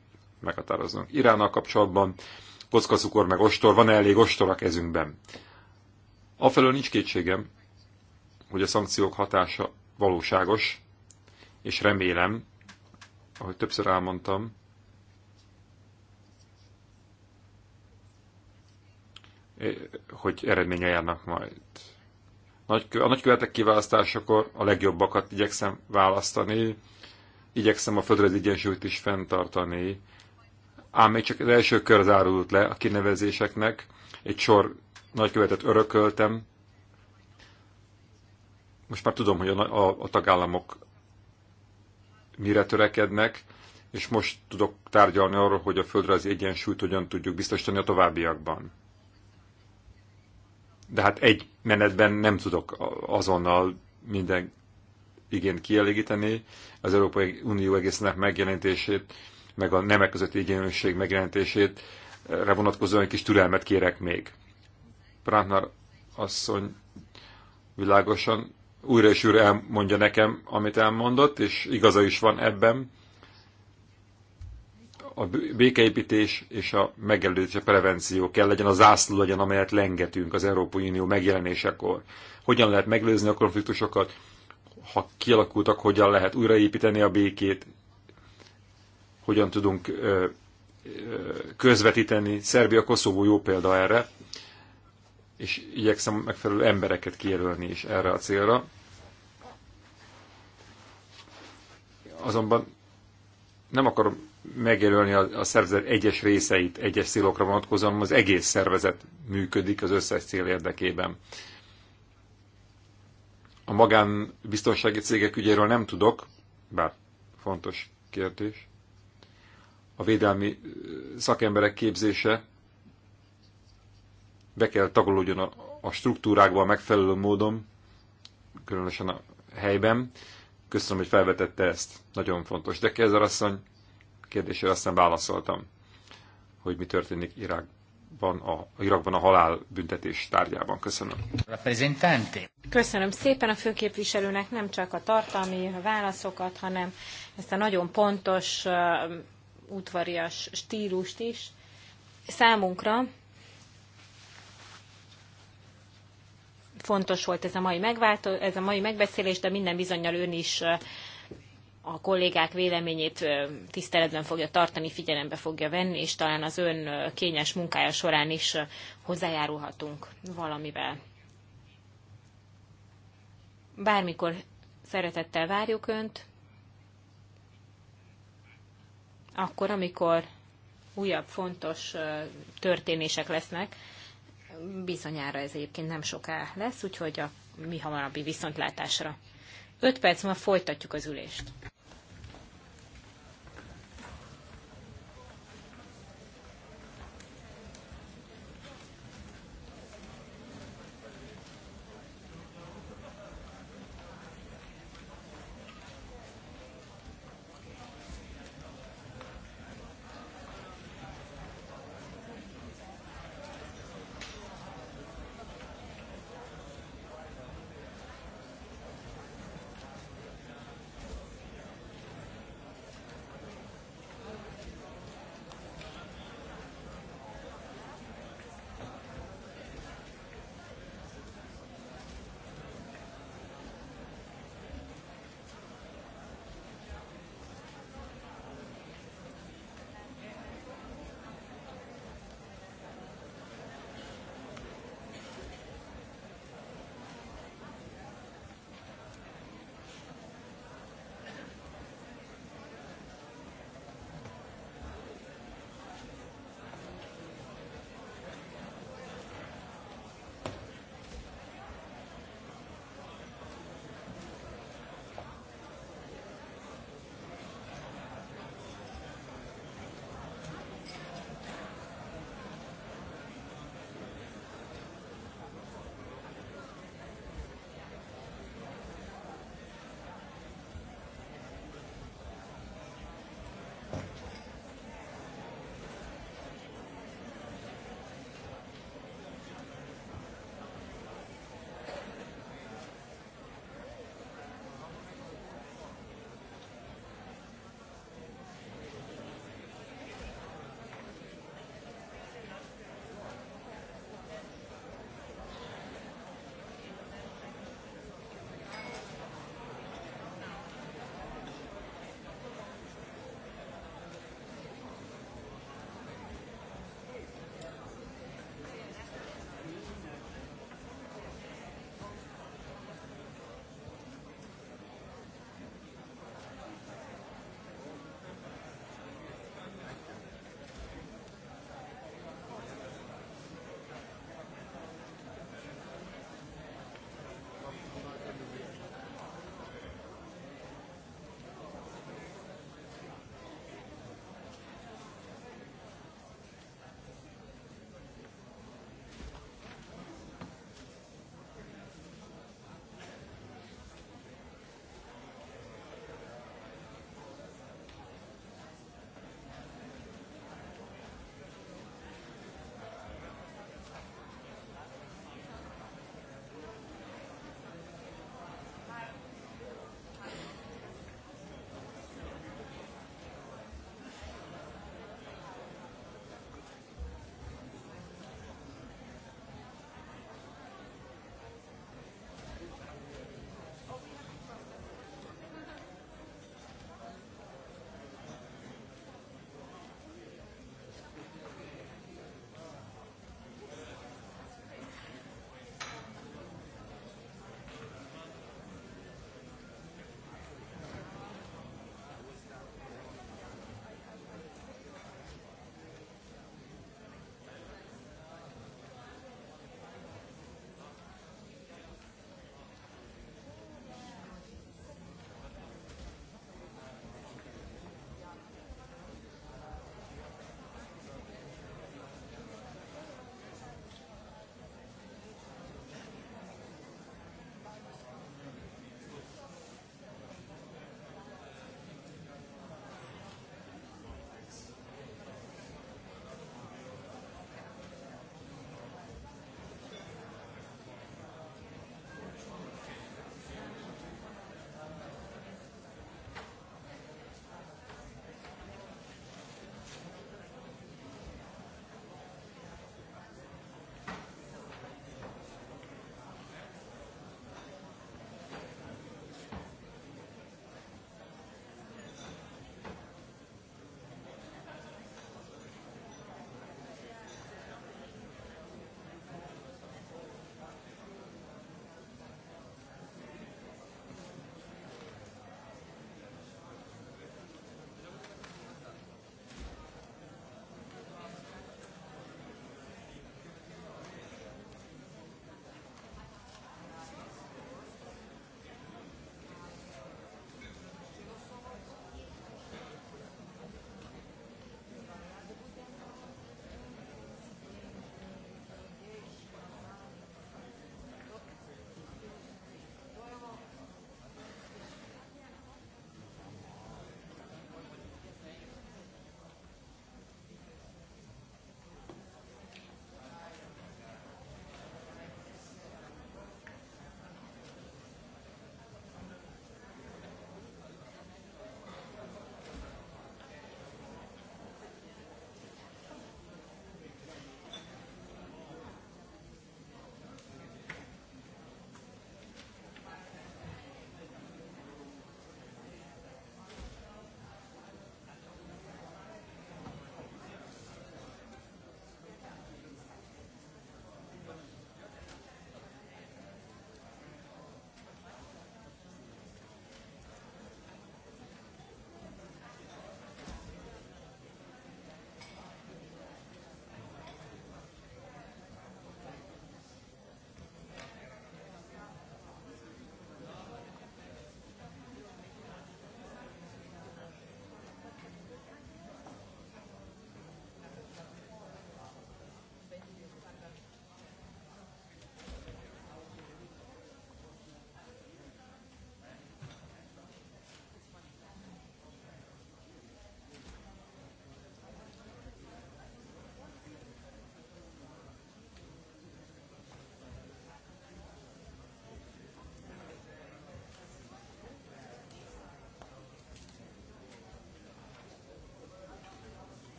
meghatároznunk. Iránnal kapcsolatban kockaszukor meg ostor, van -e elég ostor a kezünkben? Afelől nincs kétségem, hogy a szankciók hatása valóságos, és remélem, ahogy többször elmondtam, eh, hogy eredménye járnak majd. A nagykövetek kiválasztásakor a legjobbakat igyekszem választani, igyekszem a földrajzi egyensúlyt is fenntartani, ám még csak az első kör zárult le a kinevezéseknek, egy sor nagykövetet örököltem. Most már tudom, hogy a, a, a tagállamok mire törekednek, és most tudok tárgyalni arról, hogy a földre az egyensúlyt hogyan tudjuk biztosítani a továbbiakban. De hát egy menetben nem tudok azonnal minden igényt kielégíteni. Az Európai Unió egésznek megjelentését meg a nemek közötti igényesség megjelentését vonatkozóan egy kis türelmet kérek még. Brandner asszony világosan újra és újra elmondja nekem, amit elmondott, és igaza is van ebben. A békeépítés és a megelőzés, a prevenció kell legyen, a zászló legyen, amelyet lengetünk az Európai Unió megjelenésekor. Hogyan lehet meglőzni a konfliktusokat, ha kialakultak, hogyan lehet újraépíteni a békét, hogyan tudunk közvetíteni. Szerbia, Koszovó jó példa erre, és igyekszem megfelelő embereket kijelölni is erre a célra. Azonban nem akarom megjelölni a, a szervezet egyes részeit, egyes célokra vonatkozóan, az egész szervezet működik az összes cél érdekében. A magánbiztonsági cégek ügyéről nem tudok, bár fontos kérdés a védelmi szakemberek képzése be kell tagolódjon a, a megfelelő módon, különösen a helyben. Köszönöm, hogy felvetette ezt. Nagyon fontos. De Kézer asszony kérdésére aztán válaszoltam, hogy mi történik Irakban a, Irakban a halálbüntetés tárgyában. Köszönöm. Köszönöm szépen a főképviselőnek nem csak a tartalmi válaszokat, hanem ezt a nagyon pontos útvarias stílust is. Számunkra fontos volt ez a mai, megváltó, ez a mai megbeszélés, de minden bizonyal ön is a kollégák véleményét tiszteletben fogja tartani, figyelembe fogja venni, és talán az ön kényes munkája során is hozzájárulhatunk valamivel. Bármikor szeretettel várjuk önt, akkor, amikor újabb fontos történések lesznek, bizonyára ez egyébként nem soká lesz, úgyhogy a mi hamarabbi viszontlátásra. Öt perc múlva folytatjuk az ülést.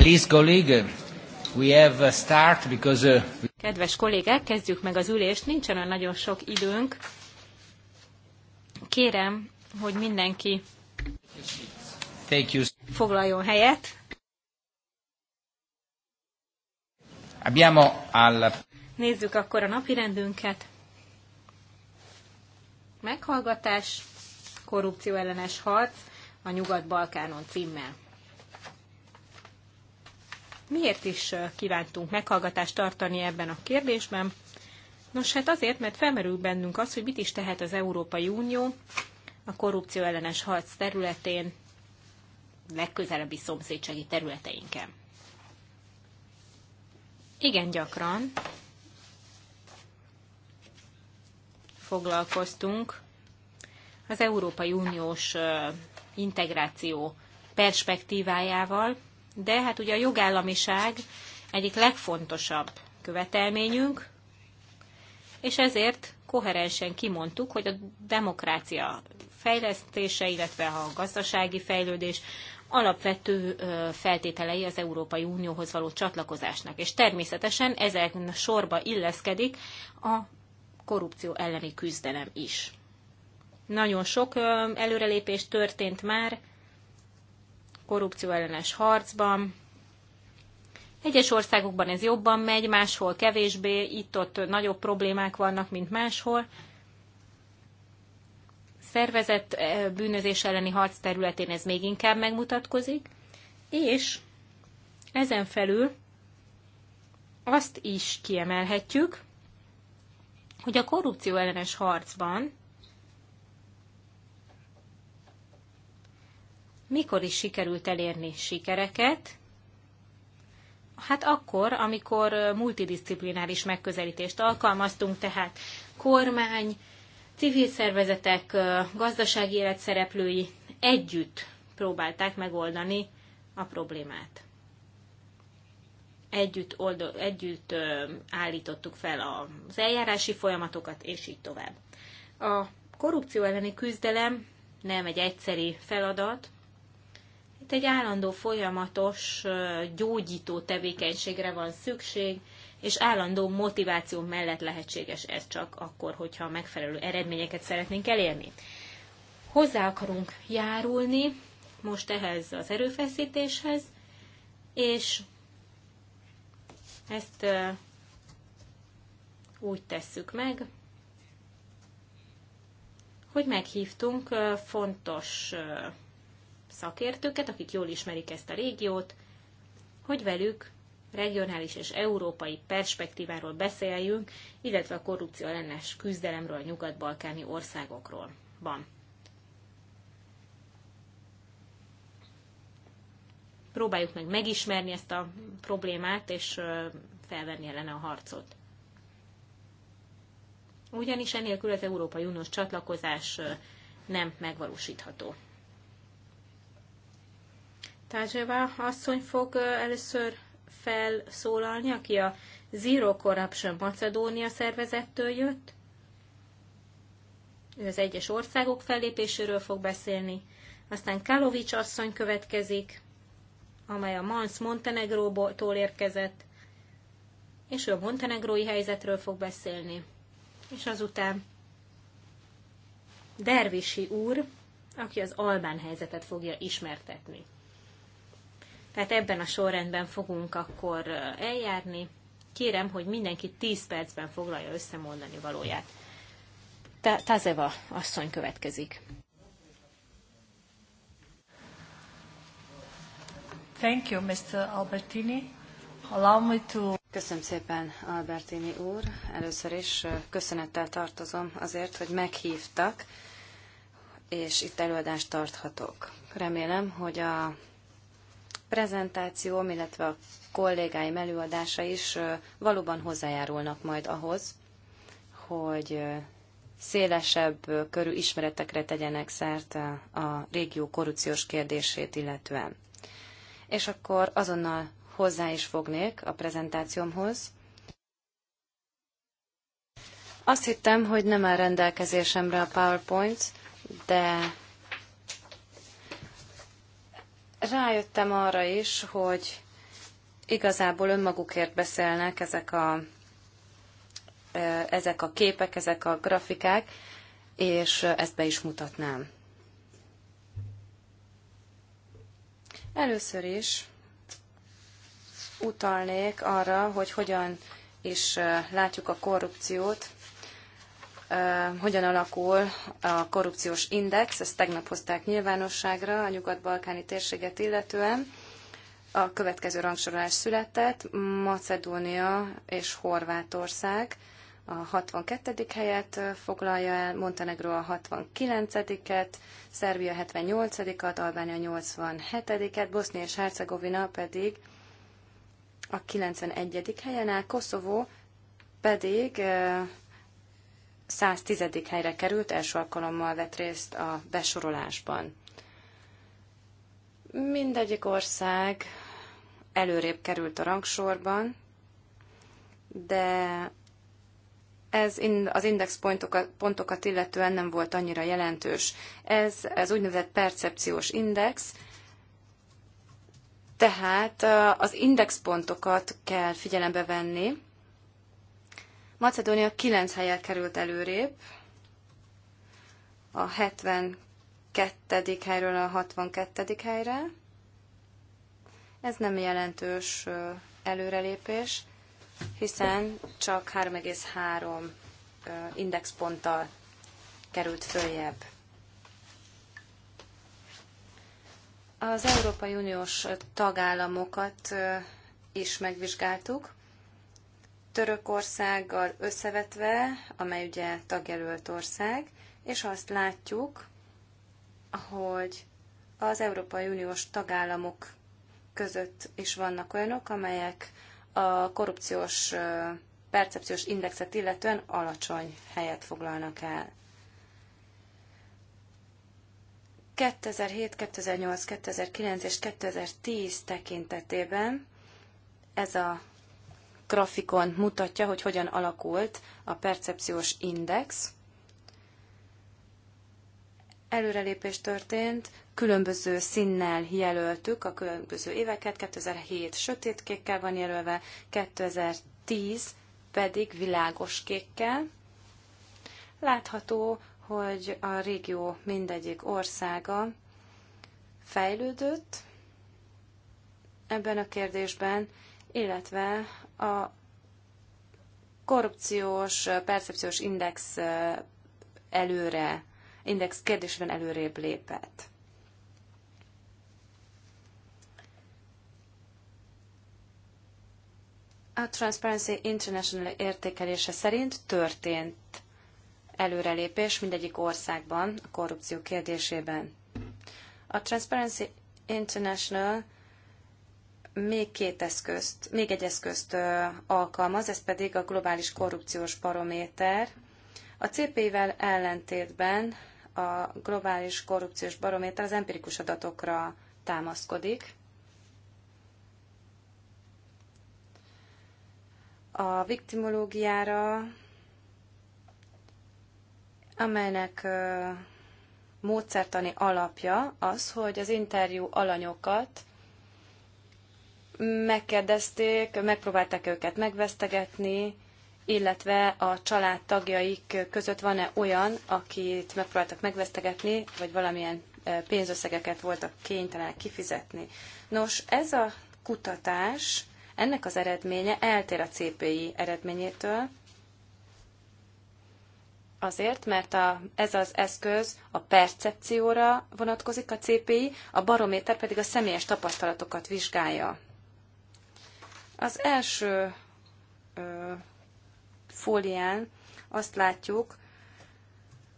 Uh, Kedves kollégák, kezdjük meg az ülést, nincsen olyan nagyon sok időnk. Kérem, hogy mindenki Thank you. foglaljon helyet. Abbiamo al... Nézzük akkor a napirendünket. Meghallgatás, korrupció ellenes harc a Nyugat-Balkánon címmel. Miért is kívántunk meghallgatást tartani ebben a kérdésben? Nos, hát azért, mert felmerül bennünk az, hogy mit is tehet az Európai Unió a korrupció ellenes harc területén, legközelebbi szomszédsági területeinken. Igen gyakran foglalkoztunk az Európai Uniós integráció perspektívájával, de hát ugye a jogállamiság egyik legfontosabb követelményünk, és ezért koherensen kimondtuk, hogy a demokrácia fejlesztése, illetve a gazdasági fejlődés alapvető feltételei az Európai Unióhoz való csatlakozásnak, és természetesen ezen sorba illeszkedik a korrupció elleni küzdelem is. Nagyon sok előrelépés történt már, korrupció ellenes harcban. Egyes országokban ez jobban megy, máshol kevésbé, itt-ott nagyobb problémák vannak, mint máshol. Szervezett eh, bűnözés elleni harc területén ez még inkább megmutatkozik, és ezen felül azt is kiemelhetjük, hogy a korrupció ellenes harcban mikor is sikerült elérni sikereket? Hát akkor, amikor multidisciplináris megközelítést alkalmaztunk, tehát kormány, civil szervezetek, gazdasági élet szereplői együtt próbálták megoldani a problémát. Együtt, oldo- együtt állítottuk fel az eljárási folyamatokat, és így tovább. A korrupció elleni küzdelem nem egy egyszeri feladat, itt egy állandó folyamatos gyógyító tevékenységre van szükség, és állandó motiváció mellett lehetséges ez csak akkor, hogyha megfelelő eredményeket szeretnénk elérni. Hozzá akarunk járulni most ehhez az erőfeszítéshez, és ezt úgy tesszük meg, hogy meghívtunk fontos szakértőket, akik jól ismerik ezt a régiót, hogy velük regionális és európai perspektíváról beszéljünk, illetve a korrupció ellenes küzdelemről a nyugat-balkáni országokról van. Próbáljuk meg megismerni ezt a problémát, és felvenni ellene a harcot. Ugyanis enélkül az Európai Uniós csatlakozás nem megvalósítható. Tázsevá asszony fog először felszólalni, aki a Zero Corruption Macedónia szervezettől jött. Ő az egyes országok fellépéséről fog beszélni. Aztán Kalovics asszony következik, amely a Mans Montenegróból érkezett, és ő a montenegrói helyzetről fog beszélni. És azután Dervisi úr, aki az albán helyzetet fogja ismertetni. Tehát ebben a sorrendben fogunk akkor eljárni. Kérem, hogy mindenki 10 percben foglalja össze valóját. Tazeva asszony következik. Thank you, Mr. Albertini. Allow me to... Köszönöm szépen, Albertini úr. Először is köszönettel tartozom azért, hogy meghívtak, és itt előadást tarthatok. Remélem, hogy a prezentációm, illetve a kollégáim előadása is valóban hozzájárulnak majd ahhoz, hogy szélesebb körű ismeretekre tegyenek szert a, régió korrupciós kérdését illetően. És akkor azonnal hozzá is fognék a prezentációmhoz. Azt hittem, hogy nem áll rendelkezésemre a PowerPoint, de rájöttem arra is, hogy igazából önmagukért beszélnek ezek a, ezek a képek, ezek a grafikák, és ezt be is mutatnám. Először is utalnék arra, hogy hogyan is látjuk a korrupciót hogyan alakul a korrupciós index, ezt tegnap hozták nyilvánosságra a nyugat-balkáni térséget illetően. A következő rangsorolás született, Macedónia és Horvátország a 62. helyet foglalja el, Montenegro a 69-et, Szerbia 78-at, Albánia 87-et, Bosznia és Hercegovina pedig a 91. helyen áll, Koszovó pedig 110. helyre került, első alkalommal vett részt a besorolásban. Mindegyik ország előrébb került a rangsorban, de ez az index pontokat, pontokat illetően nem volt annyira jelentős. Ez az úgynevezett percepciós index, tehát az indexpontokat kell figyelembe venni, Macedónia 9 helyet került előrébb, a 72. helyről a 62. helyre. Ez nem jelentős előrelépés, hiszen csak 3,3 indexponttal került följebb. Az Európai Uniós tagállamokat is megvizsgáltuk. Törökországgal összevetve, amely ugye tagjelölt ország, és azt látjuk, hogy az Európai Uniós tagállamok között is vannak olyanok, amelyek a korrupciós percepciós indexet illetően alacsony helyet foglalnak el. 2007, 2008, 2009 és 2010 tekintetében ez a grafikon mutatja, hogy hogyan alakult a percepciós index. Előrelépés történt, különböző színnel jelöltük a különböző éveket, 2007 sötétkékkel van jelölve, 2010 pedig világos kékkel. Látható, hogy a régió mindegyik országa fejlődött ebben a kérdésben, illetve a korrupciós percepciós index előre, index kérdésben előrébb lépett. A Transparency International értékelése szerint történt előrelépés mindegyik országban a korrupció kérdésében. A Transparency International még két eszközt, még egy eszközt alkalmaz, ez pedig a globális korrupciós barométer. A CPI-vel ellentétben a globális korrupciós barométer az empirikus adatokra támaszkodik. A viktimológiára, amelynek módszertani alapja az, hogy az interjú alanyokat megkérdezték, megpróbálták őket megvesztegetni, illetve a család tagjaik között van-e olyan, akit megpróbáltak megvesztegetni, vagy valamilyen e, pénzösszegeket voltak kénytelenek kifizetni. Nos, ez a kutatás, ennek az eredménye eltér a CPI eredményétől, Azért, mert a, ez az eszköz a percepcióra vonatkozik a CPI, a barométer pedig a személyes tapasztalatokat vizsgálja. Az első ö, fólián azt látjuk,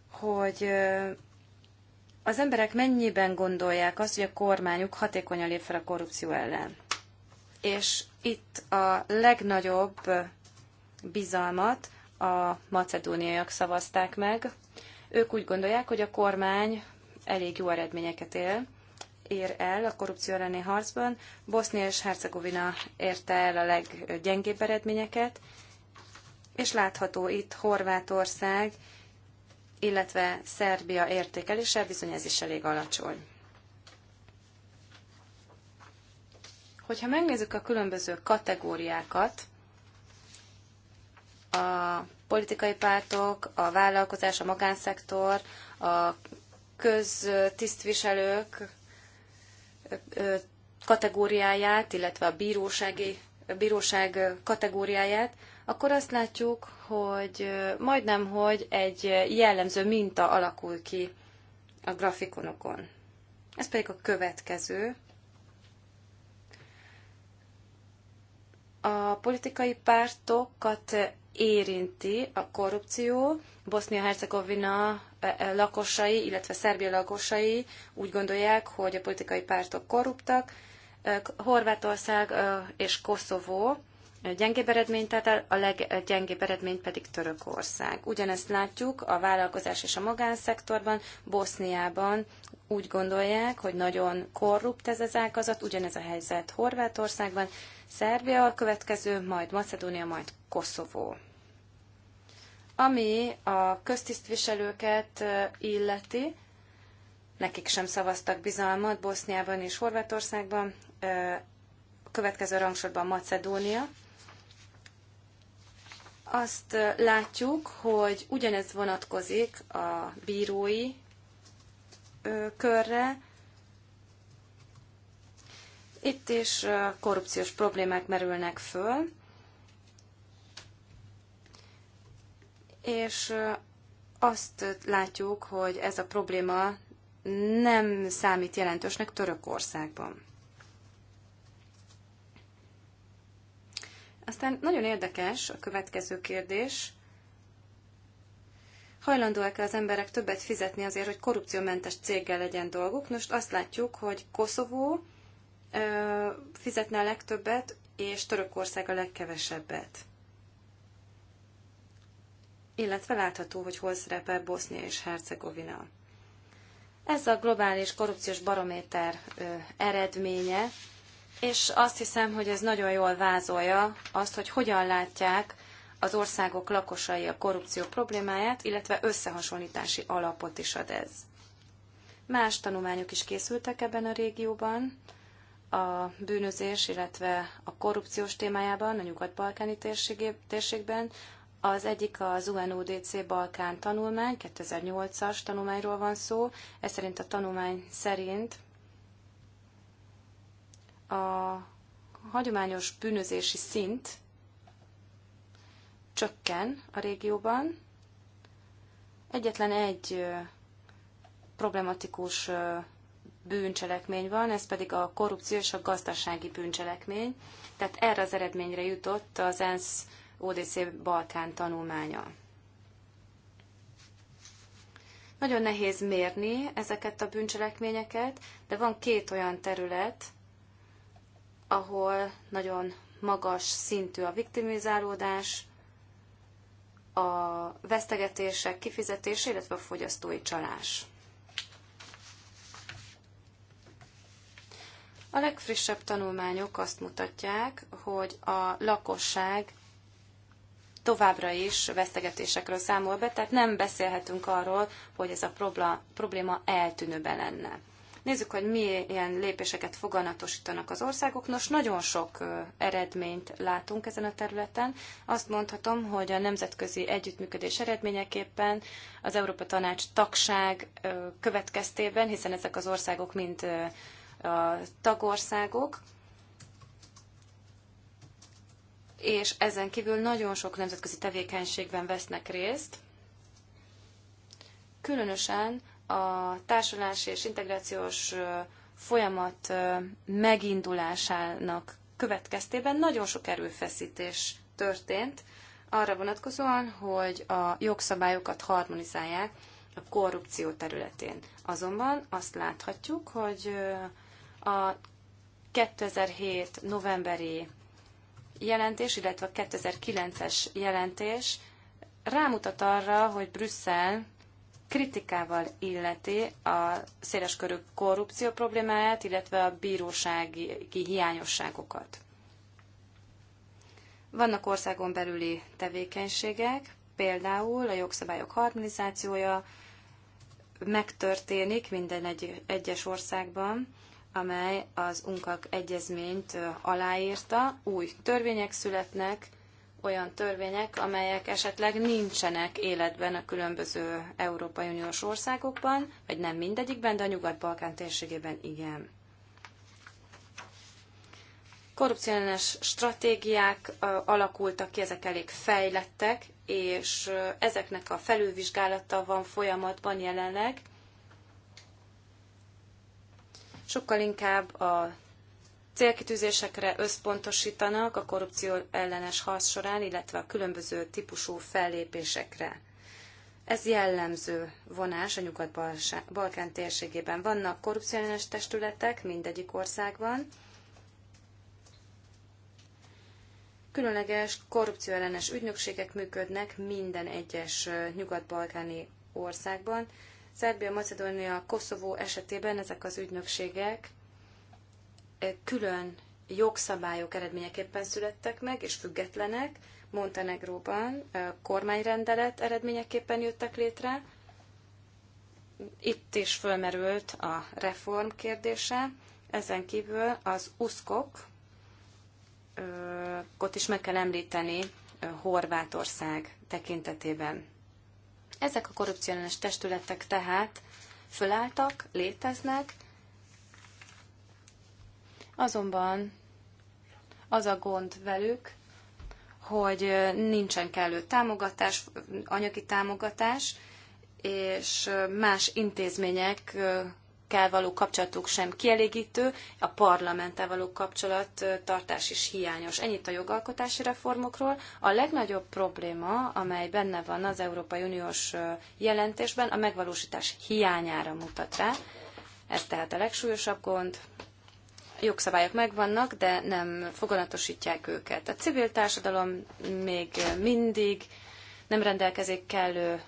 hogy az emberek mennyiben gondolják azt, hogy a kormányuk hatékonyan lép fel a korrupció ellen. És itt a legnagyobb bizalmat a macedóniaiak szavazták meg. Ők úgy gondolják, hogy a kormány elég jó eredményeket él, ér el a korrupció elleni harcban. Bosznia és Hercegovina érte el a leggyengébb eredményeket, és látható itt Horvátország, illetve Szerbia értékelése, bizony ez is elég alacsony. Hogyha megnézzük a különböző kategóriákat, a politikai pártok, a vállalkozás, a magánszektor, a köztisztviselők, kategóriáját, illetve a bírósági, a bíróság kategóriáját, akkor azt látjuk, hogy majdnem, hogy egy jellemző minta alakul ki a grafikonokon. Ez pedig a következő. A politikai pártokat érinti a korrupció. bosnia hercegovina E, e, lakosai, illetve Szerbia lakosai úgy gondolják, hogy a politikai pártok korruptak, e, Horvátország és Koszovó gyengébb eredményt, tehát a leggyengébb eredmény pedig Törökország. Ugyanezt látjuk a vállalkozás és a magánszektorban, Boszniában úgy gondolják, hogy nagyon korrupt ez az ágazat, ugyanez a helyzet Horvátországban, Szerbia a következő, majd Macedónia, majd Koszovó. Ami a köztisztviselőket illeti, nekik sem szavaztak bizalmat Boszniában és Horvátországban, következő rangsorban Macedónia. Azt látjuk, hogy ugyanez vonatkozik a bírói körre. Itt is korrupciós problémák merülnek föl. és azt látjuk, hogy ez a probléma nem számít jelentősnek Törökországban. Aztán nagyon érdekes a következő kérdés. Hajlandóak -e az emberek többet fizetni azért, hogy korrupciómentes céggel legyen dolguk? Most azt látjuk, hogy Koszovó ö, fizetne a legtöbbet, és Törökország a legkevesebbet illetve látható, hogy hol szerepel Bosznia és Hercegovina. Ez a globális korrupciós barométer eredménye, és azt hiszem, hogy ez nagyon jól vázolja azt, hogy hogyan látják az országok lakosai a korrupció problémáját, illetve összehasonlítási alapot is ad ez. Más tanulmányok is készültek ebben a régióban, a bűnözés, illetve a korrupciós témájában, a nyugat-balkáni térségében, az egyik az UNODC Balkán tanulmány, 2008-as tanulmányról van szó. Ez szerint a tanulmány szerint a hagyományos bűnözési szint csökken a régióban. Egyetlen egy problematikus bűncselekmény van, ez pedig a korrupció és a gazdasági bűncselekmény. Tehát erre az eredményre jutott az ENSZ ODC Balkán tanulmánya. Nagyon nehéz mérni ezeket a bűncselekményeket, de van két olyan terület, ahol nagyon magas szintű a viktimizálódás, a vesztegetések kifizetése, illetve a fogyasztói csalás. A legfrissebb tanulmányok azt mutatják, hogy a lakosság továbbra is vesztegetésekről számol be, tehát nem beszélhetünk arról, hogy ez a probléma eltűnőben lenne. Nézzük, hogy milyen lépéseket foganatosítanak az országok. Nos, nagyon sok eredményt látunk ezen a területen. Azt mondhatom, hogy a nemzetközi együttműködés eredményeképpen az Európa Tanács tagság következtében, hiszen ezek az országok mind tagországok, és ezen kívül nagyon sok nemzetközi tevékenységben vesznek részt, különösen a társulás és integrációs folyamat megindulásának következtében nagyon sok erőfeszítés történt arra vonatkozóan, hogy a jogszabályokat harmonizálják a korrupció területén. Azonban azt láthatjuk, hogy a 2007. novemberi jelentés, illetve a 2009-es jelentés rámutat arra, hogy Brüsszel kritikával illeti a széleskörű korrupció problémáját, illetve a bírósági hiányosságokat. Vannak országon belüli tevékenységek, például a jogszabályok harmonizációja megtörténik minden egy, egyes országban, amely az unkak egyezményt aláírta, új törvények születnek, olyan törvények, amelyek esetleg nincsenek életben a különböző Európai Uniós országokban, vagy nem mindegyikben, de a Nyugat-Balkán térségében igen. Korrupciós stratégiák alakultak ki, ezek elég fejlettek, és ezeknek a felülvizsgálata van folyamatban jelenleg, sokkal inkább a célkitűzésekre összpontosítanak a korrupció ellenes harc során, illetve a különböző típusú fellépésekre. Ez jellemző vonás a Nyugat-Balkán térségében. Vannak korrupciós testületek mindegyik országban. Különleges korrupcióellenes ügynökségek működnek minden egyes nyugat-balkáni országban, Szerbia, Macedónia, Koszovó esetében ezek az ügynökségek eh, külön jogszabályok eredményeképpen születtek meg, és függetlenek. Montenegróban eh, kormányrendelet eredményeképpen jöttek létre. Itt is fölmerült a reform kérdése. Ezen kívül az uszkok, eh, ott is meg kell említeni Horvátország tekintetében. Ezek a korrupciós testületek tehát fölálltak, léteznek, azonban az a gond velük, hogy nincsen kellő támogatás, anyagi támogatás, és más intézmények kell való kapcsolatuk sem kielégítő, a parlamenttel való kapcsolattartás is hiányos. Ennyit a jogalkotási reformokról. A legnagyobb probléma, amely benne van az Európai Uniós jelentésben, a megvalósítás hiányára mutat rá. Ez tehát a legsúlyosabb gond. Jogszabályok megvannak, de nem foganatosítják őket. A civil társadalom még mindig nem rendelkezik kellő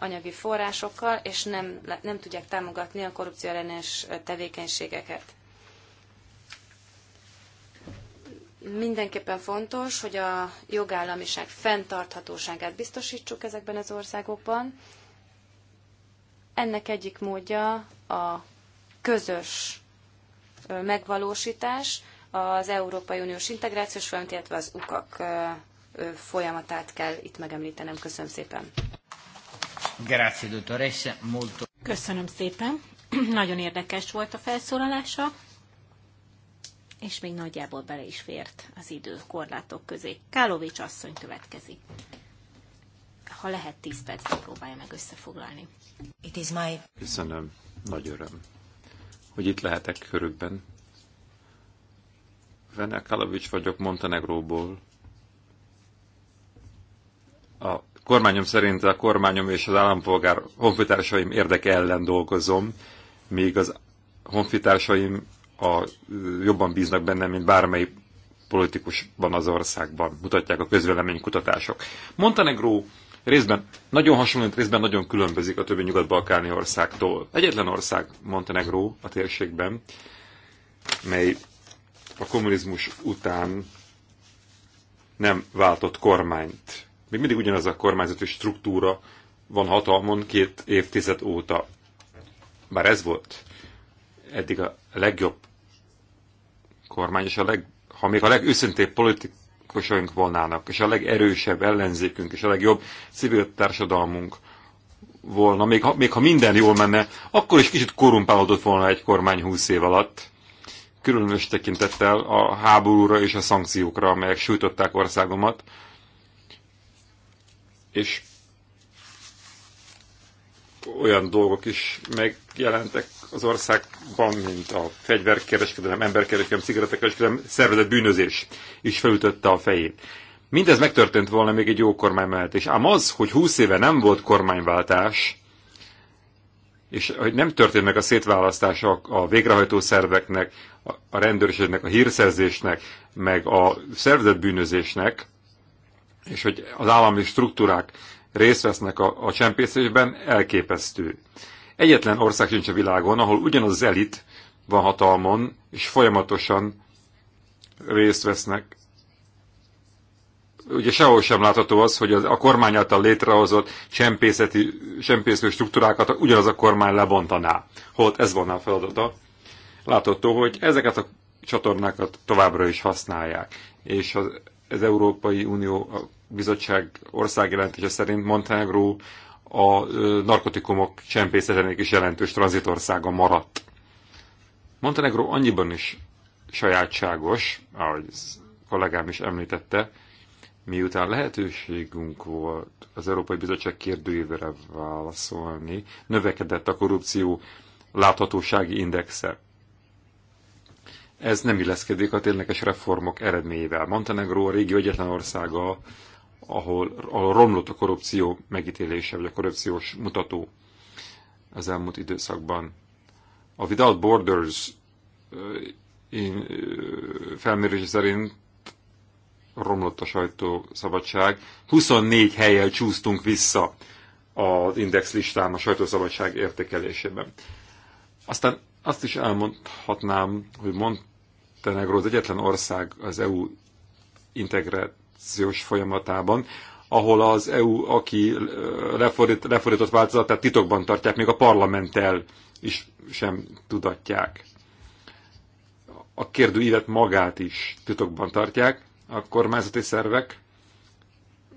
anyagi forrásokkal, és nem, nem tudják támogatni a korrupció ellenes tevékenységeket. Mindenképpen fontos, hogy a jogállamiság fenntarthatóságát biztosítsuk ezekben az országokban. Ennek egyik módja a közös megvalósítás, az Európai Uniós integrációs folyamat, illetve az UKAK folyamatát kell itt megemlítenem. Köszönöm szépen. Grazie, dottoressa. Molto... Köszönöm szépen. <clears throat> Nagyon érdekes volt a felszólalása, és még nagyjából bele is fért az idő korlátok közé. Kálovics asszony következik. Ha lehet, 10 percre próbálja meg összefoglalni. It is my... Köszönöm. Nagy öröm, hogy itt lehetek körükben. Vene Kalavics vagyok Montenegróból. A kormányom szerint a kormányom és az állampolgár honfitársaim érdeke ellen dolgozom, míg az honfitársaim a, jobban bíznak bennem, mint bármely politikusban az országban, mutatják a közvéleménykutatások. Montenegró részben nagyon hasonlít, részben nagyon különbözik a többi nyugat-balkáni országtól. Egyetlen ország Montenegró a térségben, mely a kommunizmus után nem váltott kormányt még mindig ugyanaz a kormányzati struktúra van hatalmon két évtized óta. Bár ez volt eddig a legjobb kormány, és a leg, ha még a legőszintébb politikusaink volnának, és a legerősebb ellenzékünk, és a legjobb civil társadalmunk volna, még ha, még ha minden jól menne, akkor is kicsit korumpálódott volna egy kormány húsz év alatt, különös tekintettel a háborúra és a szankciókra, amelyek sújtották országomat, és olyan dolgok is megjelentek az országban, mint a fegyverkereskedelem, emberkereskedelem, cigarettakereskedelem, szervezett bűnözés is felütötte a fejét. Mindez megtörtént volna még egy jó kormány mellett, és ám az, hogy 20 éve nem volt kormányváltás, és hogy nem történt meg a szétválasztás a végrehajtó szerveknek, a rendőrségnek, a hírszerzésnek, meg a szervezett bűnözésnek, és hogy az állami struktúrák részt vesznek a, a csempészésben, elképesztő. Egyetlen ország sincs a világon, ahol ugyanaz az elit van hatalmon, és folyamatosan részt vesznek. Ugye sehol sem látható az, hogy az a kormány által létrehozott csempészeti, csempésző struktúrákat ugyanaz a kormány lebontaná. Holt ez volna a feladata. Látható, hogy ezeket a csatornákat továbbra is használják, és az az Európai Unió a Bizottság országjelentése szerint Montenegro a narkotikumok csempészetének is jelentős tranzitországa maradt. Montenegro annyiban is sajátságos, ahogy kollégám is említette, miután lehetőségünk volt az Európai Bizottság kérdőjévére válaszolni, növekedett a korrupció láthatósági indexe ez nem illeszkedik a tényleges reformok eredményével. Montenegro a régió egyetlen országa, ahol, ahol romlott a korrupció megítélése, vagy a korrupciós mutató az elmúlt időszakban. A Without Borders én, felmérés szerint romlott a sajtószabadság. 24 helyen csúsztunk vissza az index listán a sajtószabadság értékelésében. Aztán azt is elmondhatnám, hogy mond, Montenegro az egyetlen ország az EU integrációs folyamatában, ahol az EU, aki lefordít, lefordított változatát titokban tartják, még a parlamenttel is sem tudatják. A élet magát is titokban tartják a kormányzati szervek,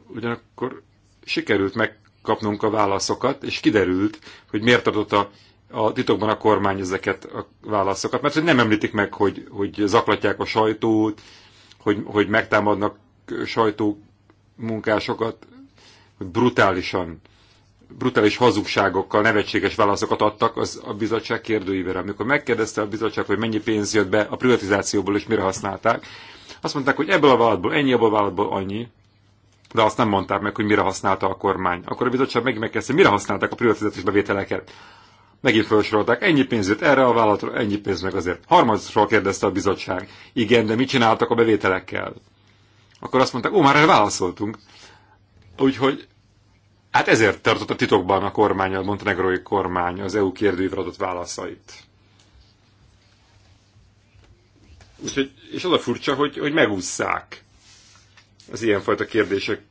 ugyanakkor sikerült megkapnunk a válaszokat, és kiderült, hogy miért tartott a a titokban a kormány ezeket a válaszokat, mert hogy nem említik meg, hogy, hogy zaklatják a sajtót, hogy, hogy megtámadnak sajtómunkásokat, hogy brutálisan, brutális hazugságokkal nevetséges válaszokat adtak az a bizottság kérdőívére. Amikor megkérdezte a bizottság, hogy mennyi pénz jött be a privatizációból és mire használták, azt mondták, hogy ebből a vállalatból ennyi, abból a vállalatból annyi, de azt nem mondták meg, hogy mire használta a kormány. Akkor a bizottság megint megkérdezte, mire használták a privatizációs bevételeket megint felsorolták, ennyi pénzért erre a vállalatra, ennyi pénz meg azért. Harmadszor kérdezte a bizottság, igen, de mit csináltak a bevételekkel? Akkor azt mondták, ó, már erre válaszoltunk. Úgyhogy Hát ezért tartott a titokban a kormány, a montenegrói kormány az EU kérdőjével adott válaszait. Úgyhogy, és az a furcsa, hogy, hogy megúszszák az ilyenfajta kérdések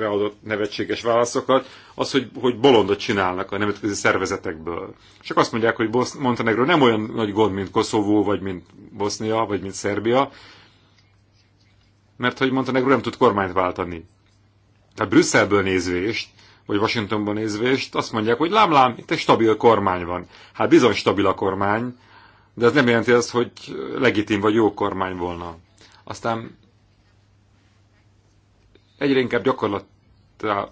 adott nevetséges válaszokat, az, hogy, hogy bolondot csinálnak a nemzetközi szervezetekből. Csak azt mondják, hogy Bosz- Montenegro nem olyan nagy gond, mint Koszovó, vagy mint Bosznia, vagy mint Szerbia, mert hogy Montenegro nem tud kormányt váltani. Tehát Brüsszelből nézvést, vagy Washingtonban nézvést, azt mondják, hogy lám-lám, itt egy stabil kormány van. Hát bizony stabil a kormány, de ez nem jelenti azt, hogy legitim vagy jó kormány volna. Aztán egyre inkább gyakorlatra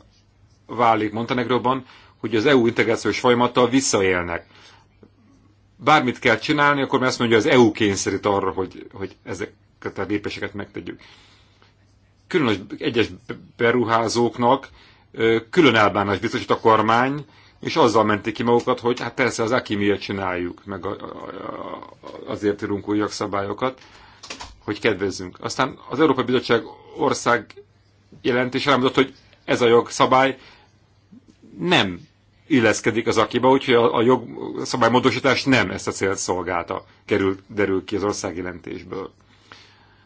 válik Montenegróban, hogy az EU integrációs folyamattal visszaélnek. Bármit kell csinálni, akkor már azt mondja, az EU kényszerít arra, hogy, hogy ezeket a lépéseket megtegyük. Különös egyes beruházóknak külön elbánás biztosít a kormány, és azzal mentik ki magukat, hogy hát persze az aki miért csináljuk, meg a, a, a, azért írunk új jogszabályokat, hogy kedvezzünk. Aztán az Európai Bizottság ország jelentés elmondott, hogy ez a jogszabály nem illeszkedik az akiba, úgyhogy a, a jogszabálymódosítás nem ezt a célt szolgálta, kerül, derül ki az országjelentésből.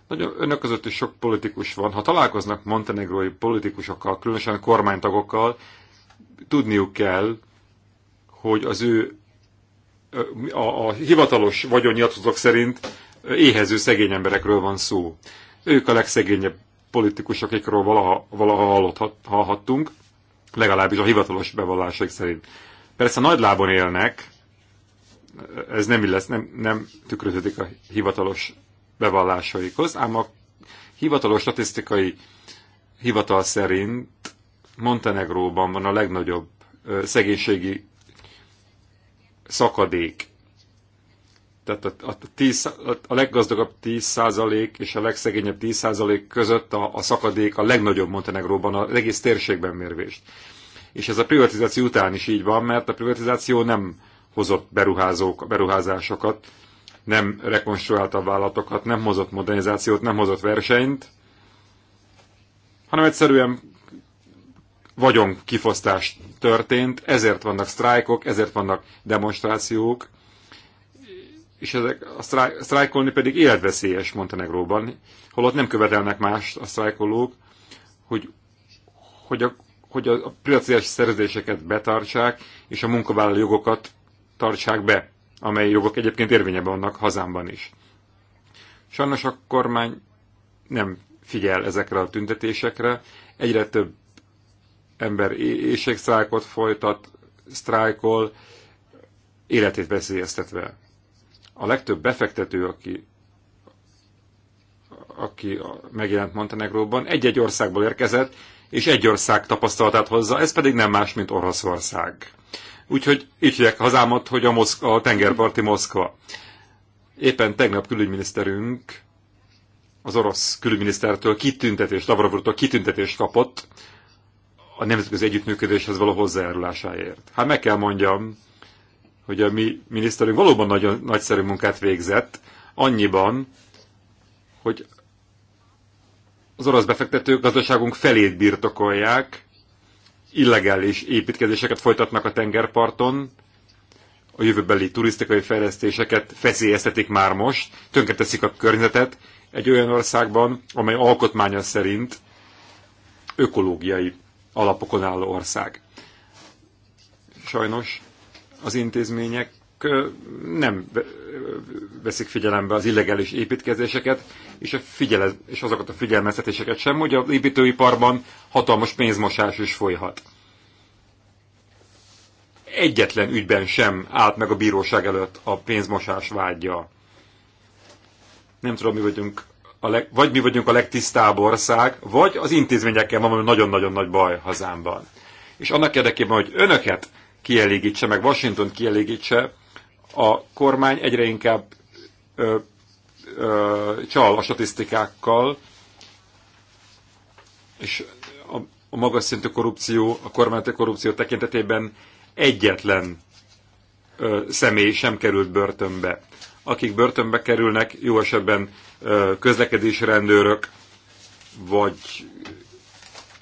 Nagyon önök között is sok politikus van. Ha találkoznak montenegrói politikusokkal, különösen kormánytagokkal, tudniuk kell, hogy az ő a, a hivatalos vagyonnyilatotok szerint éhező szegény emberekről van szó. Ők a legszegényebb politikusok, akikről valaha, valaha hallott, hallhattunk, legalábbis a hivatalos bevallásaik szerint. Persze nagy lábon élnek, ez nem illesz, nem, nem tükröződik a hivatalos bevallásaikhoz, ám a hivatalos statisztikai hivatal szerint Montenegróban van a legnagyobb szegénységi szakadék tehát a, a, 10, a leggazdagabb 10% és a legszegényebb 10% között a, a szakadék a legnagyobb Montenegróban, az egész térségben mérvést. És ez a privatizáció után is így van, mert a privatizáció nem hozott beruházók, beruházásokat, nem rekonstruálta a vállalatokat, nem hozott modernizációt, nem hozott versenyt, hanem egyszerűen vagyon kifosztás történt, ezért vannak sztrájkok, ezért vannak demonstrációk, és ezek a sztrájk, sztrájkolni pedig életveszélyes Montenegróban, holott nem követelnek más a sztrájkolók, hogy, hogy a, hogy a privatizációs szerződéseket betartsák, és a munkavállaló jogokat tartsák be, amely jogok egyébként érvényeben vannak hazámban is. Sajnos a kormány nem figyel ezekre a tüntetésekre, egyre több ember éjségszrájkot folytat, sztrájkol, életét veszélyeztetve. A legtöbb befektető, aki, aki megjelent Montenegróban, egy-egy országból érkezett, és egy ország tapasztalatát hozza, ez pedig nem más, mint Oroszország. Úgyhogy így hívják hazámat, hogy a, Moszkva, a tengerparti Moszkva. Éppen tegnap külügyminiszterünk az orosz külügyminisztertől kitüntetést, Lavrovurtól kitüntetést kapott a nemzetközi együttműködéshez való hozzájárulásáért. Hát meg kell mondjam, hogy a mi miniszterünk valóban nagyon nagyszerű munkát végzett, annyiban, hogy az orosz befektetők gazdaságunk felét birtokolják, illegális építkezéseket folytatnak a tengerparton, a jövőbeli turisztikai fejlesztéseket feszélyeztetik már most, tönkreteszik a környezetet egy olyan országban, amely alkotmánya szerint ökológiai alapokon álló ország. Sajnos az intézmények nem veszik figyelembe az illegális építkezéseket, és, a figyele, és azokat a figyelmeztetéseket sem, hogy az építőiparban hatalmas pénzmosás is folyhat. Egyetlen ügyben sem állt meg a bíróság előtt a pénzmosás vágya. Nem tudom, mi vagyunk a leg, vagy mi vagyunk a legtisztább ország, vagy az intézményekkel van nagyon-nagyon nagy baj hazámban. És annak érdekében, hogy önöket kielégítse, meg Washington kielégítse, a kormány egyre inkább ö, ö, csal a statisztikákkal, és a, a magas szintű korrupció, a kormányzati korrupció tekintetében egyetlen ö, személy sem került börtönbe. Akik börtönbe kerülnek, jó esetben ö, közlekedési rendőrök, vagy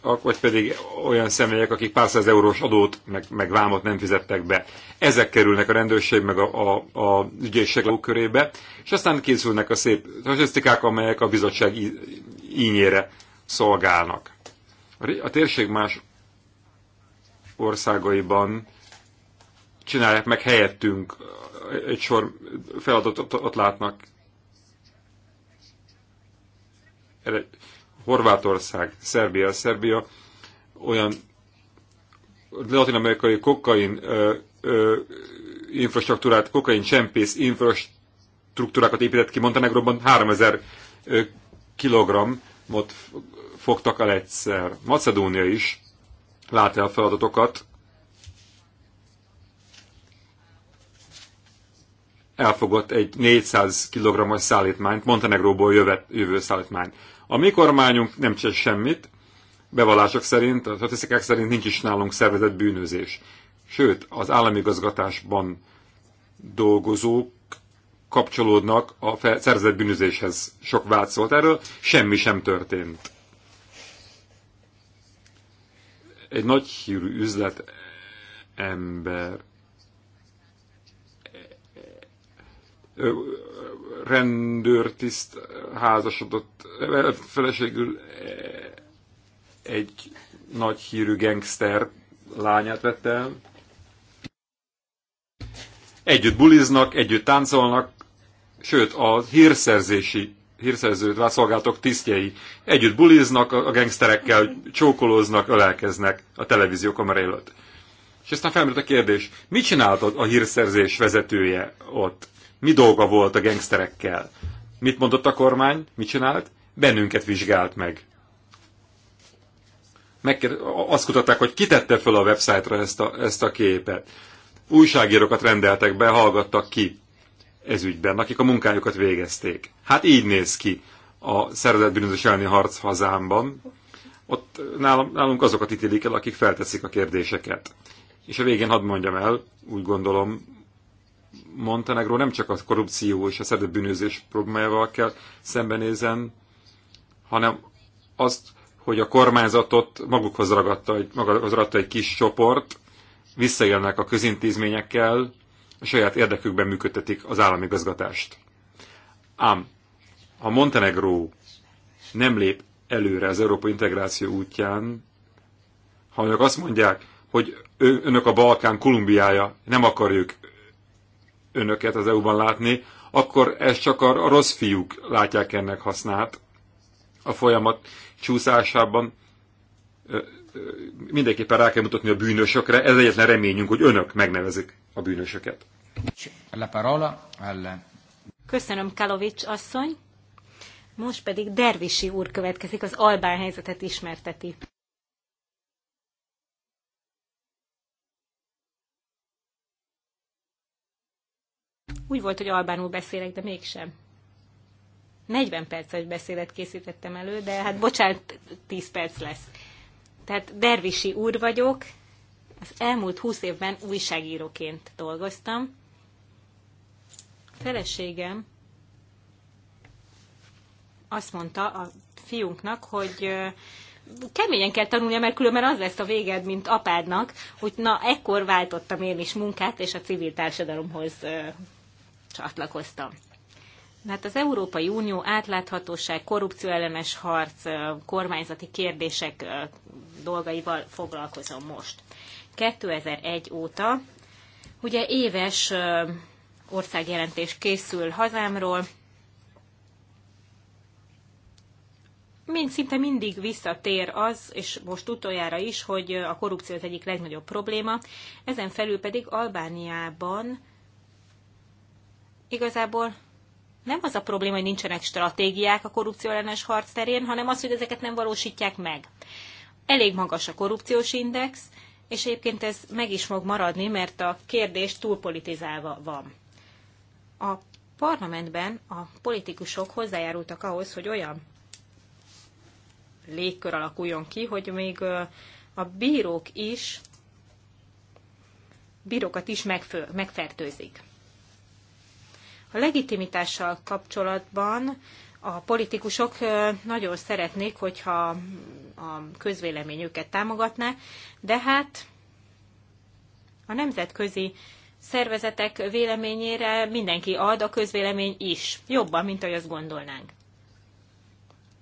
vagy pedig olyan személyek, akik pár száz eurós adót, meg, meg vámot nem fizettek be. Ezek kerülnek a rendőrség, meg a, a, a ügyészség körébe, és aztán készülnek a szép statisztikák, amelyek a bizottság ínyére szolgálnak. A térség más országaiban csinálják meg helyettünk egy sor feladatot, ott látnak Horvátország, Szerbia, Szerbia olyan latin-amerikai kokain ö, ö, infrastruktúrát, kokain csempész infrastruktúrákat épített ki Montenegróban 3000 kilogrammot fogtak el egyszer. Macedónia is lát el feladatokat, elfogott egy 400 kg-os szállítmányt, Montenegróból jövő szállítmányt. A mi kormányunk nem csinál semmit, bevallások szerint, a statisztikák szerint nincs is nálunk szervezett bűnözés. Sőt, az államigazgatásban dolgozók kapcsolódnak a szerzett bűnözéshez. Sok vád szólt erről, semmi sem történt. Egy nagy hírű üzlet ember rendőrtiszt házasodott, eh, feleségül eh, egy nagy hírű gangster lányát vett el. Együtt buliznak, együtt táncolnak, sőt a hírszerzési hírszerzőt szolgálatok tisztjei együtt buliznak, a gangsterekkel csókolóznak, ölelkeznek a televízió kamera előtt. És aztán felmerült a kérdés, mit csinált a hírszerzés vezetője ott? Mi dolga volt a gengszterekkel? Mit mondott a kormány? Mit csinált? Bennünket vizsgált meg. meg azt kutatták, hogy kitette föl a websájtra ezt a, ezt a képet. Újságírókat rendeltek be, hallgattak ki ez ügyben, akik a munkájukat végezték. Hát így néz ki a szervezett elleni harc hazámban. Ott nálunk azokat ítélik el, akik felteszik a kérdéseket. És a végén hadd mondjam el, úgy gondolom, Montenegro nem csak a korrupció és a szedett bűnözés problémájával kell szembenézen, hanem azt, hogy a kormányzatot magukhoz ragadta, magukhoz ragadta egy kis csoport, visszaélnek a közintézményekkel, a saját érdekükben működtetik az állami gazgatást. Ám, ha Montenegró nem lép előre az európai integráció útján, ha azt mondják, hogy önök a Balkán Kolumbiája, nem akarjuk önöket az EU-ban látni, akkor ez csak a rossz fiúk látják ennek hasznát a folyamat csúszásában. Mindenképpen rá kell mutatni a bűnösökre, ez egyetlen reményünk, hogy önök megnevezik a bűnösöket. La parola alla... Köszönöm, Kalovics asszony. Most pedig Dervisi úr következik, az albán helyzetet ismerteti. Úgy volt, hogy albánul beszélek, de mégsem. 40 perces beszélet készítettem elő, de hát bocsánat, 10 perc lesz. Tehát Dervisi úr vagyok, az elmúlt 20 évben újságíróként dolgoztam. feleségem azt mondta a fiunknak, hogy keményen kell tanulnia, mert különben az lesz a véged, mint apádnak, hogy na, ekkor váltottam én is munkát, és a civil társadalomhoz csatlakoztam. Hát az Európai Unió átláthatóság, korrupcióellenes harc, kormányzati kérdések dolgaival foglalkozom most. 2001 óta ugye éves országjelentés készül hazámról, mind szinte mindig visszatér az, és most utoljára is, hogy a korrupció az egyik legnagyobb probléma, ezen felül pedig Albániában igazából nem az a probléma, hogy nincsenek stratégiák a korrupció ellenes harc terén, hanem az, hogy ezeket nem valósítják meg. Elég magas a korrupciós index, és egyébként ez meg is fog maradni, mert a kérdés túlpolitizálva van. A parlamentben a politikusok hozzájárultak ahhoz, hogy olyan légkör alakuljon ki, hogy még a bírók is, bírókat is megfő, megfertőzik. A legitimitással kapcsolatban a politikusok nagyon szeretnék, hogyha a közvélemény őket támogatná, de hát a nemzetközi szervezetek véleményére mindenki ad, a közvélemény is. Jobban, mint ahogy azt gondolnánk.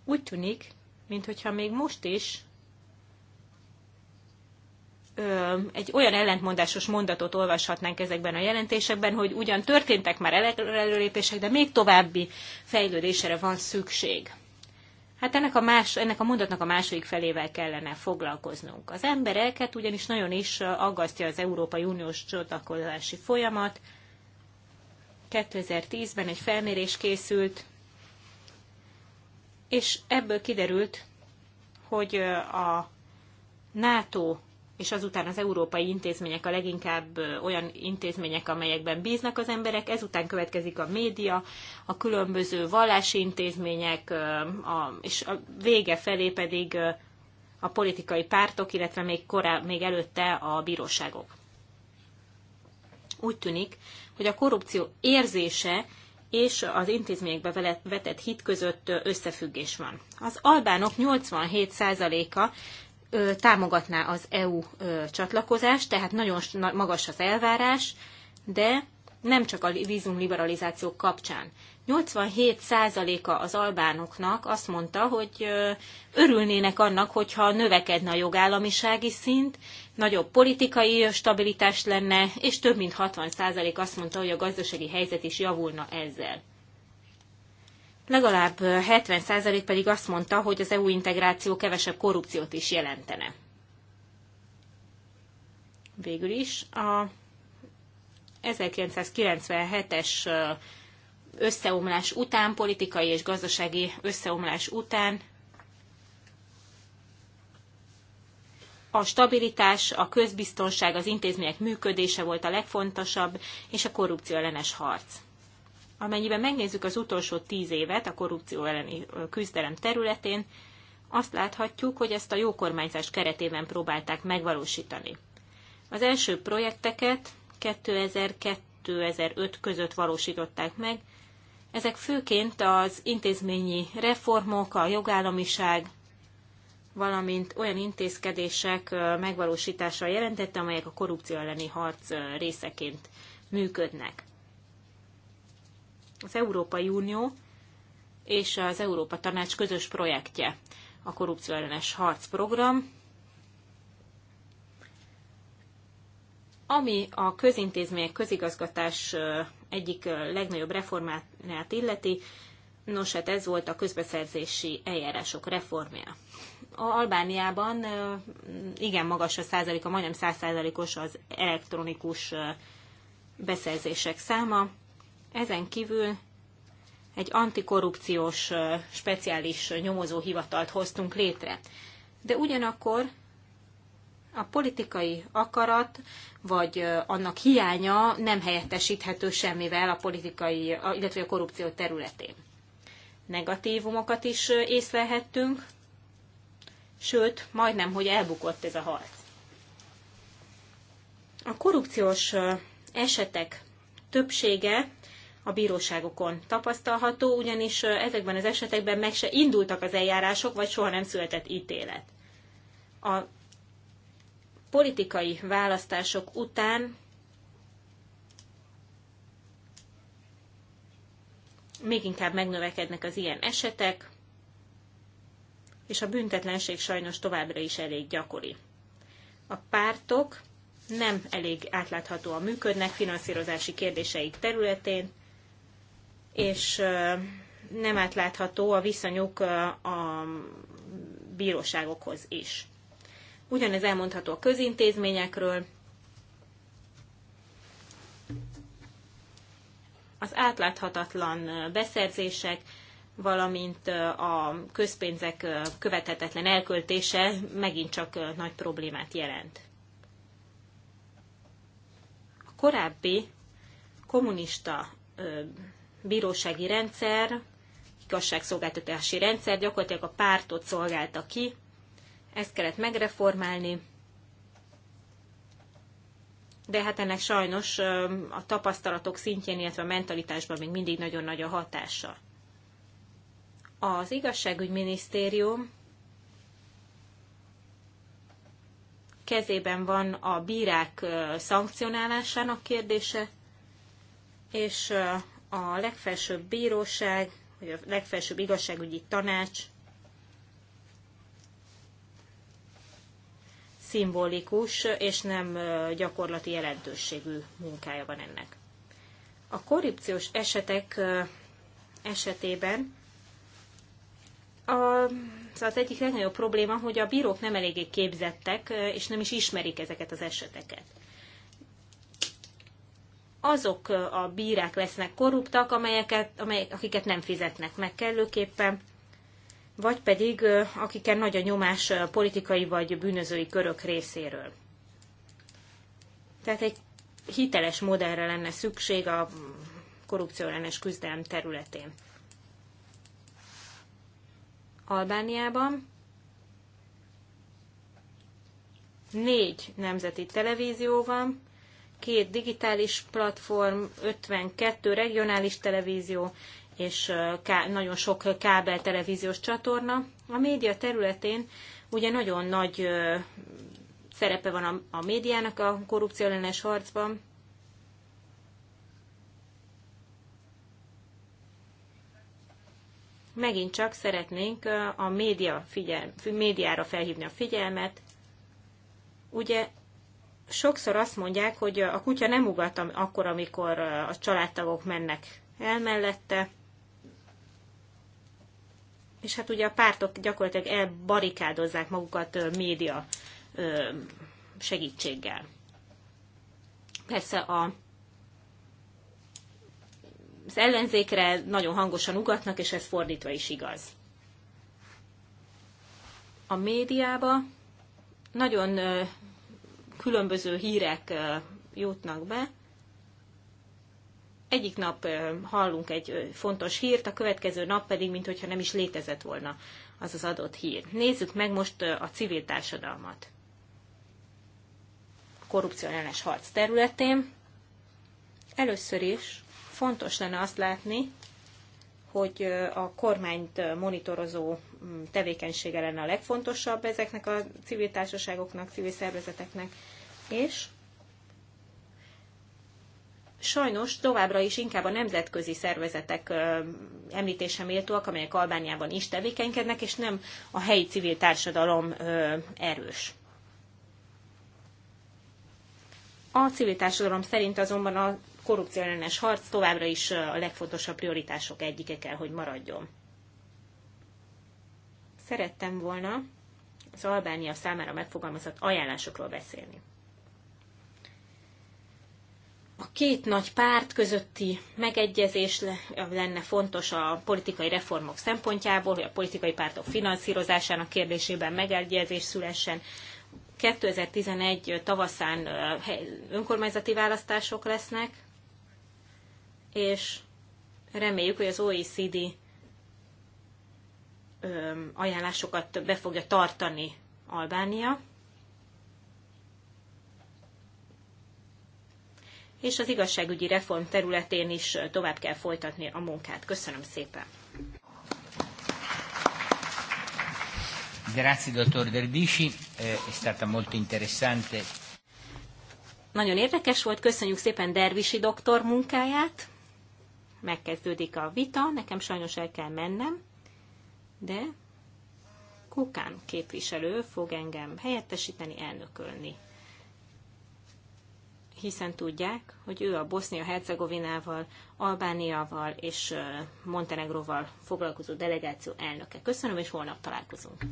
Úgy tűnik, mintha még most is egy olyan ellentmondásos mondatot olvashatnánk ezekben a jelentésekben, hogy ugyan történtek már előrelépések, de még további fejlődésre van szükség. Hát ennek a, más, ennek a mondatnak a második felével kellene foglalkoznunk. Az embereket ugyanis nagyon is aggasztja az Európai Uniós csatlakozási folyamat. 2010-ben egy felmérés készült, és ebből kiderült, hogy a NATO és azután az európai intézmények a leginkább olyan intézmények, amelyekben bíznak az emberek, ezután következik a média, a különböző vallási intézmények, a, és a vége felé pedig a politikai pártok, illetve még, korá, még előtte a bíróságok. Úgy tűnik, hogy a korrupció érzése és az intézményekbe vetett hit között összefüggés van. Az albánok 87%-a támogatná az EU csatlakozást, tehát nagyon magas az elvárás, de nem csak a vízumliberalizáció kapcsán. 87%-a az albánoknak azt mondta, hogy örülnének annak, hogyha növekedne a jogállamisági szint, nagyobb politikai stabilitás lenne, és több mint 60% azt mondta, hogy a gazdasági helyzet is javulna ezzel legalább 70% pedig azt mondta, hogy az EU integráció kevesebb korrupciót is jelentene. Végül is a 1997-es összeomlás után, politikai és gazdasági összeomlás után a stabilitás, a közbiztonság, az intézmények működése volt a legfontosabb, és a korrupció ellenes harc amennyiben megnézzük az utolsó tíz évet a korrupció elleni küzdelem területén, azt láthatjuk, hogy ezt a jó kormányzás keretében próbálták megvalósítani. Az első projekteket 2002-2005 között valósították meg, ezek főként az intézményi reformok, a jogállamiság, valamint olyan intézkedések megvalósítása jelentette, amelyek a korrupció elleni harc részeként működnek az Európai Unió és az Európa Tanács közös projektje, a korrupció ellenes harcprogram, ami a közintézmények közigazgatás egyik legnagyobb reformát illeti, nos hát ez volt a közbeszerzési eljárások reformja. A Albániában igen magas a százaléka, majdnem százszázalékos az elektronikus beszerzések száma, ezen kívül egy antikorrupciós speciális nyomozóhivatalt hoztunk létre. De ugyanakkor a politikai akarat, vagy annak hiánya nem helyettesíthető semmivel a politikai, illetve a korrupció területén. Negatívumokat is észlelhettünk, sőt, majdnem, hogy elbukott ez a harc. A korrupciós esetek többsége a bíróságokon tapasztalható, ugyanis ezekben az esetekben meg se indultak az eljárások, vagy soha nem született ítélet. A politikai választások után még inkább megnövekednek az ilyen esetek, és a büntetlenség sajnos továbbra is elég gyakori. A pártok nem elég átláthatóan működnek finanszírozási kérdéseik területén, és nem átlátható a viszonyuk a bíróságokhoz is. Ugyanez elmondható a közintézményekről. Az átláthatatlan beszerzések, valamint a közpénzek követhetetlen elköltése megint csak nagy problémát jelent. A korábbi kommunista bírósági rendszer, igazságszolgáltatási rendszer gyakorlatilag a pártot szolgálta ki. Ezt kellett megreformálni, de hát ennek sajnos a tapasztalatok szintjén, illetve a mentalitásban még mindig nagyon nagy a hatása. Az igazságügyminisztérium kezében van a bírák szankcionálásának kérdése, és a legfelsőbb bíróság, vagy a legfelsőbb igazságügyi tanács szimbolikus és nem gyakorlati jelentőségű munkája van ennek. A korrupciós esetek esetében az, az egyik legnagyobb probléma, hogy a bírók nem eléggé képzettek, és nem is ismerik ezeket az eseteket azok a bírák lesznek korruptak, amelyeket, amelyek, akiket nem fizetnek meg kellőképpen, vagy pedig akiken nagy a nyomás politikai vagy bűnözői körök részéről. Tehát egy hiteles modellre lenne szükség a korrupcióellenes küzdelem területén. Albániában négy nemzeti televízió van, két digitális platform, 52 regionális televízió és nagyon sok kábel televíziós csatorna. A média területén ugye nagyon nagy szerepe van a, médiának a korrupció ellenes harcban. Megint csak szeretnénk a média figyel, médiára felhívni a figyelmet. Ugye sokszor azt mondják, hogy a kutya nem ugat akkor, amikor a családtagok mennek el mellette, és hát ugye a pártok gyakorlatilag elbarikádozzák magukat média segítséggel. Persze a, az ellenzékre nagyon hangosan ugatnak, és ez fordítva is igaz. A médiába nagyon különböző hírek jutnak be. Egyik nap hallunk egy fontos hírt, a következő nap pedig, mintha nem is létezett volna az az adott hír. Nézzük meg most a civil társadalmat. korrupció ellenes harc területén. Először is fontos lenne azt látni, hogy a kormányt monitorozó mm, tevékenysége lenne a legfontosabb ezeknek a civil társaságoknak, civil szervezeteknek, és sajnos továbbra is inkább a nemzetközi szervezetek említése méltóak, amelyek Albániában is tevékenykednek, és nem a helyi civil társadalom erős. A civil társadalom szerint azonban a korrupció ellenes harc továbbra is a legfontosabb prioritások egyike kell, hogy maradjon. Szerettem volna az Albánia számára megfogalmazott ajánlásokról beszélni. A két nagy párt közötti megegyezés lenne fontos a politikai reformok szempontjából, hogy a politikai pártok finanszírozásának kérdésében megegyezés szülessen, 2011 tavaszán önkormányzati választások lesznek, és reméljük, hogy az OECD ajánlásokat be fogja tartani Albánia. És az igazságügyi reform területén is tovább kell folytatni a munkát. Köszönöm szépen! Grazie, dottor Derbisi. Eh, è stata molto interessante. Nagyon érdekes volt, köszönjük szépen Dervisi doktor munkáját megkezdődik a vita, nekem sajnos el kell mennem, de Kukán képviselő fog engem helyettesíteni, elnökölni. Hiszen tudják, hogy ő a Bosznia-Hercegovinával, Albániával és Montenegróval foglalkozó delegáció elnöke. Köszönöm, és holnap találkozunk.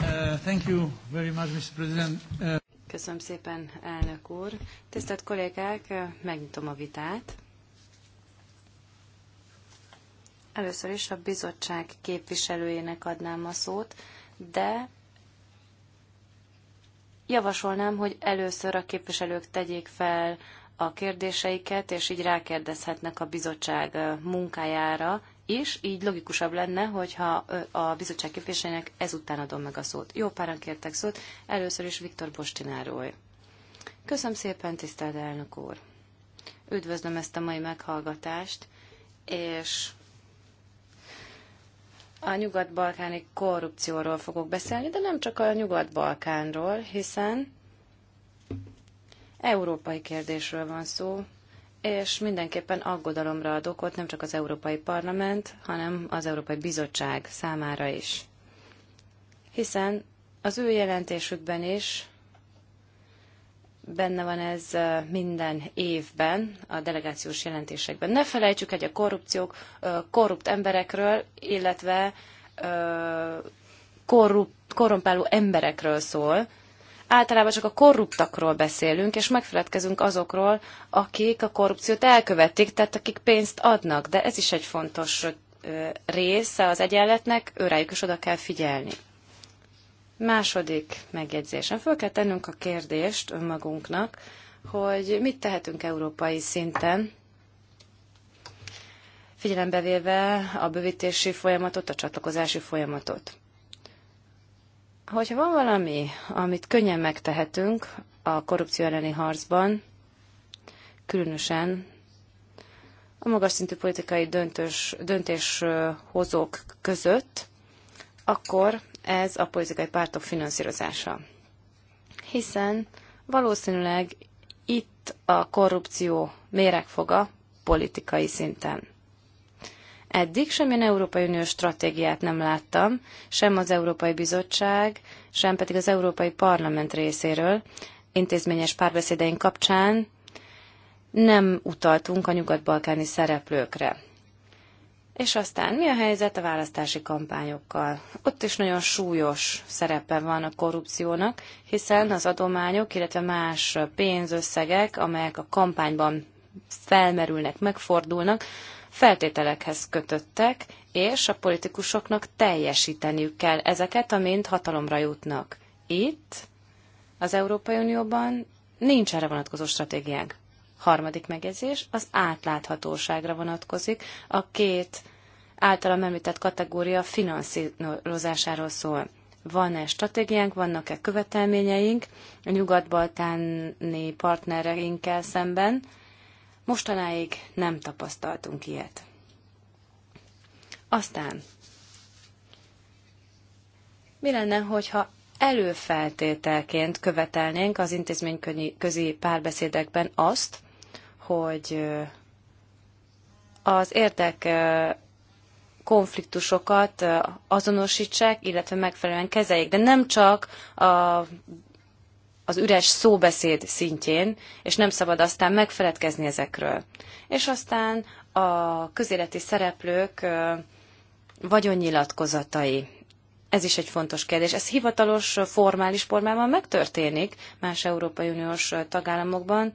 Uh, thank you very much, Mr. President. Uh... Köszönöm szépen, elnök úr. Tisztelt kollégák, megnyitom a vitát. Először is a bizottság képviselőjének adnám a szót, de javasolnám, hogy először a képviselők tegyék fel a kérdéseiket, és így rákérdezhetnek a bizottság munkájára, is, így logikusabb lenne, hogyha a bizottság képviselőnek ezután adom meg a szót. Jó páran kértek szót, először is Viktor Bostináról. Köszönöm szépen, tisztelt elnök úr! Üdvözlöm ezt a mai meghallgatást, és a nyugat-balkáni korrupcióról fogok beszélni, de nem csak a nyugat-balkánról, hiszen európai kérdésről van szó, és mindenképpen aggodalomra ad okot nem csak az Európai Parlament, hanem az Európai Bizottság számára is. Hiszen az ő jelentésükben is benne van ez minden évben, a delegációs jelentésekben. Ne felejtsük egy a korrupciók, korrupt emberekről, illetve korrupt, korrumpáló emberekről szól, általában csak a korruptakról beszélünk, és megfeledkezünk azokról, akik a korrupciót elkövetik, tehát akik pénzt adnak, de ez is egy fontos része az egyenletnek, őrájuk is oda kell figyelni. Második megjegyzésem. Föl kell tennünk a kérdést önmagunknak, hogy mit tehetünk európai szinten, figyelembe véve a bővítési folyamatot, a csatlakozási folyamatot. Hogyha van valami, amit könnyen megtehetünk a korrupció elleni harcban, különösen a magas szintű politikai döntős, döntéshozók között, akkor ez a politikai pártok finanszírozása. Hiszen valószínűleg itt a korrupció méregfoga politikai szinten. Eddig semmilyen Európai Uniós stratégiát nem láttam, sem az Európai Bizottság, sem pedig az Európai Parlament részéről. Intézményes párbeszédeink kapcsán nem utaltunk a nyugat-balkáni szereplőkre. És aztán mi a helyzet a választási kampányokkal? Ott is nagyon súlyos szerepe van a korrupciónak, hiszen az adományok, illetve más pénzösszegek, amelyek a kampányban felmerülnek, megfordulnak, feltételekhez kötöttek, és a politikusoknak teljesíteniük kell ezeket, amint hatalomra jutnak. Itt, az Európai Unióban nincs erre vonatkozó stratégiánk. Harmadik megjegyzés az átláthatóságra vonatkozik. A két általam említett kategória finanszírozásáról szól. Van-e stratégiánk, vannak-e követelményeink a nyugat-baltáni partnereinkkel szemben, Mostanáig nem tapasztaltunk ilyet. Aztán, mi lenne, hogyha előfeltételként követelnénk az intézményközi párbeszédekben azt, hogy az érdek konfliktusokat azonosítsák, illetve megfelelően kezeljék. De nem csak a az üres szóbeszéd szintjén, és nem szabad aztán megfeledkezni ezekről. És aztán a közéleti szereplők vagyonnyilatkozatai. Ez is egy fontos kérdés. Ez hivatalos, formális formában megtörténik más Európai Uniós tagállamokban.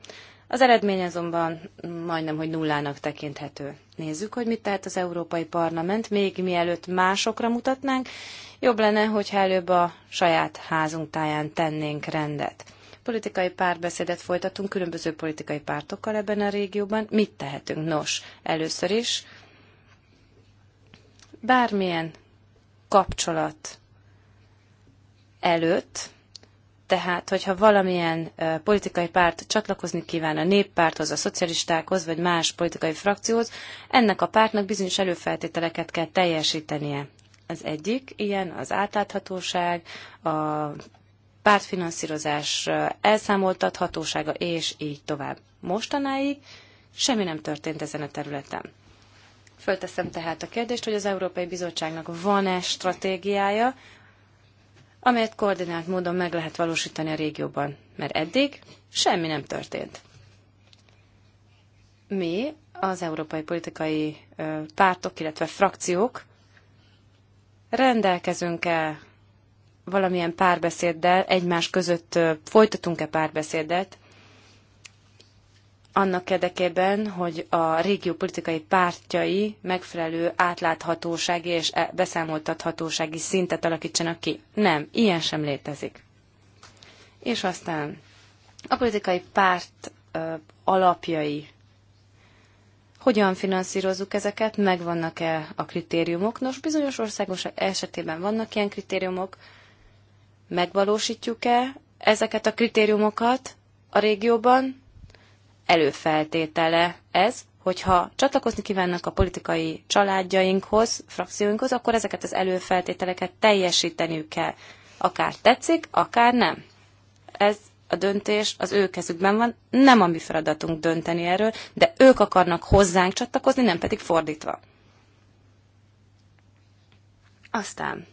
Az eredmény azonban majdnem, hogy nullának tekinthető. Nézzük, hogy mit tehet az Európai Parlament, még mielőtt másokra mutatnánk, Jobb lenne, hogyha előbb a saját házunk táján tennénk rendet. Politikai párbeszédet folytatunk különböző politikai pártokkal ebben a régióban. Mit tehetünk? Nos, először is bármilyen kapcsolat előtt, tehát, hogyha valamilyen uh, politikai párt csatlakozni kíván a néppárthoz, a szocialistákhoz, vagy más politikai frakcióhoz, ennek a pártnak bizonyos előfeltételeket kell teljesítenie. Az egyik ilyen az átláthatóság, a pártfinanszírozás elszámoltathatósága, és így tovább. Mostanáig semmi nem történt ezen a területen. Fölteszem tehát a kérdést, hogy az Európai Bizottságnak van-e stratégiája, amelyet koordinált módon meg lehet valósítani a régióban, mert eddig semmi nem történt. Mi, az európai politikai pártok, illetve frakciók rendelkezünk-e valamilyen párbeszéddel, egymás között folytatunk-e párbeszédet, annak érdekében, hogy a régió politikai pártjai megfelelő átláthatósági és e- beszámoltathatósági szintet alakítsanak ki. Nem, ilyen sem létezik. És aztán a politikai párt alapjai hogyan finanszírozzuk ezeket? Megvannak-e a kritériumok? Nos, bizonyos országos esetében vannak ilyen kritériumok. Megvalósítjuk-e ezeket a kritériumokat a régióban? Előfeltétele ez, hogyha csatlakozni kívánnak a politikai családjainkhoz, frakcióinkhoz, akkor ezeket az előfeltételeket teljesíteniük kell. Akár tetszik, akár nem. Ez a döntés az ő kezükben van, nem a mi feladatunk dönteni erről, de ők akarnak hozzánk csatlakozni, nem pedig fordítva. Aztán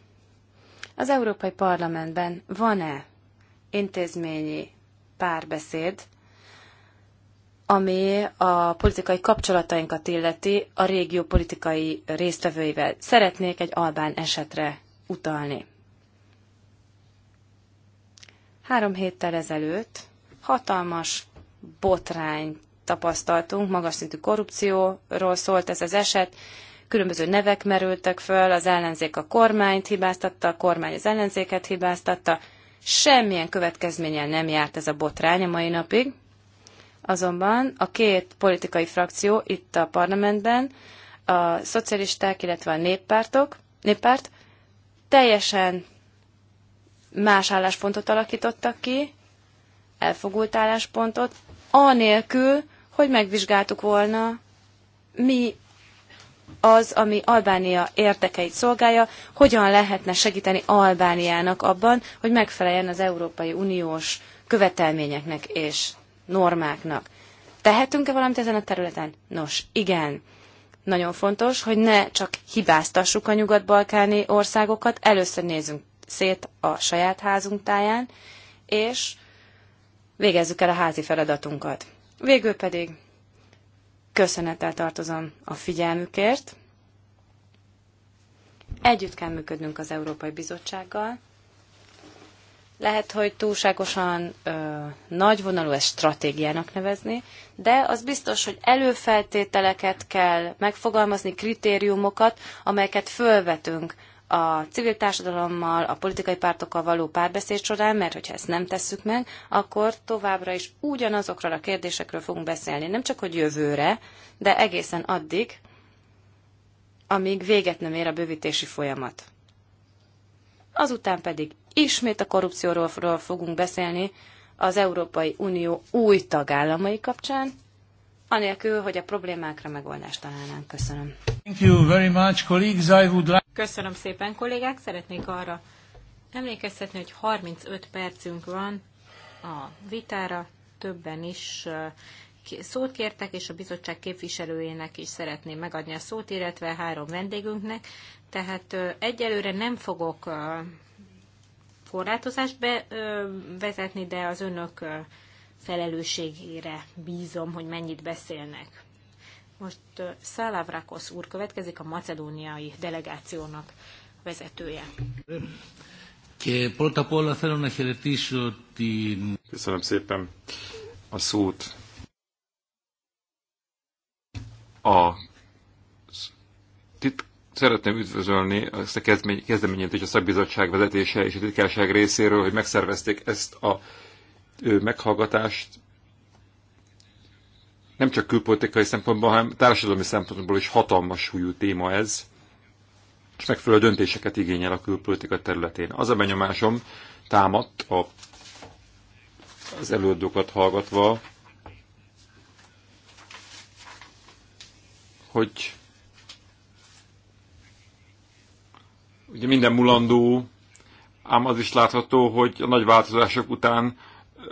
az Európai Parlamentben van-e intézményi párbeszéd, ami a politikai kapcsolatainkat illeti a régió politikai résztvevőivel. Szeretnék egy albán esetre utalni. Három héttel ezelőtt hatalmas botrány tapasztaltunk, magas szintű korrupcióról szólt ez az eset, különböző nevek merültek föl, az ellenzék a kormányt hibáztatta, a kormány az ellenzéket hibáztatta, semmilyen következménnyel nem járt ez a botrány a mai napig. Azonban a két politikai frakció itt a parlamentben, a szocialisták, illetve a néppártok, néppárt teljesen más álláspontot alakítottak ki, elfogult álláspontot, anélkül, hogy megvizsgáltuk volna, mi az, ami Albánia érdekeit szolgálja, hogyan lehetne segíteni Albániának abban, hogy megfeleljen az Európai Uniós követelményeknek és normáknak. Tehetünk-e valamit ezen a területen? Nos, igen. Nagyon fontos, hogy ne csak hibáztassuk a nyugat-balkáni országokat, először nézzünk szét a saját házunk táján, és végezzük el a házi feladatunkat. Végül pedig köszönettel tartozom a figyelmükért. Együtt kell működnünk az Európai Bizottsággal. Lehet, hogy túlságosan ö, nagyvonalú ezt stratégiának nevezni, de az biztos, hogy előfeltételeket kell megfogalmazni, kritériumokat, amelyeket fölvetünk a civil társadalommal, a politikai pártokkal való párbeszéd során, mert hogyha ezt nem tesszük meg, akkor továbbra is ugyanazokról a kérdésekről fogunk beszélni. Nem csak, hogy jövőre, de egészen addig, amíg véget nem ér a bővítési folyamat. Azután pedig ismét a korrupcióról fogunk beszélni az Európai Unió új tagállamai kapcsán, anélkül, hogy a problémákra megoldást találnánk. Köszönöm. Thank you very much, colleagues. I would like... Köszönöm szépen, kollégák! Szeretnék arra emlékeztetni, hogy 35 percünk van a vitára, többen is szót kértek, és a bizottság képviselőjének is szeretném megadni a szót, illetve három vendégünknek. Tehát egyelőre nem fogok korlátozást bevezetni, de az önök felelősségére bízom, hogy mennyit beszélnek. Most Szálávrakos úr következik, a macedóniai delegációnak vezetője. Köszönöm szépen a szót. A tit szeretném üdvözölni ezt a kezdeményét és a szakbizottság vezetése és a titkárság részéről, hogy megszervezték ezt a meghallgatást nem csak külpolitikai szempontból, hanem társadalmi szempontból is hatalmas súlyú téma ez, és megfelelő döntéseket igényel a külpolitika területén. Az a benyomásom támadt a, az előadókat hallgatva, hogy ugye minden mulandó, ám az is látható, hogy a nagy változások után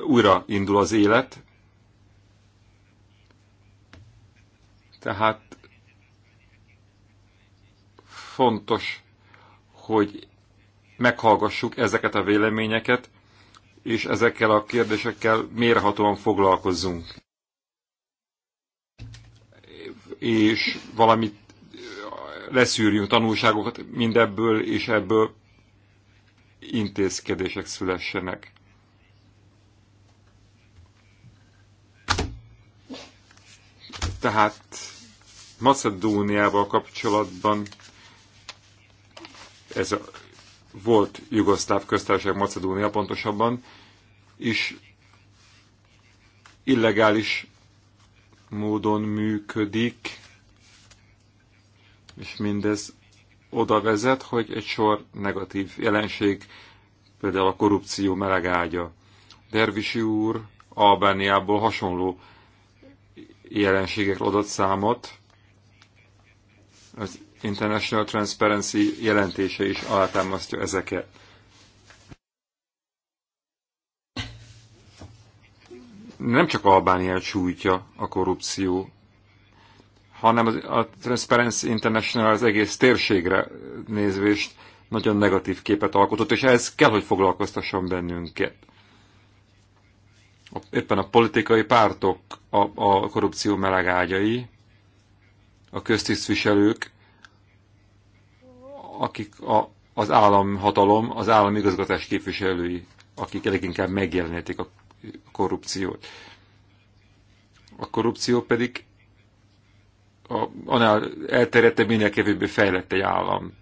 újra indul az élet, Tehát fontos, hogy meghallgassuk ezeket a véleményeket, és ezekkel a kérdésekkel mérhatóan foglalkozzunk. És valamit leszűrjünk tanulságokat mindebből, és ebből intézkedések szülessenek. Tehát Macedóniával kapcsolatban ez a, volt Jugoszláv köztársaság Macedónia pontosabban, is illegális módon működik, és mindez oda vezet, hogy egy sor negatív jelenség, például a korrupció melegágya. Dervisi úr Albániából hasonló jelenségekre adott számot, az International Transparency jelentése is alátámasztja ezeket. Nem csak Albániát sújtja a korrupció, hanem a Transparency International az egész térségre nézvést nagyon negatív képet alkotott, és ez kell, hogy foglalkoztasson bennünket. Éppen a politikai pártok a, a korrupció melegágyai, a köztisztviselők, akik a, az államhatalom, az államigazgatás képviselői, akik leginkább megjelenítik a korrupciót. A korrupció pedig a, annál elterjedtebb, minél kevésbé fejlett egy állam.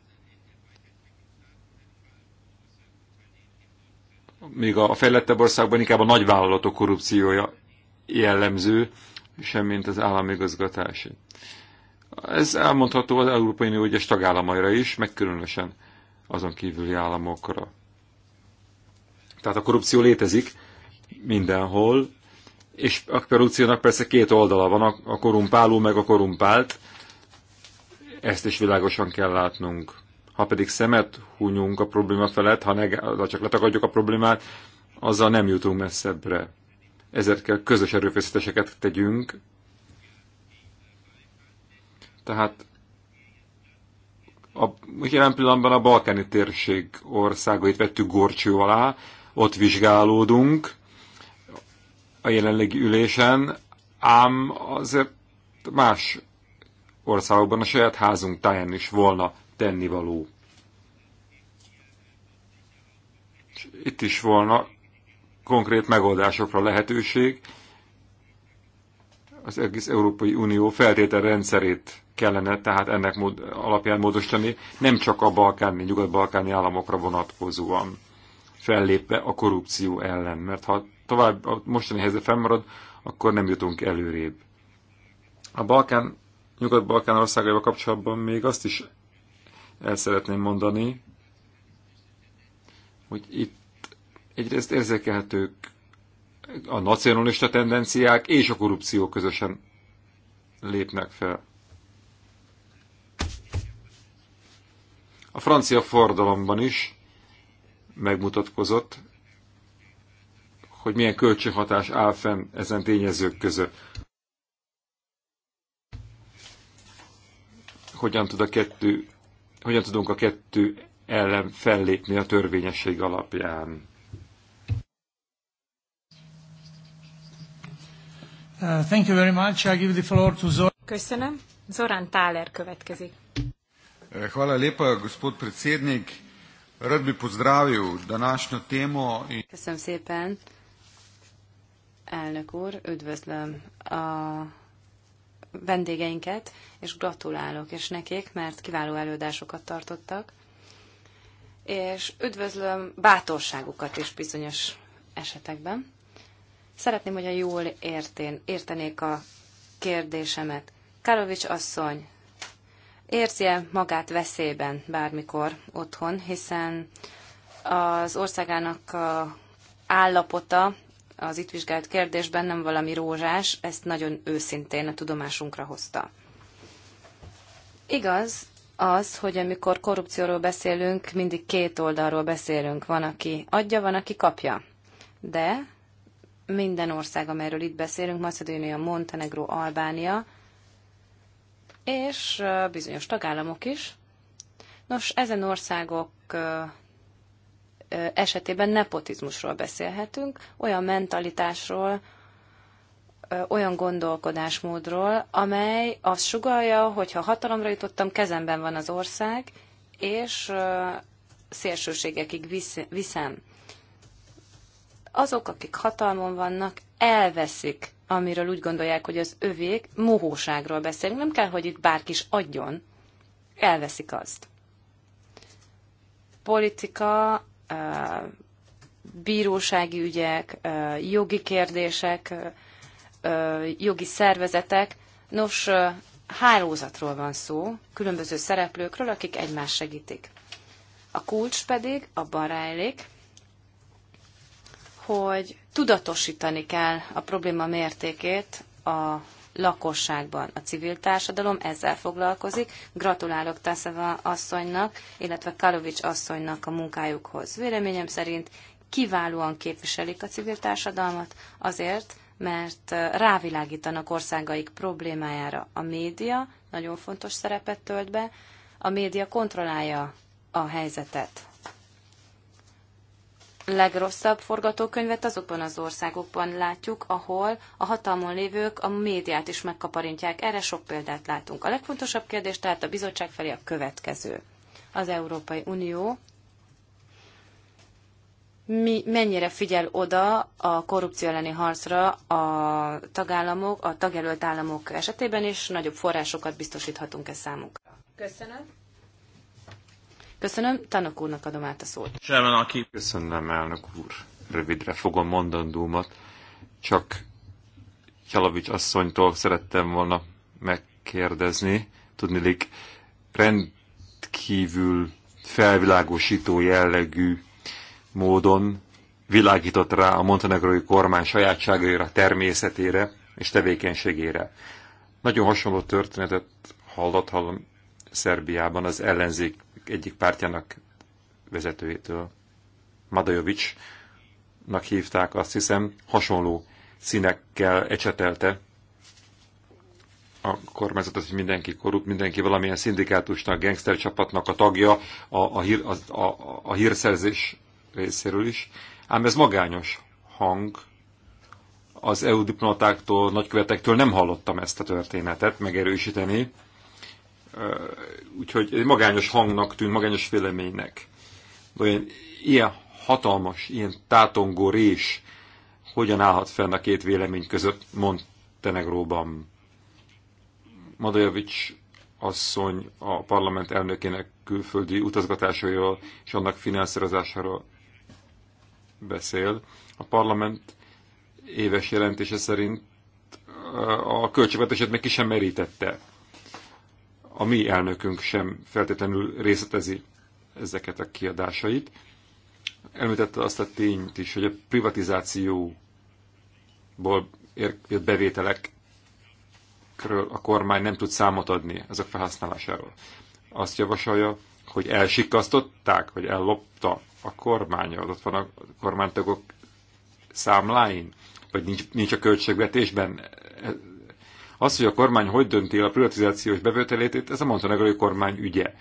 Még a fejlettebb országban inkább a nagyvállalatok korrupciója jellemző, semmint az állami igazgatási. Ez elmondható az Európai Unió egyes tagállamaira is, meg különösen azon kívüli államokra. Tehát a korrupció létezik mindenhol, és a korrupciónak persze két oldala van, a korumpáló meg a korumpált, ezt is világosan kell látnunk. Ha pedig szemet hunyunk a probléma felett, ha, ne, ha csak letagadjuk a problémát, azzal nem jutunk messzebbre. Ezért kell közös erőfeszítéseket tegyünk tehát a, jelen pillanatban a balkáni térség országait vettük gorcső alá, ott vizsgálódunk a jelenlegi ülésen, ám azért más országokban a saját házunk táján is volna tennivaló. És itt is volna konkrét megoldásokra lehetőség, az egész Európai Unió feltételrendszerét kellene tehát ennek mód, alapján módosítani, nem csak a balkáni, nyugat-balkáni államokra vonatkozóan fellépve a korrupció ellen, mert ha tovább a mostani helyzet fennmarad, akkor nem jutunk előrébb. A Balkán, Nyugat-Balkán országaival kapcsolatban még azt is el szeretném mondani, hogy itt egyrészt érzékelhetők a nacionalista tendenciák és a korrupció közösen lépnek fel. A francia fordalomban is megmutatkozott, hogy milyen kölcsönhatás áll fenn ezen tényezők között. Hogyan, tud a kettő, hogyan tudunk a kettő ellen fellépni a törvényesség alapján? Uh, thank you very much. I give the floor to Zor Köszönöm. Zoran Táler következik. Eh, hvala lepa, gospod predsednik. Rad bi pozdravil današnjo temo. In... Köszönöm szépen, elnök úr, üdvözlöm a vendégeinket, és gratulálok és nekik, mert kiváló előadásokat tartottak. És üdvözlöm bátorságukat is bizonyos esetekben. Szeretném, hogy a jól értén, értenék a kérdésemet. Karovics asszony, érzi -e magát veszélyben bármikor otthon, hiszen az országának a állapota az itt vizsgált kérdésben nem valami rózsás, ezt nagyon őszintén a tudomásunkra hozta. Igaz az, hogy amikor korrupcióról beszélünk, mindig két oldalról beszélünk. Van, aki adja, van, aki kapja. De minden ország, amelyről itt beszélünk, Macedónia, Montenegro, Albánia, és bizonyos tagállamok is. Nos, ezen országok esetében nepotizmusról beszélhetünk, olyan mentalitásról, olyan gondolkodásmódról, amely azt sugalja, hogy ha hatalomra jutottam, kezemben van az ország, és szélsőségekig viszem azok, akik hatalmon vannak, elveszik, amiről úgy gondolják, hogy az övék, mohóságról beszélünk, nem kell, hogy itt bárki is adjon, elveszik azt. Politika, bírósági ügyek, jogi kérdések, jogi szervezetek, nos, hálózatról van szó, különböző szereplőkről, akik egymást segítik. A kulcs pedig abban rejlik, hogy tudatosítani kell a probléma mértékét a lakosságban. A civil társadalom ezzel foglalkozik. Gratulálok Teszeva asszonynak, illetve Kalovics asszonynak a munkájukhoz. Véleményem szerint kiválóan képviselik a civil társadalmat azért, mert uh, rávilágítanak országaik problémájára. A média nagyon fontos szerepet tölt be, a média kontrollálja a helyzetet legrosszabb forgatókönyvet azokban az országokban látjuk, ahol a hatalmon lévők a médiát is megkaparintják. Erre sok példát látunk. A legfontosabb kérdés tehát a bizottság felé a következő. Az Európai Unió mi, mennyire figyel oda a korrupció elleni harcra a tagállamok, a tagjelölt államok esetében, és nagyobb forrásokat biztosíthatunk-e számukra. Köszönöm. Köszönöm, Tanok úrnak adom át a szót. Semmen, aki. Köszönöm, elnök úr. Rövidre fogom mondandómat. Csak Jalavics asszonytól szerettem volna megkérdezni. Tudnilik, rendkívül felvilágosító jellegű módon világított rá a montenegrói kormány sajátságaira, természetére és tevékenységére. Nagyon hasonló történetet hallott hallom Szerbiában az ellenzék egyik pártjának vezetőjétől, Madajovicsnak hívták, azt hiszem, hasonló színekkel ecsetelte a kormányzat hogy mindenki korrupt, mindenki valamilyen szindikátusnak, gangster csapatnak a tagja a, a, hír, a, a, a hírszerzés részéről is. Ám ez magányos hang. Az EU diplomatáktól, nagykövetektől nem hallottam ezt a történetet megerősíteni. Úgyhogy egy magányos hangnak tűnt, magányos véleménynek. De olyan, ilyen hatalmas, ilyen tátongó rés hogyan állhat fenn a két vélemény között Montenegróban. Madajovic asszony a parlament elnökének külföldi utazgatásairól és annak finanszírozásáról beszél. A parlament éves jelentése szerint a költségvetését meg ki sem merítette a mi elnökünk sem feltétlenül részletezi ezeket a kiadásait. Elmutatta azt a tényt is, hogy a privatizációból érkezett bevételekről a kormány nem tud számot adni ezek felhasználásáról. Azt javasolja, hogy elsikasztották, vagy ellopta a kormány, ott van a kormánytagok számláin, vagy nincs, nincs a költségvetésben az, hogy a kormány hogy dönti a privatizációs bevételét, ez a montenegrói kormány ügye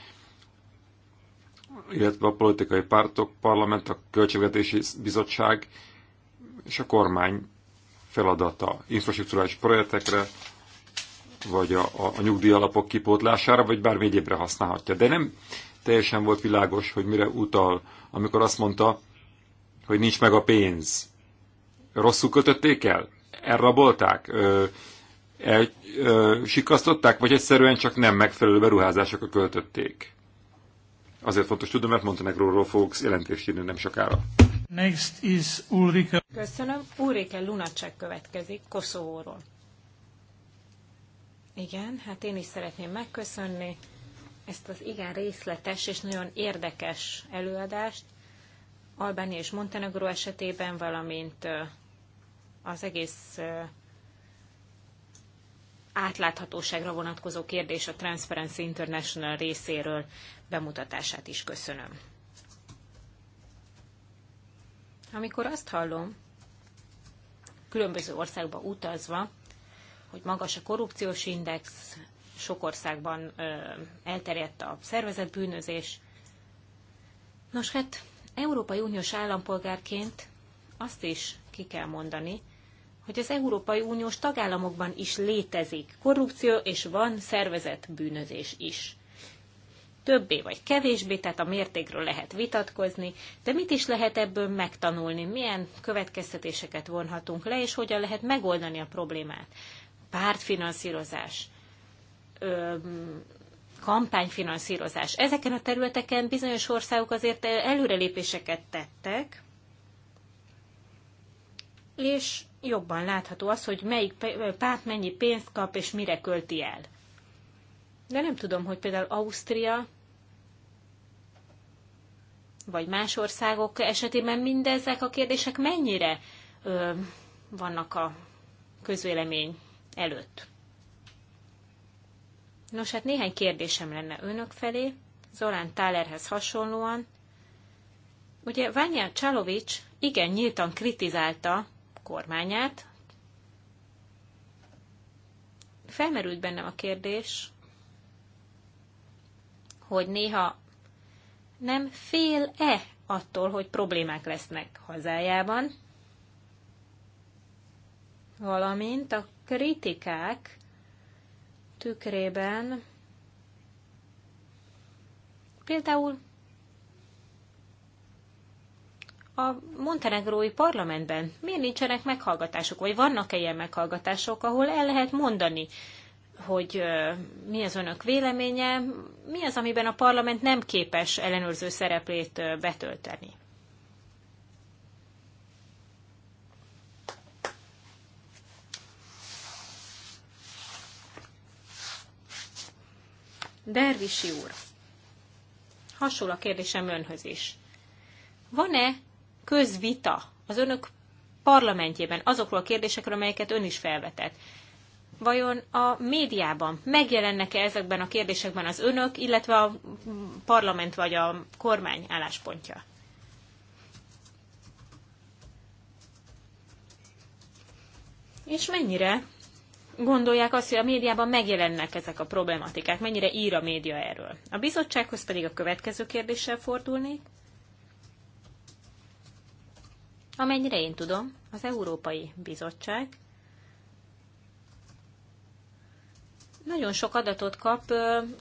illetve a politikai pártok, parlament, a költségvetési bizottság és a kormány feladata infrastruktúrális projektekre, vagy a, a, a nyugdíjalapok kipótlására, vagy bármi egyébre használhatja. De nem teljesen volt világos, hogy mire utal, amikor azt mondta, hogy nincs meg a pénz. Rosszul kötötték el? Elrabolták? Ö, elsikasztották, vagy egyszerűen csak nem megfelelő beruházásokra költötték? Azért fontos tudom, mert Montenegróról fogsz jelentést írni nem sokára. Next is Ulrike. Köszönöm. Ulrike Lunacek következik Koszovóról. Igen, hát én is szeretném megköszönni ezt az igen részletes és nagyon érdekes előadást Albánia és Montenegró esetében, valamint az egész átláthatóságra vonatkozó kérdés a Transparency International részéről bemutatását is köszönöm. Amikor azt hallom, különböző országba utazva, hogy magas a korrupciós index, sok országban ö, elterjedt a szervezetbűnözés. Nos, hát Európai Uniós állampolgárként azt is ki kell mondani, hogy az Európai Uniós tagállamokban is létezik korrupció, és van szervezett bűnözés is. Többé vagy kevésbé, tehát a mértékről lehet vitatkozni, de mit is lehet ebből megtanulni, milyen következtetéseket vonhatunk le, és hogyan lehet megoldani a problémát. Pártfinanszírozás, öm, kampányfinanszírozás. Ezeken a területeken bizonyos országok azért előrelépéseket tettek, és jobban látható az, hogy melyik párt mennyi pénzt kap, és mire költi el. De nem tudom, hogy például Ausztria vagy más országok esetében mindezek a kérdések mennyire ö, vannak a közvélemény előtt. Nos, hát néhány kérdésem lenne önök felé, Zolán Tálerhez hasonlóan. Ugye Vanya Csalovics igen nyíltan kritizálta kormányát. Felmerült bennem a kérdés, hogy néha nem fél-e attól, hogy problémák lesznek hazájában, valamint a kritikák tükrében például a montenegrói parlamentben miért nincsenek meghallgatások, vagy vannak-e ilyen meghallgatások, ahol el lehet mondani, hogy mi az önök véleménye, mi az, amiben a parlament nem képes ellenőrző szereplét betölteni. Dervisi úr, hasonló a kérdésem önhöz is. Van-e közvita az önök parlamentjében azokról a kérdésekről, amelyeket ön is felvetett. Vajon a médiában megjelennek-e ezekben a kérdésekben az önök, illetve a parlament vagy a kormány álláspontja? És mennyire gondolják azt, hogy a médiában megjelennek ezek a problematikák, mennyire ír a média erről. A bizottsághoz pedig a következő kérdéssel fordulnék. Amennyire én tudom, az Európai Bizottság nagyon sok adatot kap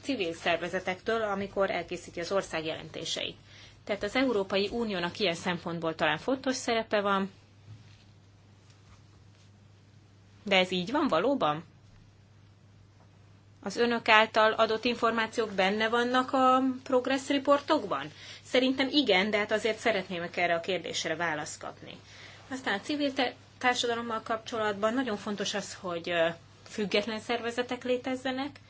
civil szervezetektől, amikor elkészíti az ország jelentéseit. Tehát az Európai Uniónak ilyen szempontból talán fontos szerepe van, de ez így van valóban? Az önök által adott információk benne vannak a progress reportokban? Szerintem igen, de hát azért szeretnémek erre a kérdésre választ kapni. Aztán a civil társadalommal kapcsolatban nagyon fontos az, hogy független szervezetek létezzenek,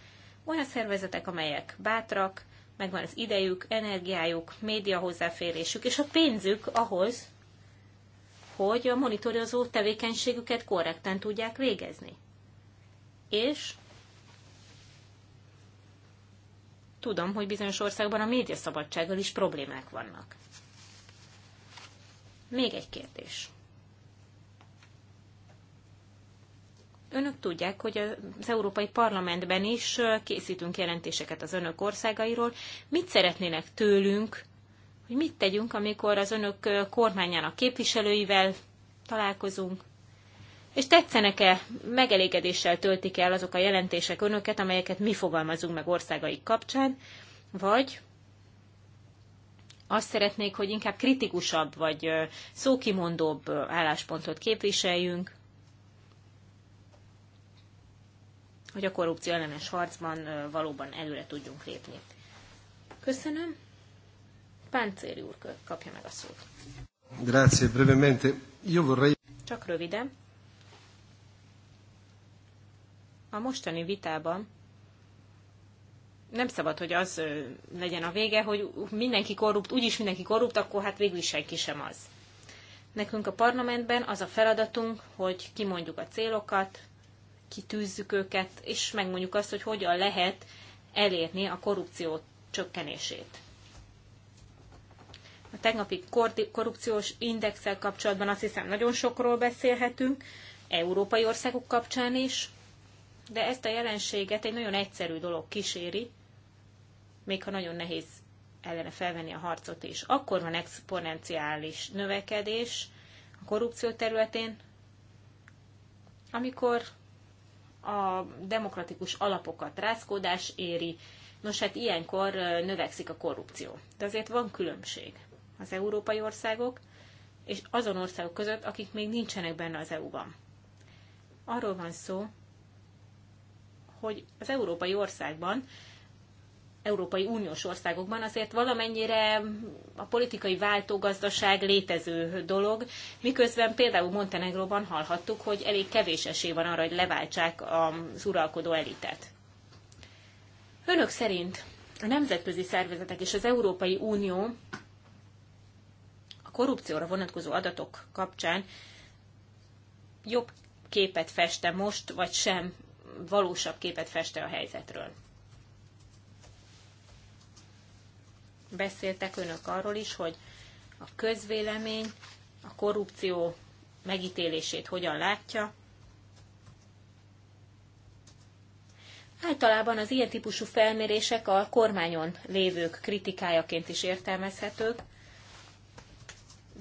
olyan szervezetek, amelyek bátrak, megvan az idejük, energiájuk, média hozzáférésük és a pénzük ahhoz, hogy a monitorozó tevékenységüket korrekten tudják végezni. És Tudom, hogy bizonyos országban a médiaszabadsággal is problémák vannak. Még egy kérdés. Önök tudják, hogy az Európai Parlamentben is készítünk jelentéseket az önök országairól. Mit szeretnének tőlünk, hogy mit tegyünk, amikor az önök kormányának képviselőivel találkozunk? és tetszenek-e, megelégedéssel töltik el azok a jelentések önöket, amelyeket mi fogalmazunk meg országaik kapcsán, vagy azt szeretnék, hogy inkább kritikusabb vagy szókimondóbb álláspontot képviseljünk, hogy a korrupció ellenes harcban valóban előre tudjunk lépni. Köszönöm. Páncéri úr kapja meg a szót. Grazie, brevemente. Io vorrei... Csak röviden. a mostani vitában nem szabad, hogy az legyen a vége, hogy mindenki korrupt, úgyis mindenki korrupt, akkor hát végül is senki sem az. Nekünk a parlamentben az a feladatunk, hogy kimondjuk a célokat, kitűzzük őket, és megmondjuk azt, hogy hogyan lehet elérni a korrupció csökkenését. A tegnapi korrupciós indexel kapcsolatban azt hiszem nagyon sokról beszélhetünk, európai országok kapcsán is, de ezt a jelenséget egy nagyon egyszerű dolog kíséri, még ha nagyon nehéz ellene felvenni a harcot is. Akkor van exponenciális növekedés a korrupció területén, amikor a demokratikus alapokat rázkódás éri, nos hát ilyenkor növekszik a korrupció. De azért van különbség az európai országok és azon országok között, akik még nincsenek benne az EU-ban. Arról van szó, hogy az európai országban, Európai Uniós országokban azért valamennyire a politikai váltógazdaság létező dolog, miközben például Montenegróban hallhattuk, hogy elég kevés esély van arra, hogy leváltsák az uralkodó elitet. Önök szerint a nemzetközi szervezetek és az Európai Unió a korrupcióra vonatkozó adatok kapcsán jobb képet feste most, vagy sem valósabb képet feste a helyzetről. Beszéltek önök arról is, hogy a közvélemény a korrupció megítélését hogyan látja. Általában az ilyen típusú felmérések a kormányon lévők kritikájaként is értelmezhetők,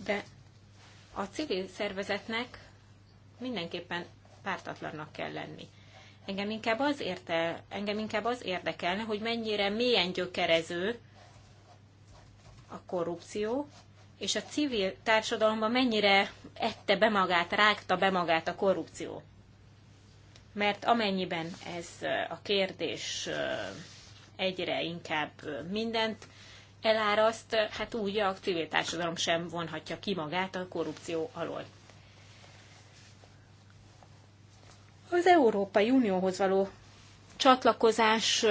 de a civil szervezetnek mindenképpen pártatlannak kell lenni. Engem inkább az, érte, engem inkább az érdekelne, hogy mennyire mélyen gyökerező a korrupció, és a civil társadalomban mennyire ette be magát, rágta be magát a korrupció. Mert amennyiben ez a kérdés egyre inkább mindent eláraszt, hát úgy a civil társadalom sem vonhatja ki magát a korrupció alól. Az Európai Unióhoz való csatlakozás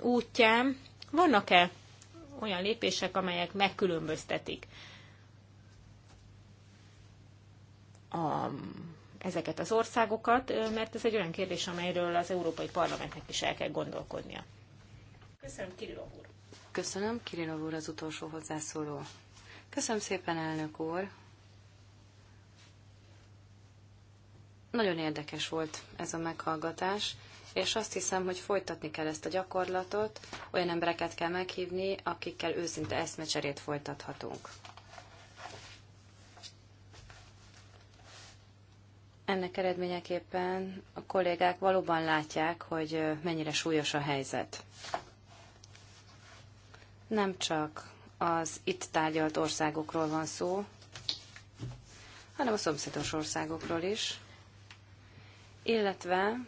útján vannak-e olyan lépések, amelyek megkülönböztetik a, ezeket az országokat, mert ez egy olyan kérdés, amelyről az Európai Parlamentnek is el kell gondolkodnia. Köszönöm, Kirillov úr. Köszönöm, Kirillov úr az utolsó hozzászóló. Köszönöm szépen, elnök úr. Nagyon érdekes volt ez a meghallgatás, és azt hiszem, hogy folytatni kell ezt a gyakorlatot, olyan embereket kell meghívni, akikkel őszinte eszmecserét folytathatunk. Ennek eredményeképpen a kollégák valóban látják, hogy mennyire súlyos a helyzet. Nem csak az itt tárgyalt országokról van szó, hanem a szomszédos országokról is illetve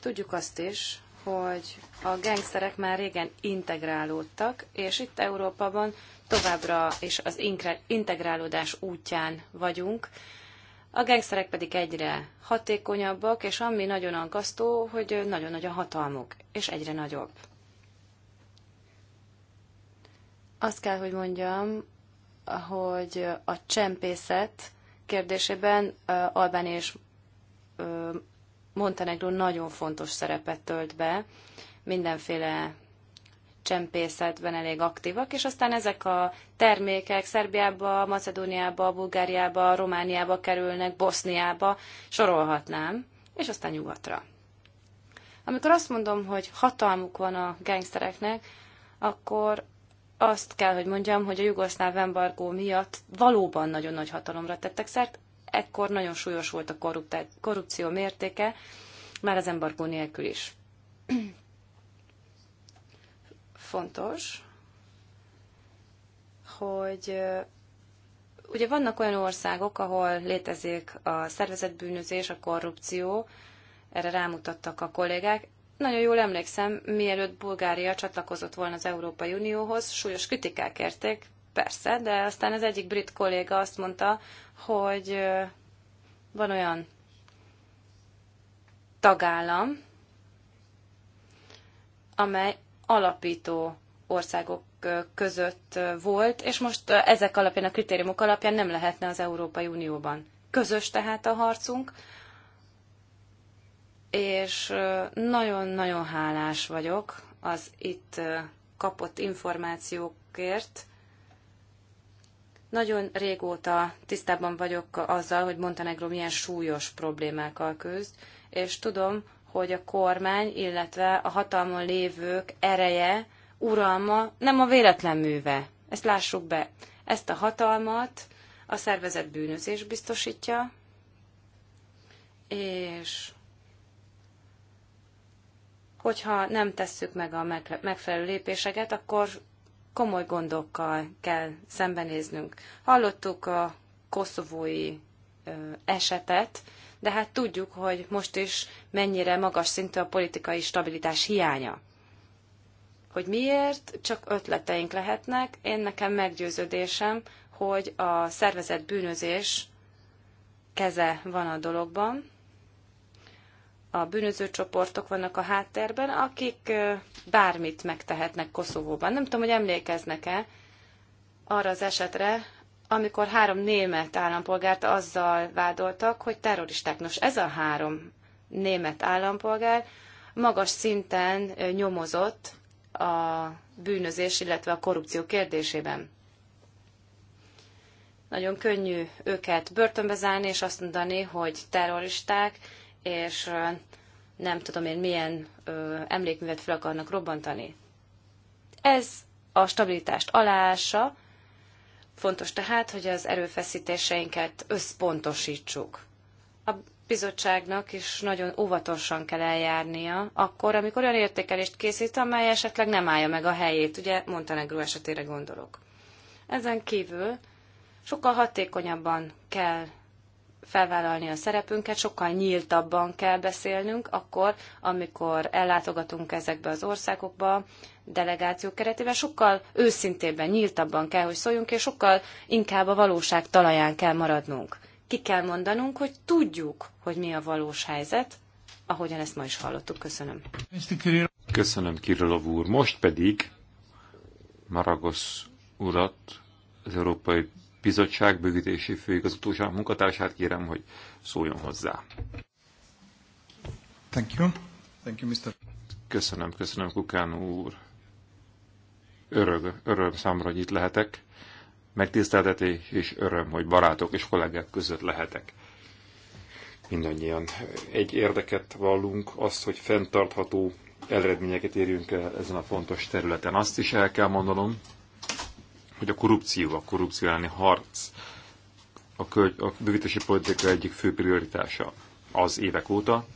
tudjuk azt is, hogy a gengszerek már régen integrálódtak, és itt Európában továbbra is az integrálódás útján vagyunk. A gengszerek pedig egyre hatékonyabbak, és ami nagyon aggasztó, hogy nagyon nagy a hatalmuk, és egyre nagyobb. Azt kell, hogy mondjam, hogy a csempészet kérdésében Albán és Montenegro nagyon fontos szerepet tölt be, mindenféle csempészetben elég aktívak, és aztán ezek a termékek Szerbiába, Macedóniába, Bulgáriába, Romániába kerülnek, Boszniába, sorolhatnám, és aztán nyugatra. Amikor azt mondom, hogy hatalmuk van a gengszereknek, akkor azt kell, hogy mondjam, hogy a jugoszláv embargó miatt valóban nagyon nagy hatalomra tettek szert, ekkor nagyon súlyos volt a korrupció mértéke, már az embargó nélkül is. <clears throat> Fontos, hogy ugye vannak olyan országok, ahol létezik a szervezetbűnözés, a korrupció, erre rámutattak a kollégák, nagyon jól emlékszem, mielőtt Bulgária csatlakozott volna az Európai Unióhoz, súlyos kritikák érték, persze, de aztán az egyik brit kolléga azt mondta, hogy van olyan tagállam, amely alapító országok között volt, és most ezek alapján, a kritériumok alapján nem lehetne az Európai Unióban. Közös tehát a harcunk, és nagyon-nagyon hálás vagyok az itt kapott információkért. Nagyon régóta tisztában vagyok azzal, hogy Montenegro milyen súlyos problémákkal küzd, és tudom, hogy a kormány, illetve a hatalmon lévők ereje, uralma nem a véletlen műve. Ezt lássuk be. Ezt a hatalmat a szervezet bűnözés biztosítja, és hogyha nem tesszük meg a megfelelő lépéseket, akkor komoly gondokkal kell szembenéznünk. Hallottuk a koszovói esetet, de hát tudjuk, hogy most is mennyire magas szintű a politikai stabilitás hiánya. Hogy miért, csak ötleteink lehetnek. Én nekem meggyőződésem, hogy a szervezett bűnözés keze van a dologban, a bűnöző csoportok vannak a háttérben, akik bármit megtehetnek Koszovóban. Nem tudom, hogy emlékeznek-e arra az esetre, amikor három német állampolgárt azzal vádoltak, hogy terroristák. Nos, ez a három német állampolgár magas szinten nyomozott a bűnözés, illetve a korrupció kérdésében. Nagyon könnyű őket börtönbe zárni, és azt mondani, hogy terroristák, és nem tudom én milyen ö, emlékművet fel akarnak robbantani. Ez a stabilitást alása. fontos tehát, hogy az erőfeszítéseinket összpontosítsuk. A bizottságnak is nagyon óvatosan kell eljárnia, akkor, amikor olyan értékelést készít, amely esetleg nem állja meg a helyét, ugye Montenegro esetére gondolok. Ezen kívül sokkal hatékonyabban kell felvállalni a szerepünket, sokkal nyíltabban kell beszélnünk, akkor, amikor ellátogatunk ezekbe az országokba, delegációk keretében, sokkal őszintébben, nyíltabban kell, hogy szóljunk, és sokkal inkább a valóság talaján kell maradnunk. Ki kell mondanunk, hogy tudjuk, hogy mi a valós helyzet, ahogyan ezt ma is hallottuk. Köszönöm. Köszönöm, Kirillov úr. Most pedig Maragosz urat, az Európai bizottság bővítési főigazgatóság munkatársát kérem, hogy szóljon hozzá. Thank you. Thank you, Mr. Köszönöm, köszönöm, Kukán úr. Öröm, öröm számra, hogy itt lehetek. Megtiszteltetés és öröm, hogy barátok és kollégák között lehetek. Mindannyian egy érdeket vallunk, azt, hogy fenntartható eredményeket érjünk el ezen a fontos területen. Azt is el kell mondanom, hogy a korrupció, a korrupció elleni harc a, költ, a bővítési politika egyik fő prioritása az évek óta.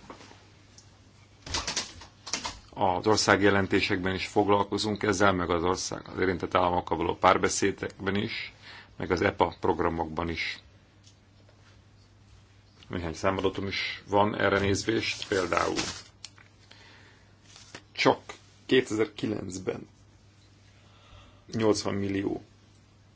Az ország jelentésekben is foglalkozunk ezzel, meg az ország az érintett államokkal való párbeszédekben is, meg az EPA programokban is. Néhány számadatom is van erre nézvést, például csak 2009-ben 80 millió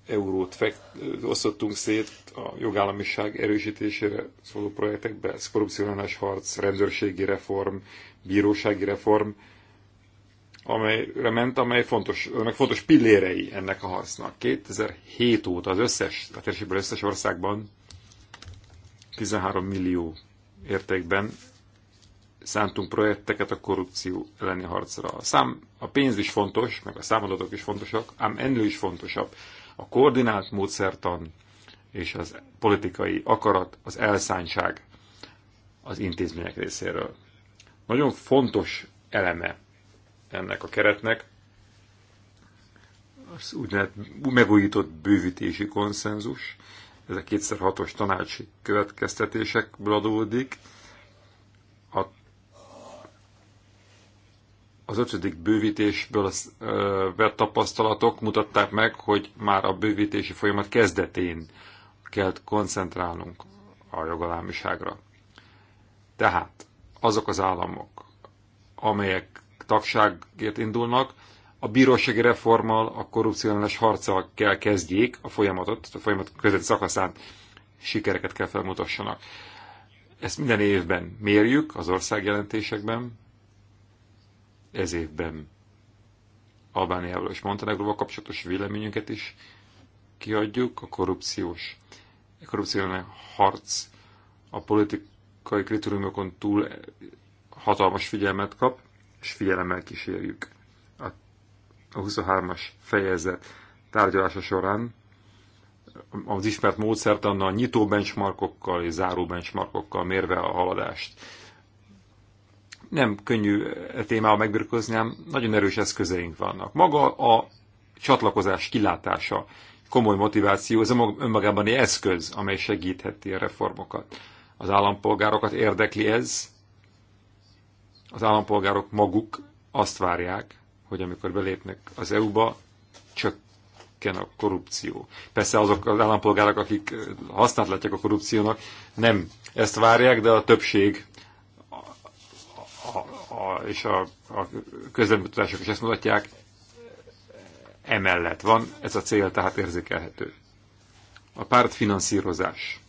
eurót fekt, osztottunk szét a jogállamiság erősítésére szóló projektekbe, ez korrupcionális harc, rendőrségi reform, bírósági reform, amelyre ment, amely fontos, annak fontos pillérei ennek a harcnak. 2007 óta az összes, a térségből összes országban 13 millió értékben szántunk projekteket a korrupció elleni harcra. A, szám, a pénz is fontos, meg a számadatok is fontosak, ám ennél is fontosabb a koordinált módszertan és az politikai akarat, az elszántság az intézmények részéről. Nagyon fontos eleme ennek a keretnek az úgynevezett megújított bővítési konszenzus, ez a 2006-os tanácsi következtetésekből adódik, az ötödik bővítésből vett tapasztalatok mutatták meg, hogy már a bővítési folyamat kezdetén kell koncentrálnunk a jogalámiságra. Tehát azok az államok, amelyek tagságért indulnak, a bírósági reformmal, a korrupciós harccal kell kezdjék a folyamatot, a folyamat közötti szakaszán sikereket kell felmutassanak. Ezt minden évben mérjük az országjelentésekben, ez évben Albániával és Montenegróval kapcsolatos véleményünket is kiadjuk, a korrupciós, a korrupciós harc a politikai kritériumokon túl hatalmas figyelmet kap, és figyelemmel kísérjük a, a 23-as fejezet tárgyalása során az ismert módszert annál nyitó benchmarkokkal és záró benchmarkokkal mérve a haladást nem könnyű témával megbirkózni, hanem nagyon erős eszközeink vannak. Maga a csatlakozás kilátása, komoly motiváció, ez önmagában egy eszköz, amely segítheti a reformokat. Az állampolgárokat érdekli ez, az állampolgárok maguk azt várják, hogy amikor belépnek az EU-ba, csökken a korrupció. Persze azok az állampolgárok, akik hasznát a korrupciónak, nem ezt várják, de a többség a, és a, a közlemutatások is ezt mutatják, emellett van, ez a cél tehát érzékelhető. A pártfinanszírozás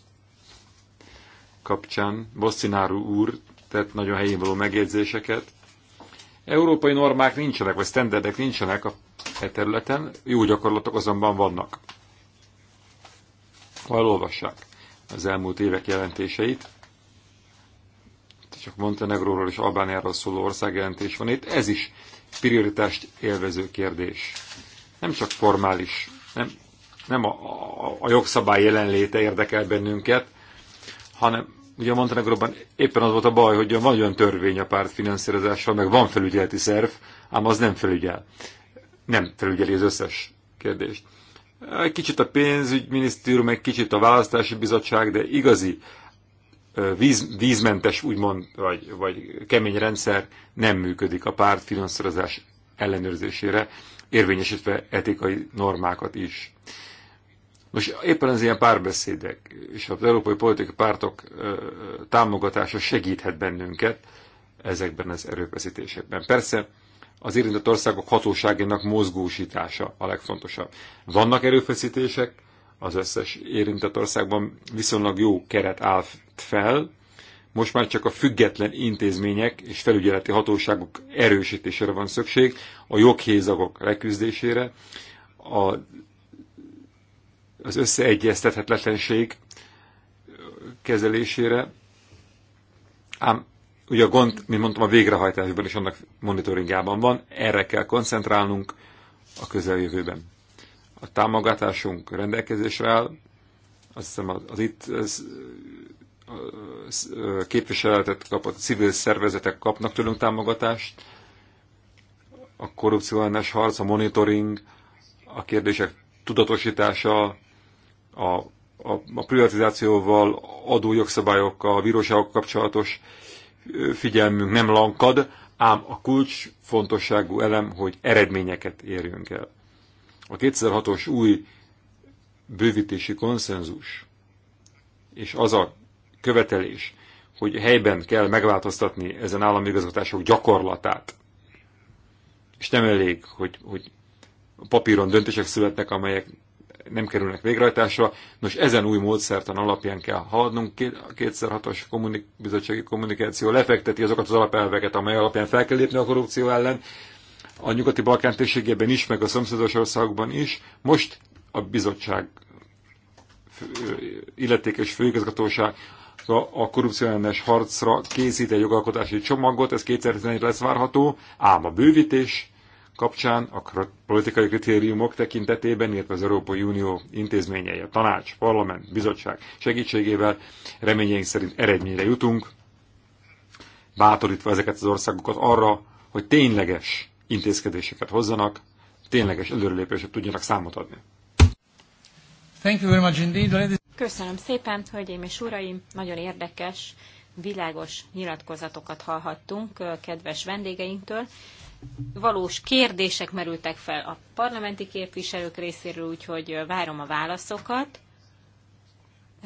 kapcsán Bosszináru úr tett nagyon helyén való megjegyzéseket. Európai normák nincsenek, vagy standardek nincsenek a e területen, jó gyakorlatok azonban vannak. Ha elolvassák az elmúlt évek jelentéseit, csak Montenegróról és Albániáról szóló országjelentés van itt. Ez is prioritást élvező kérdés. Nem csak formális, nem, nem a, a, a jogszabály jelenléte érdekel bennünket, hanem ugye Montenegróban éppen az volt a baj, hogy van olyan törvény a párt finanszírozással, meg van felügyeleti szerv, ám az nem felügyel. Nem felügyeli az összes kérdést. Egy kicsit a pénzügyminisztérium, egy kicsit a választási bizottság, de igazi víz, vízmentes, úgymond, vagy, vagy kemény rendszer nem működik a párt finanszírozás ellenőrzésére, érvényesítve etikai normákat is. Most éppen az ilyen párbeszédek és az európai politikai pártok támogatása segíthet bennünket ezekben az erőfeszítésekben. Persze az érintett országok hatóságának mozgósítása a legfontosabb. Vannak erőfeszítések, az összes érintett országban viszonylag jó keret áll fel, most már csak a független intézmények és felügyeleti hatóságok erősítésére van szükség, a joghézagok leküzdésére, a, az összeegyeztethetetlenség kezelésére, ám ugye a gond, mint mondtam, a végrehajtásban és annak monitoringjában van, erre kell koncentrálnunk a közeljövőben a támogatásunk rendelkezésre áll. Azt hiszem az, az itt az, a képviseletet kapott civil szervezetek kapnak tőlünk támogatást. A korrupció ellenes harc, a monitoring, a kérdések tudatosítása, a, a, a privatizációval, adójogszabályokkal, a bíróságok kapcsolatos figyelmünk nem lankad, ám a kulcs fontosságú elem, hogy eredményeket érjünk el. A 2006-os új bővítési konszenzus és az a követelés, hogy helyben kell megváltoztatni ezen állami igazgatások gyakorlatát, és nem elég, hogy, hogy papíron döntések születnek, amelyek nem kerülnek végrehajtásra. Nos, ezen új módszertan alapján kell haladnunk. A 2006-os kommunik- bizottsági kommunikáció lefekteti azokat az alapelveket, amely alapján fel kell lépni a korrupció ellen, a nyugati Balkán térségében is, meg a szomszédos országokban is. Most a bizottság illetékes főigazgatóság a ellenes harcra készít egy jogalkotási csomagot, ez 2011 lesz várható, ám a bővítés kapcsán a politikai kritériumok tekintetében, illetve az Európai Unió intézményei, a tanács, parlament, bizottság segítségével reményeink szerint eredményre jutunk, bátorítva ezeket az országokat arra, hogy tényleges intézkedéseket hozzanak, tényleges előrelépésre tudjanak számot adni. Thank you very much indeed, ladies. Köszönöm szépen, hölgyeim és uraim, nagyon érdekes, világos nyilatkozatokat hallhattunk kedves vendégeinktől. Valós kérdések merültek fel a parlamenti képviselők részéről, úgyhogy várom a válaszokat.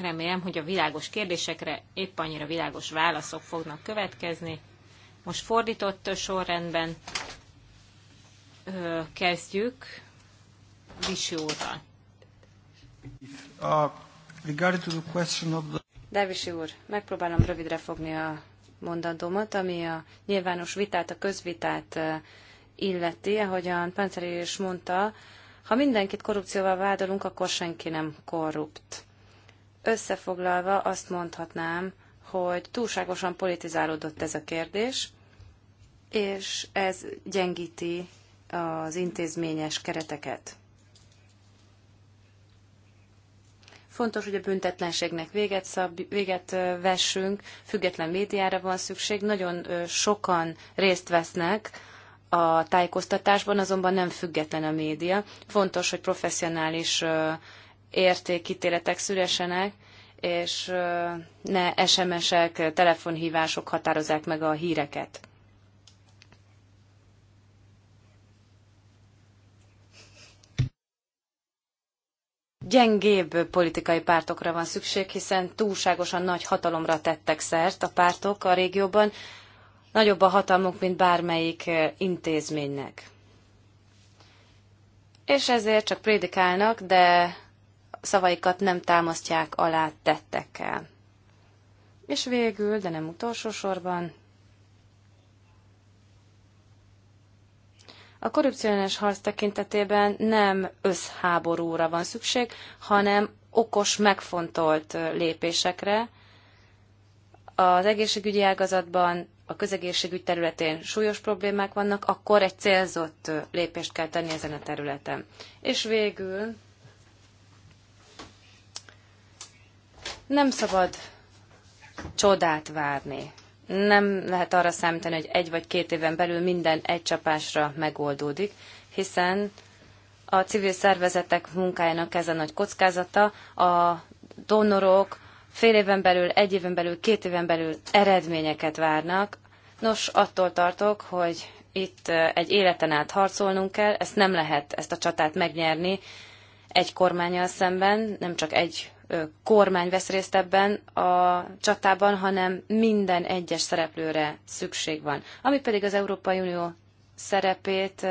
Remélem, hogy a világos kérdésekre épp annyira világos válaszok fognak következni. Most fordított sorrendben kezdjük Visi úrral. Uh, Devisi úr, megpróbálom rövidre fogni a mondandómat, ami a nyilvános vitát, a közvitát illeti, ahogyan Panceri is mondta, ha mindenkit korrupcióval vádolunk, akkor senki nem korrupt. Összefoglalva azt mondhatnám, hogy túlságosan politizálódott ez a kérdés, és ez gyengíti az intézményes kereteket. Fontos, hogy a büntetlenségnek véget, szab, véget vessünk, független médiára van szükség. Nagyon sokan részt vesznek a tájékoztatásban, azonban nem független a média. Fontos, hogy professzionális értékítéletek szülesenek, és ne SMS-ek, telefonhívások határozzák meg a híreket. gyengébb politikai pártokra van szükség, hiszen túlságosan nagy hatalomra tettek szert a pártok a régióban, nagyobb a hatalmuk, mint bármelyik eh, intézménynek. És ezért csak prédikálnak, de szavaikat nem támasztják alá tettekkel. És végül, de nem utolsó sorban, A korrupciós harc tekintetében nem összháborúra van szükség, hanem okos, megfontolt lépésekre. Az egészségügyi ágazatban, a közegészségügy területén súlyos problémák vannak, akkor egy célzott lépést kell tenni ezen a területen. És végül nem szabad csodát várni nem lehet arra számítani, hogy egy vagy két éven belül minden egy csapásra megoldódik, hiszen a civil szervezetek munkájának ez a nagy kockázata, a donorok fél éven belül, egy éven belül, két éven belül eredményeket várnak. Nos, attól tartok, hogy itt eh, egy életen át harcolnunk kell, ezt nem lehet, ezt a csatát megnyerni egy kormányal szemben, nem csak egy kormány vesz részt ebben a csatában, hanem minden egyes szereplőre szükség van. Ami pedig az Európai Unió szerepét